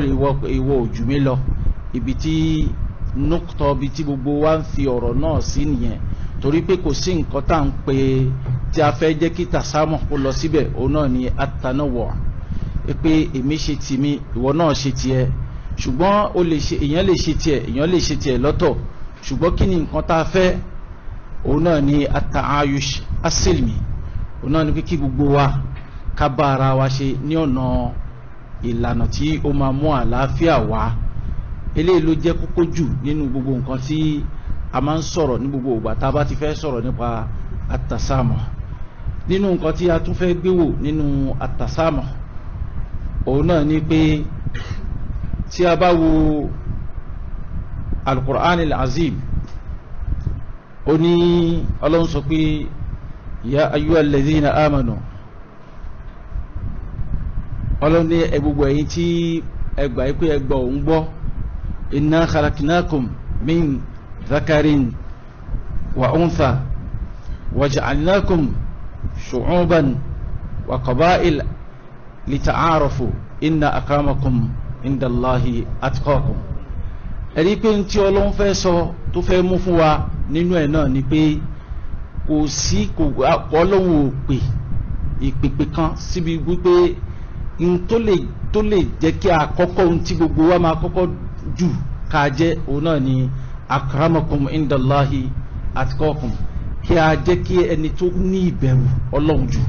ìwọ òjù mi lọ ibi tí nùkútọ̀ bíi tí gbogbo wa ń fi ọ̀rọ̀ náà sí nìyẹn torí pé kò sí nǹkan tá à ń pè é tí a fẹ́ jẹ́ kí tàsámọ̀ kó lọ síbẹ̀ òun náà ni atanawọ̀ pé èmi ṣe mi, ìwọ náà ṣe tiẹ̀ ṣùgbọ́n èèyàn lè ṣe tiẹ̀ èèyàn lè ṣe tiẹ̀ lọ́tọ̀ ṣùgbọ́n kí ni nǹkan tá a fẹ́ òun náà ni ataayush asilmi òun náà ni pé kí gbogbo wa ká bá ara wa ṣe ní ọ̀nà ìlànà tí ó máa mú àlàáfíà wá eléyìí ló jẹ́ kókó jù nínú gbogbo nǹkan tí a máa ń sọ̀rọ̀ ní gbogbo ìgbà tá a bá ti fẹ́ sọ̀rọ̀ nípa àtàsámọ̀ nínú nǹkan tí a tún fẹ́ gbéwò nínú àtàsámọ̀ òun náà ni pé tí a bá wo alukur'an al-azim ó ní ọlọ́run sọ pé ya ayyuhal ladhina amanu ọlọ́run ní ẹ gbogbo ẹ̀yin tí ẹ gbà pé ẹ gbọ́ òun gbọ́ إنا خلقناكم من ذكر وأنثى وجعلناكم شعوبا وقبائل لتعارفوا إن أكرمكم عند الله أتقاكم ẹ̀rí pé ní tí ọlọ́run fẹ́ sọ tó fẹ́ mú fún wa nínú ẹ̀ náà ni pé kò sí kò ọlọ́run ò pè ìpèpè kan síbi wípé n tó lè jẹ́ kí àkọ́kọ́ ohun tí gbogbo wa máa kọ́kọ́ jù ká jẹ́ òun náà ni akramakum indallahi atqakum kí a jẹ́ kí ẹni tó ní ìbẹ̀rù ọlọ́run jù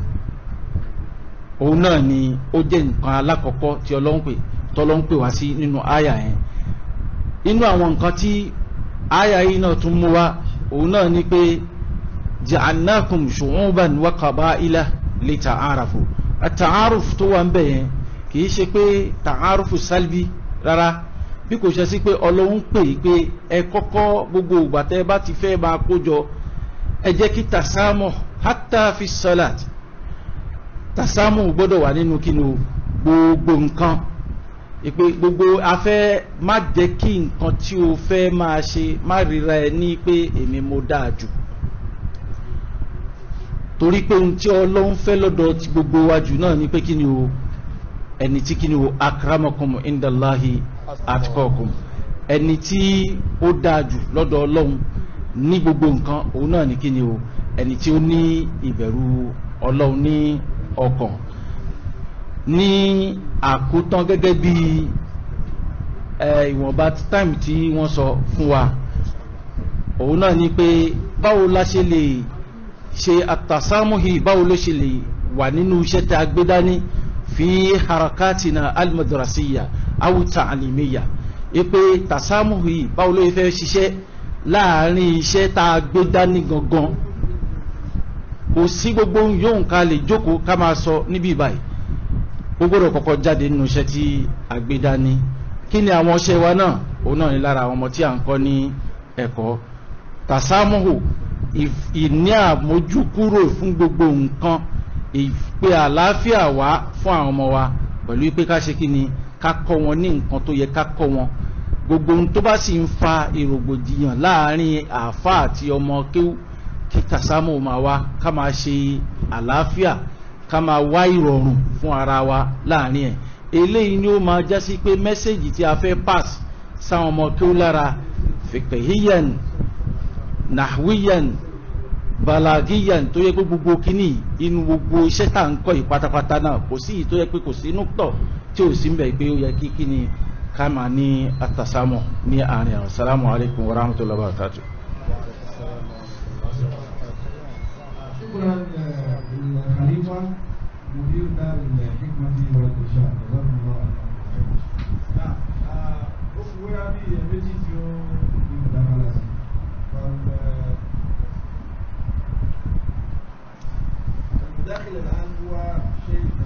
òun náà ni ó jẹ́ nǹkan alákọ̀ọ́kọ́ tí ọlọ́run pè tọ́lọ́run pè wá sí nínú àyà yẹn inú àwọn nǹkan tí àyà yìí náà tún mú wá òun náà ni pé ja'annakum shu'uban wa qaba'ila lita'arafu at-ta'aruf tó wà ń bẹ̀ yẹn kì í ṣe pé ta'arufu salbi rárá bí kò ṣe sí pé ọlọ́run pè yí pé ẹ kọ́kọ́ gbogbo ìgbà tẹ́ bá ti fẹ́ máa kójọ ẹ jẹ́ kí tasámọ̀ hátà fi sọ́làt tasámọ̀ gbọ́dọ̀ wà nínú kí ni gbogbo nǹkan ìpè gbogbo afẹ́ má jẹ́ kí nǹkan tí o fẹ́ máa ṣe má ríra ẹ ní pé èmi mo dáa jù torí pé ohun tí ọlọ́run fẹ́ lọ́dọ̀ ti gbogbo wájú náà ni pé kí ni o ẹni tí kí ni o akramakum indallahi àtìpọ̀kùn ẹni tí ó dáa jù lọ́dọ̀ ọlọ́run ní gbogbo nǹkan òun náà ní kíni o ẹni tí ó ní ìbẹ̀rù ọlọ́run ní ọkàn ní àkótán gẹ́gẹ́ bí ìwọ̀nba time tí wọ́n sọ fún wa òun náà ni pé báwo la ṣe lè ṣe àtàsámúhì báwo ló ṣe lè wà nínú iṣẹ́ tá a gbé dání fi harakatina almadrasiya awuta alimiya Epe tasamuhu yìí báwo ló fẹ́ ṣiṣẹ́ láàrin iṣẹ́ tá a gbé dání gangan kò sí gbogbo yóò ká lè jókòó ká máa sọ níbí báyìí gbogbo rẹ̀ kọ́kọ́ jáde nínú iṣẹ́ tí a gbé dání kí ni àwọn ọṣẹ wa náà òun náà ni lára àwọn ọmọ tí à ń kọ́ ní ẹ̀kọ́ tasamuhu ìní àmójúkúrò fún gbogbo nǹkan ìpè àlàáfíà wá fún àwọn ọmọ wa pẹ̀lú pé ká ṣe kí ni ká kọ́ wọn ní nǹkan tó yẹ ká kọ́ wọn gbogbo ohun tó bá sì ń fa ìrògbòdìyàn láàrin àáfà àti ọmọ kéwú kí kàsámù máa wá ká máa ṣe àlàáfíà ká máa wá ìrọ̀rùn fún ara wa láàrin ẹ̀ eléyìí ni ó máa jásí pé mẹ́sẹ̀gì tí a fẹ́ pass sáwọn ọmọ kéwú lára fìkìhíyàn nahwiyan balagiyan tó yẹ pé gbogbo kínní inú gbogbo iṣẹ́ tá à ń kọ́ yìí pátápátá náà kò sí yìí pé kò sí inú tọ̀ tí ò sí ń bẹ̀ pé ó yẹ kí kí ni ká máa ní àtàsámọ̀ ní àárín àwọn salamu alaikum wa rahmatullahi wa barakatuh. مدير الآن هو شيء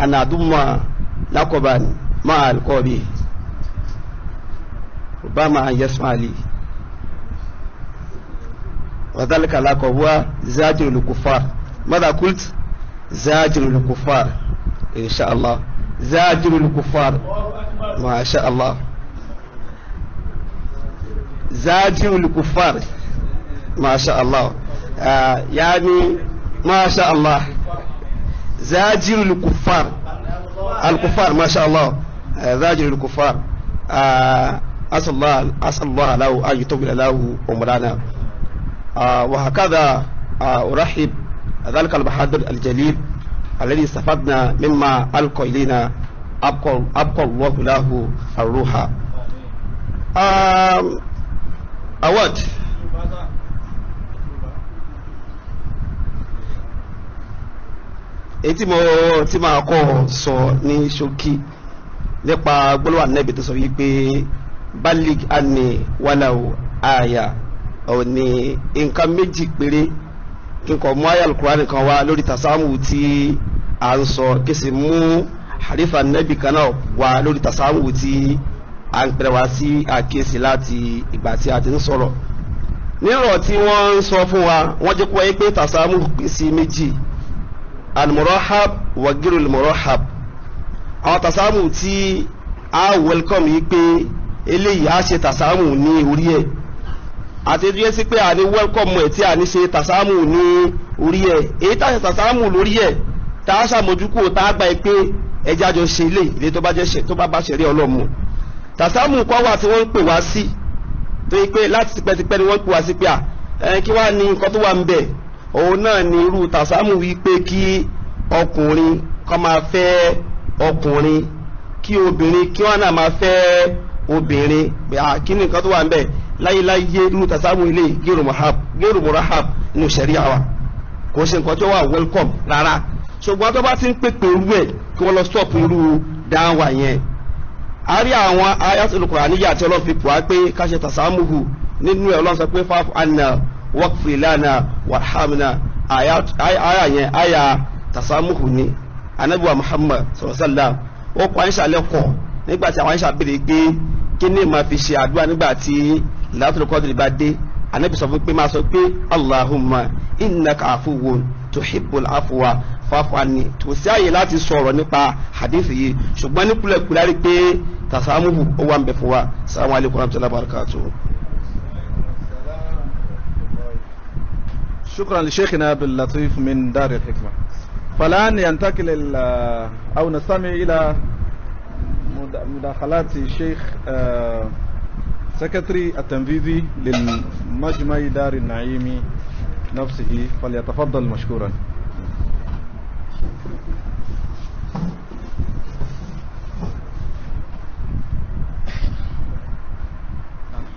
أنا دوما نكوبان ما الكوبي ربما أن يسمع لي وذلك لقب هو زاجر الكفار ماذا قلت زاجر الكفار إن شاء الله زاجر الكفار ما شاء الله زاجر الكفار ما شاء الله آه يعني ما شاء الله زاجر الكفار الكفار ما شاء الله آه، زاجر الكفار آه، أسأل الله أسأل الله له أن يتوب له عمرنا آه، وهكذا أرحب ذلك المحاضر الجليل الذي استفدنا مما ألقى إلينا أبقى, أبقى الله له الروح أود ètí mo tí màá kọ́ sọ ní ṣókí nípa gbólóhà nẹ́bí tó sọ wípé balik ani wàláwò àyà ọ̀ ní nǹkan méjì péré kí n kò mú àyà alukurani kan wá lórí tasamu tí à ń sọ kí sì mú harifa nẹ́bí kan náà wá lórí tasamu tí à ń pẹ̀rẹ̀ wá sí àkíyèsí láti ìgbà tí a ti ń sọ̀rọ̀ nírọ̀ tí wọ́n ń sọ fún wa wọ́n jẹ́ kó wáyé pé tasamu pín sí méjì almurahab wa giru almurahab àwọn tasamu tí a welcome yìí pé eléyìí a ṣe tasamu ní orí ẹ̀ àti rí sí pé a ní welcome ẹ̀ tí a ní ṣe tasamu ní orí ẹ̀ èyí tá a ṣe tasamu lórí ẹ̀ tá a ṣàmójúkú tá a gba ẹ pé ẹjẹ́ àjọ ṣe ilé ilé tó bá jẹ́ ṣe tó bá bá ṣe rí ọlọ́mu tasamu kọ́ wà tí wọ́n ń pè wá sí torí pé láti tipẹ́tipẹ́ ni wọ́n ń pè wá sí pé à kí wàá ní nǹkan tó wà ń bẹ̀ òun náà ni irú tàsámù wípé kí ọkùnrin kọ́ máa fẹ́ ọkùnrin kí obìnrin kí wọ́n náà máa fẹ́ obìnrin kí ni nǹkan tó wà ń bẹ̀ láyéláyé irú tàsámù ilé gẹ́rù mọ̀ráhàb ní ṣẹ̀ríà wa kò ṣe nǹkan tó wà welcome rárá ṣùgbọ́n tó bá ti ń pèpè irú ẹ̀ kí wọ́n lọ stop irú dáhùn yẹn a rí àwọn ayatul Qur'aniyya àti ọlọ́fin pọ̀ á pé ká ṣe tàsámù hù nínú ẹ̀ ọlọ́run sọ pé fáfù àná waqfi lana warhamna aya yẹn aya tasamuhu ni anabiwa muhammad sọlọsọlá ó kọ àyíṣà lẹ́kọ̀ọ́ nígbà tí àwọn àyíṣà béèrè pé kí ni màá fi ṣe àdúrà nígbà tí Lailatul Qadr bá dé anabi sọ fún pé máa sọ pé allahumma innaka afuwun tuhibbul afwa fa'fu anni kò sí àyè láti sọ̀rọ̀ nípa hadith yìí ṣùgbọ́n ní kúlẹ̀kúlẹ̀ rí pé tasamuhu ó wà ń bẹ̀ fún wa salamu alaykum wa شكرا لشيخنا باللطيف من دار الحكمة فالآن ينتقل أو نستمع إلى مداخلات الشيخ آه، سكرتري التنفيذي للمجمع دار النعيم نفسه فليتفضل مشكورا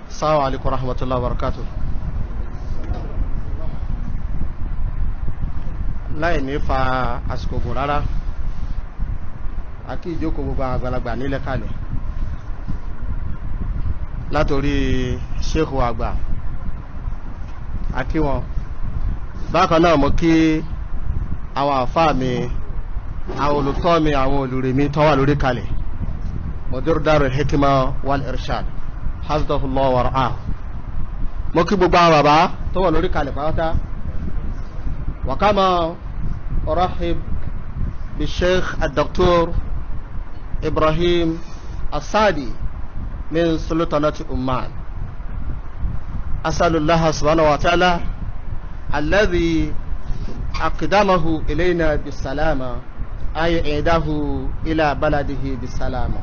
السلام عليكم ورحمة الله وبركاته láì ní fa àsìkò gùn rárá àkí ìjókòó gbogbo àgbàlagbà nílẹ̀ kalẹ̀ látòrí ṣéèkù àgbà àkí wọn bákan náà mo kí àwọn àfáà mi àwọn olùtọ́ mi àwọn olùrè mi tó wà lórí kalẹ̀ mọ̀dúrú dárò hikima wal irshad hasdọ́fúnlọ́ wàrà áhùn mo kí gbogbo àwọn bàbá tó wà lórí kalẹ̀ pátá wàkàmọ́ أرحب بالشيخ الدكتور إبراهيم السعدي من سلطنة أمان أسأل الله سبحانه وتعالى الذي أقدمه إلينا بالسلامة أن عيده إلى بلده بالسلامة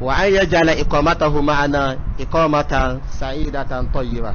وأن يجعل إقامته معنا إقامة سعيدة طيبة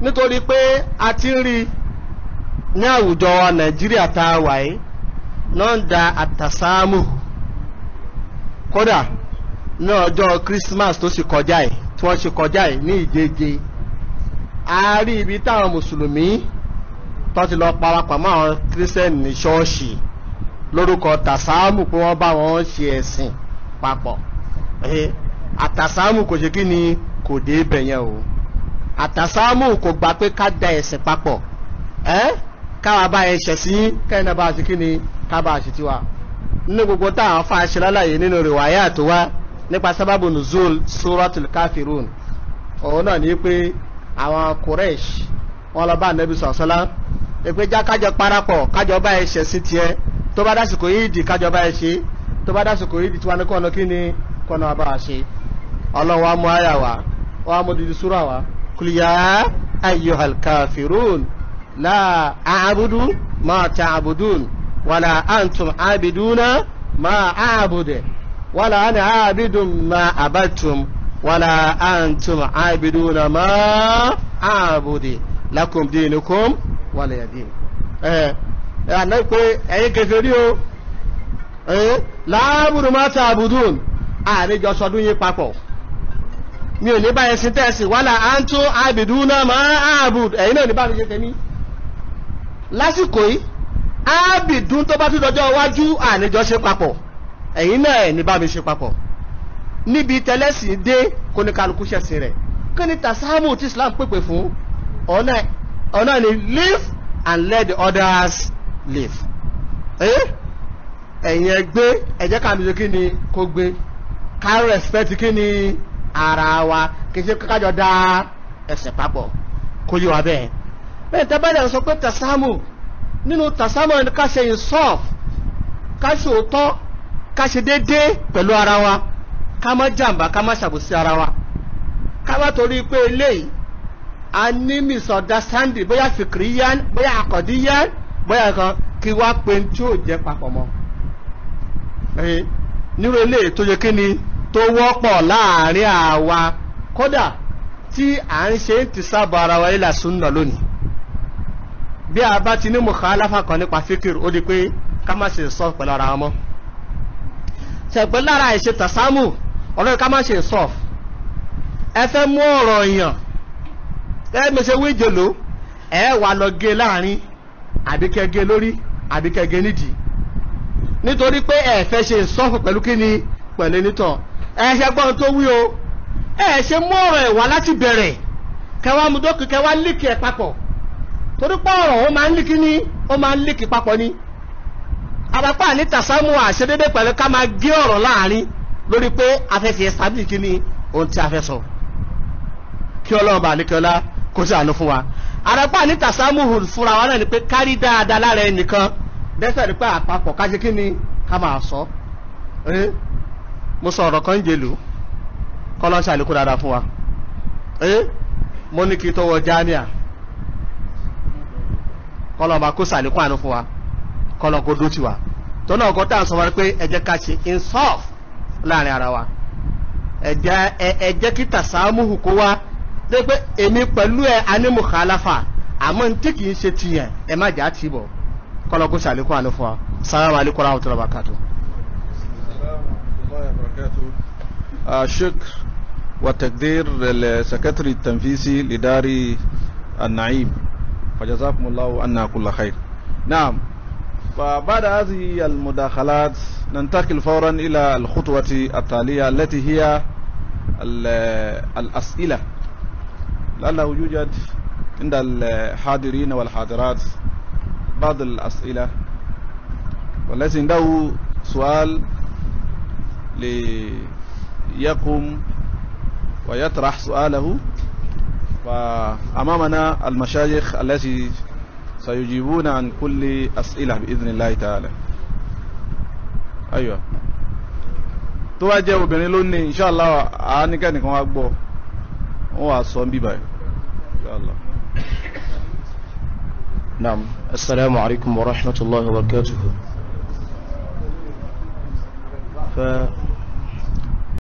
nítorí pé a ti ń rí ní àwùjọ wa nàìjíríà tá a wà yìí náà ń da àtàsámù kódà ní ọjọ́ Christmas tó sì kọjá yìí tí wọ́n ṣe kọjá yìí ní ìjeje a rí ibi táwọn mùsùlùmí tó ti lọ parapọ̀ mọ́ àwọn kírísẹ́nì ní ṣọ́ọ̀ṣì lórúkọ tàsámù pé wọ́n bá wọn ṣe ẹ̀sìn papọ̀ àtàsámù kò ṣe kí ni kò dé ibẹ̀ yẹn o àtàsámù kò gbà pé ká da ẹ̀sìn papọ̀ ẹ́ káwa bá ẹ̀ṣẹ̀ sí kẹ́hìnà bá a ṣe kí ni ká bá a ṣe tiwa nínú gbogbo táwọn afa ṣe lálàyé nínú rìwáyà tó wá nípa sábàbù nuzul suratul kafirun òun náà ní pé àwọn Quraysh wọn lọ bá anabi sọ̀sọ́lá èpè já kájọ parapọ̀ kájọ bá ẹ̀ṣẹ̀ sí tiẹ̀ tó bá dásìkò yìí kájọ bá ẹ ṣe tó bá dásìkò yìí dì ní kọ́nà kí ni kọ́nà bá a ṣe ọlọ́run wa mú àyà wa wa mú didi súra wa قل يا أيها الكافرون لا أعبد ما تعبدون ولا أنتم عابدون ما أعبد ولا أنا عابد ما عبدتم ولا أنتم عابدون ما أعبد لكم دينكم ولا دين eh annabi ko ẹ̀yin kèfèrí o eh laabudu ma ta'budun a ní jọ ṣọdún yín papọ̀ mi ò ní bá ẹsìn tẹ́ẹ̀sì wálà antum abiduna ma abud ẹ̀yin náà ní bá mi ṣe tèmi lásìkò yìí abidun tó bá tún dọjọ́ iwájú àníjọ ṣe papọ̀ ẹ̀yin náà ẹ̀ ní bá ṣe papọ̀ níbi tẹlẹ́sì dé kóníkàlùkù ṣẹ̀sìn rẹ̀ kí ni tasamu tí Islam pèpè fún ọ̀nà ni live and let the others live ẹ̀yin ẹ gbé ẹ jẹ́ ká mi ṣe kí ni kó gbé ká respect kí ni ara wa kì í ṣe kájọ dá ẹsẹ̀ papọ̀ kó yé wa bẹ́ẹ̀ bẹ́ẹ̀ tábàlẹ̀ sọ pé tasamu nínú tasamu ká ṣe insof ká ṣe òótọ́ ká ṣe déédéé pẹ̀lú ara wa ká má jàǹbá ká má ṣàbòsí ara wa ká má torí pé eléyìí a ní misunderstanding bóyá fìkìrìyàn bóyá àkọ́díyàn bóyá kan kí wá pé tí ó jẹ́ papọ̀ mọ́ nírú eléyìí tó yẹ kí ni tó wọ́pọ̀ láàrin àwa kódà tí à ń ṣe ti sábà ara wa ilà súnà lónìí bí a bá ti ní mùkálàfà kan nípa fíkìr ó di pé ká má ṣe sọ pẹ̀lú ara wọn mọ́ ṣẹ̀gbọ́n lára ìṣe tàsámù ọ̀rọ̀ ká má ṣe sọ ẹ fẹ́ mú ọ̀rọ̀ èèyàn ẹ mẹsẹ̀ wíjẹ ló ẹ wà lọ gé láàrin àbíkẹ́ gé lórí àbíkẹ́ gé nídìí nítorí pé ẹ fẹ́ ṣe sọ́ọ̀fù pẹ̀lú kíni pẹ̀lú nítàn ẹ ṣe gbọ́n tó wí o ẹ ṣe mú ọ̀rọ̀ ẹ̀ wá láti bẹ̀rẹ̀ kẹwàá mú dókè kẹwàá líkì ẹ̀ papọ̀ torí pé ọ̀rọ̀ ó máa ń líkì ní ó máa ń líkì papọ̀ ní. àpapọ̀ àní tàṣámù àṣedédé pẹ̀lú ká máa gé ọ̀rọ̀ láàrin lórí pé afẹ́fẹ́ establish kí ni ohun tí a fẹ́ sọ kí ọlọ́run bá àlékẹ́ọ́lá kó sì àánú fún wa. àràpá àní tàṣámù fúnra wa náà ni pé kárí dáadáa lára ẹnìkan dẹ́sẹ̀ ni pé àpapọ̀ ká ṣe kí ká máa sọ mo sọ ọ̀rọ̀ kan ń jèlú kọ́lọ́ ṣàlékún dáadáa fún wa ee mo ní kí n tọwọ́ jámíà kọ́lọ́ bá kó ṣàlékún àánú fún wa kọ́lọ́ kó dúró tiwa tó náà kọ́ tá à ń sọ wọn pé ẹ ká ṣe insaf láàrin ara wa ẹ jẹ́ kí tàṣámùhù kó wá dé pé èmi pẹ̀lú ẹ anímùkálàfà àmọ́ n tí kì í ṣe tiyàn ẹ má jà á tì bọ̀ kọ́lọ́ kó ṣàlékún àánú fún wa sàrámà alẹ́kùn ráhùn tó lọ́ba kàtó. الله وبركاته الشكر آه، والتقدير للسكرتري التنفيذي لدار النعيم فجزاكم الله عنا كل خير نعم فبعد هذه المداخلات ننتقل فورا إلى الخطوة التالية التي هي الأسئلة لأنه يوجد عند الحاضرين والحاضرات بعض الأسئلة والذي عنده سؤال ليقوم ويطرح سؤاله فأمامنا المشايخ التي سيجيبون عن كل أسئلة بإذن الله تعالى أيوة تواجهوا بنيلوني إن شاء الله أنا كان كم أكبر هو أصوم بيبا إن شاء الله نعم السلام عليكم ورحمة الله وبركاته 对。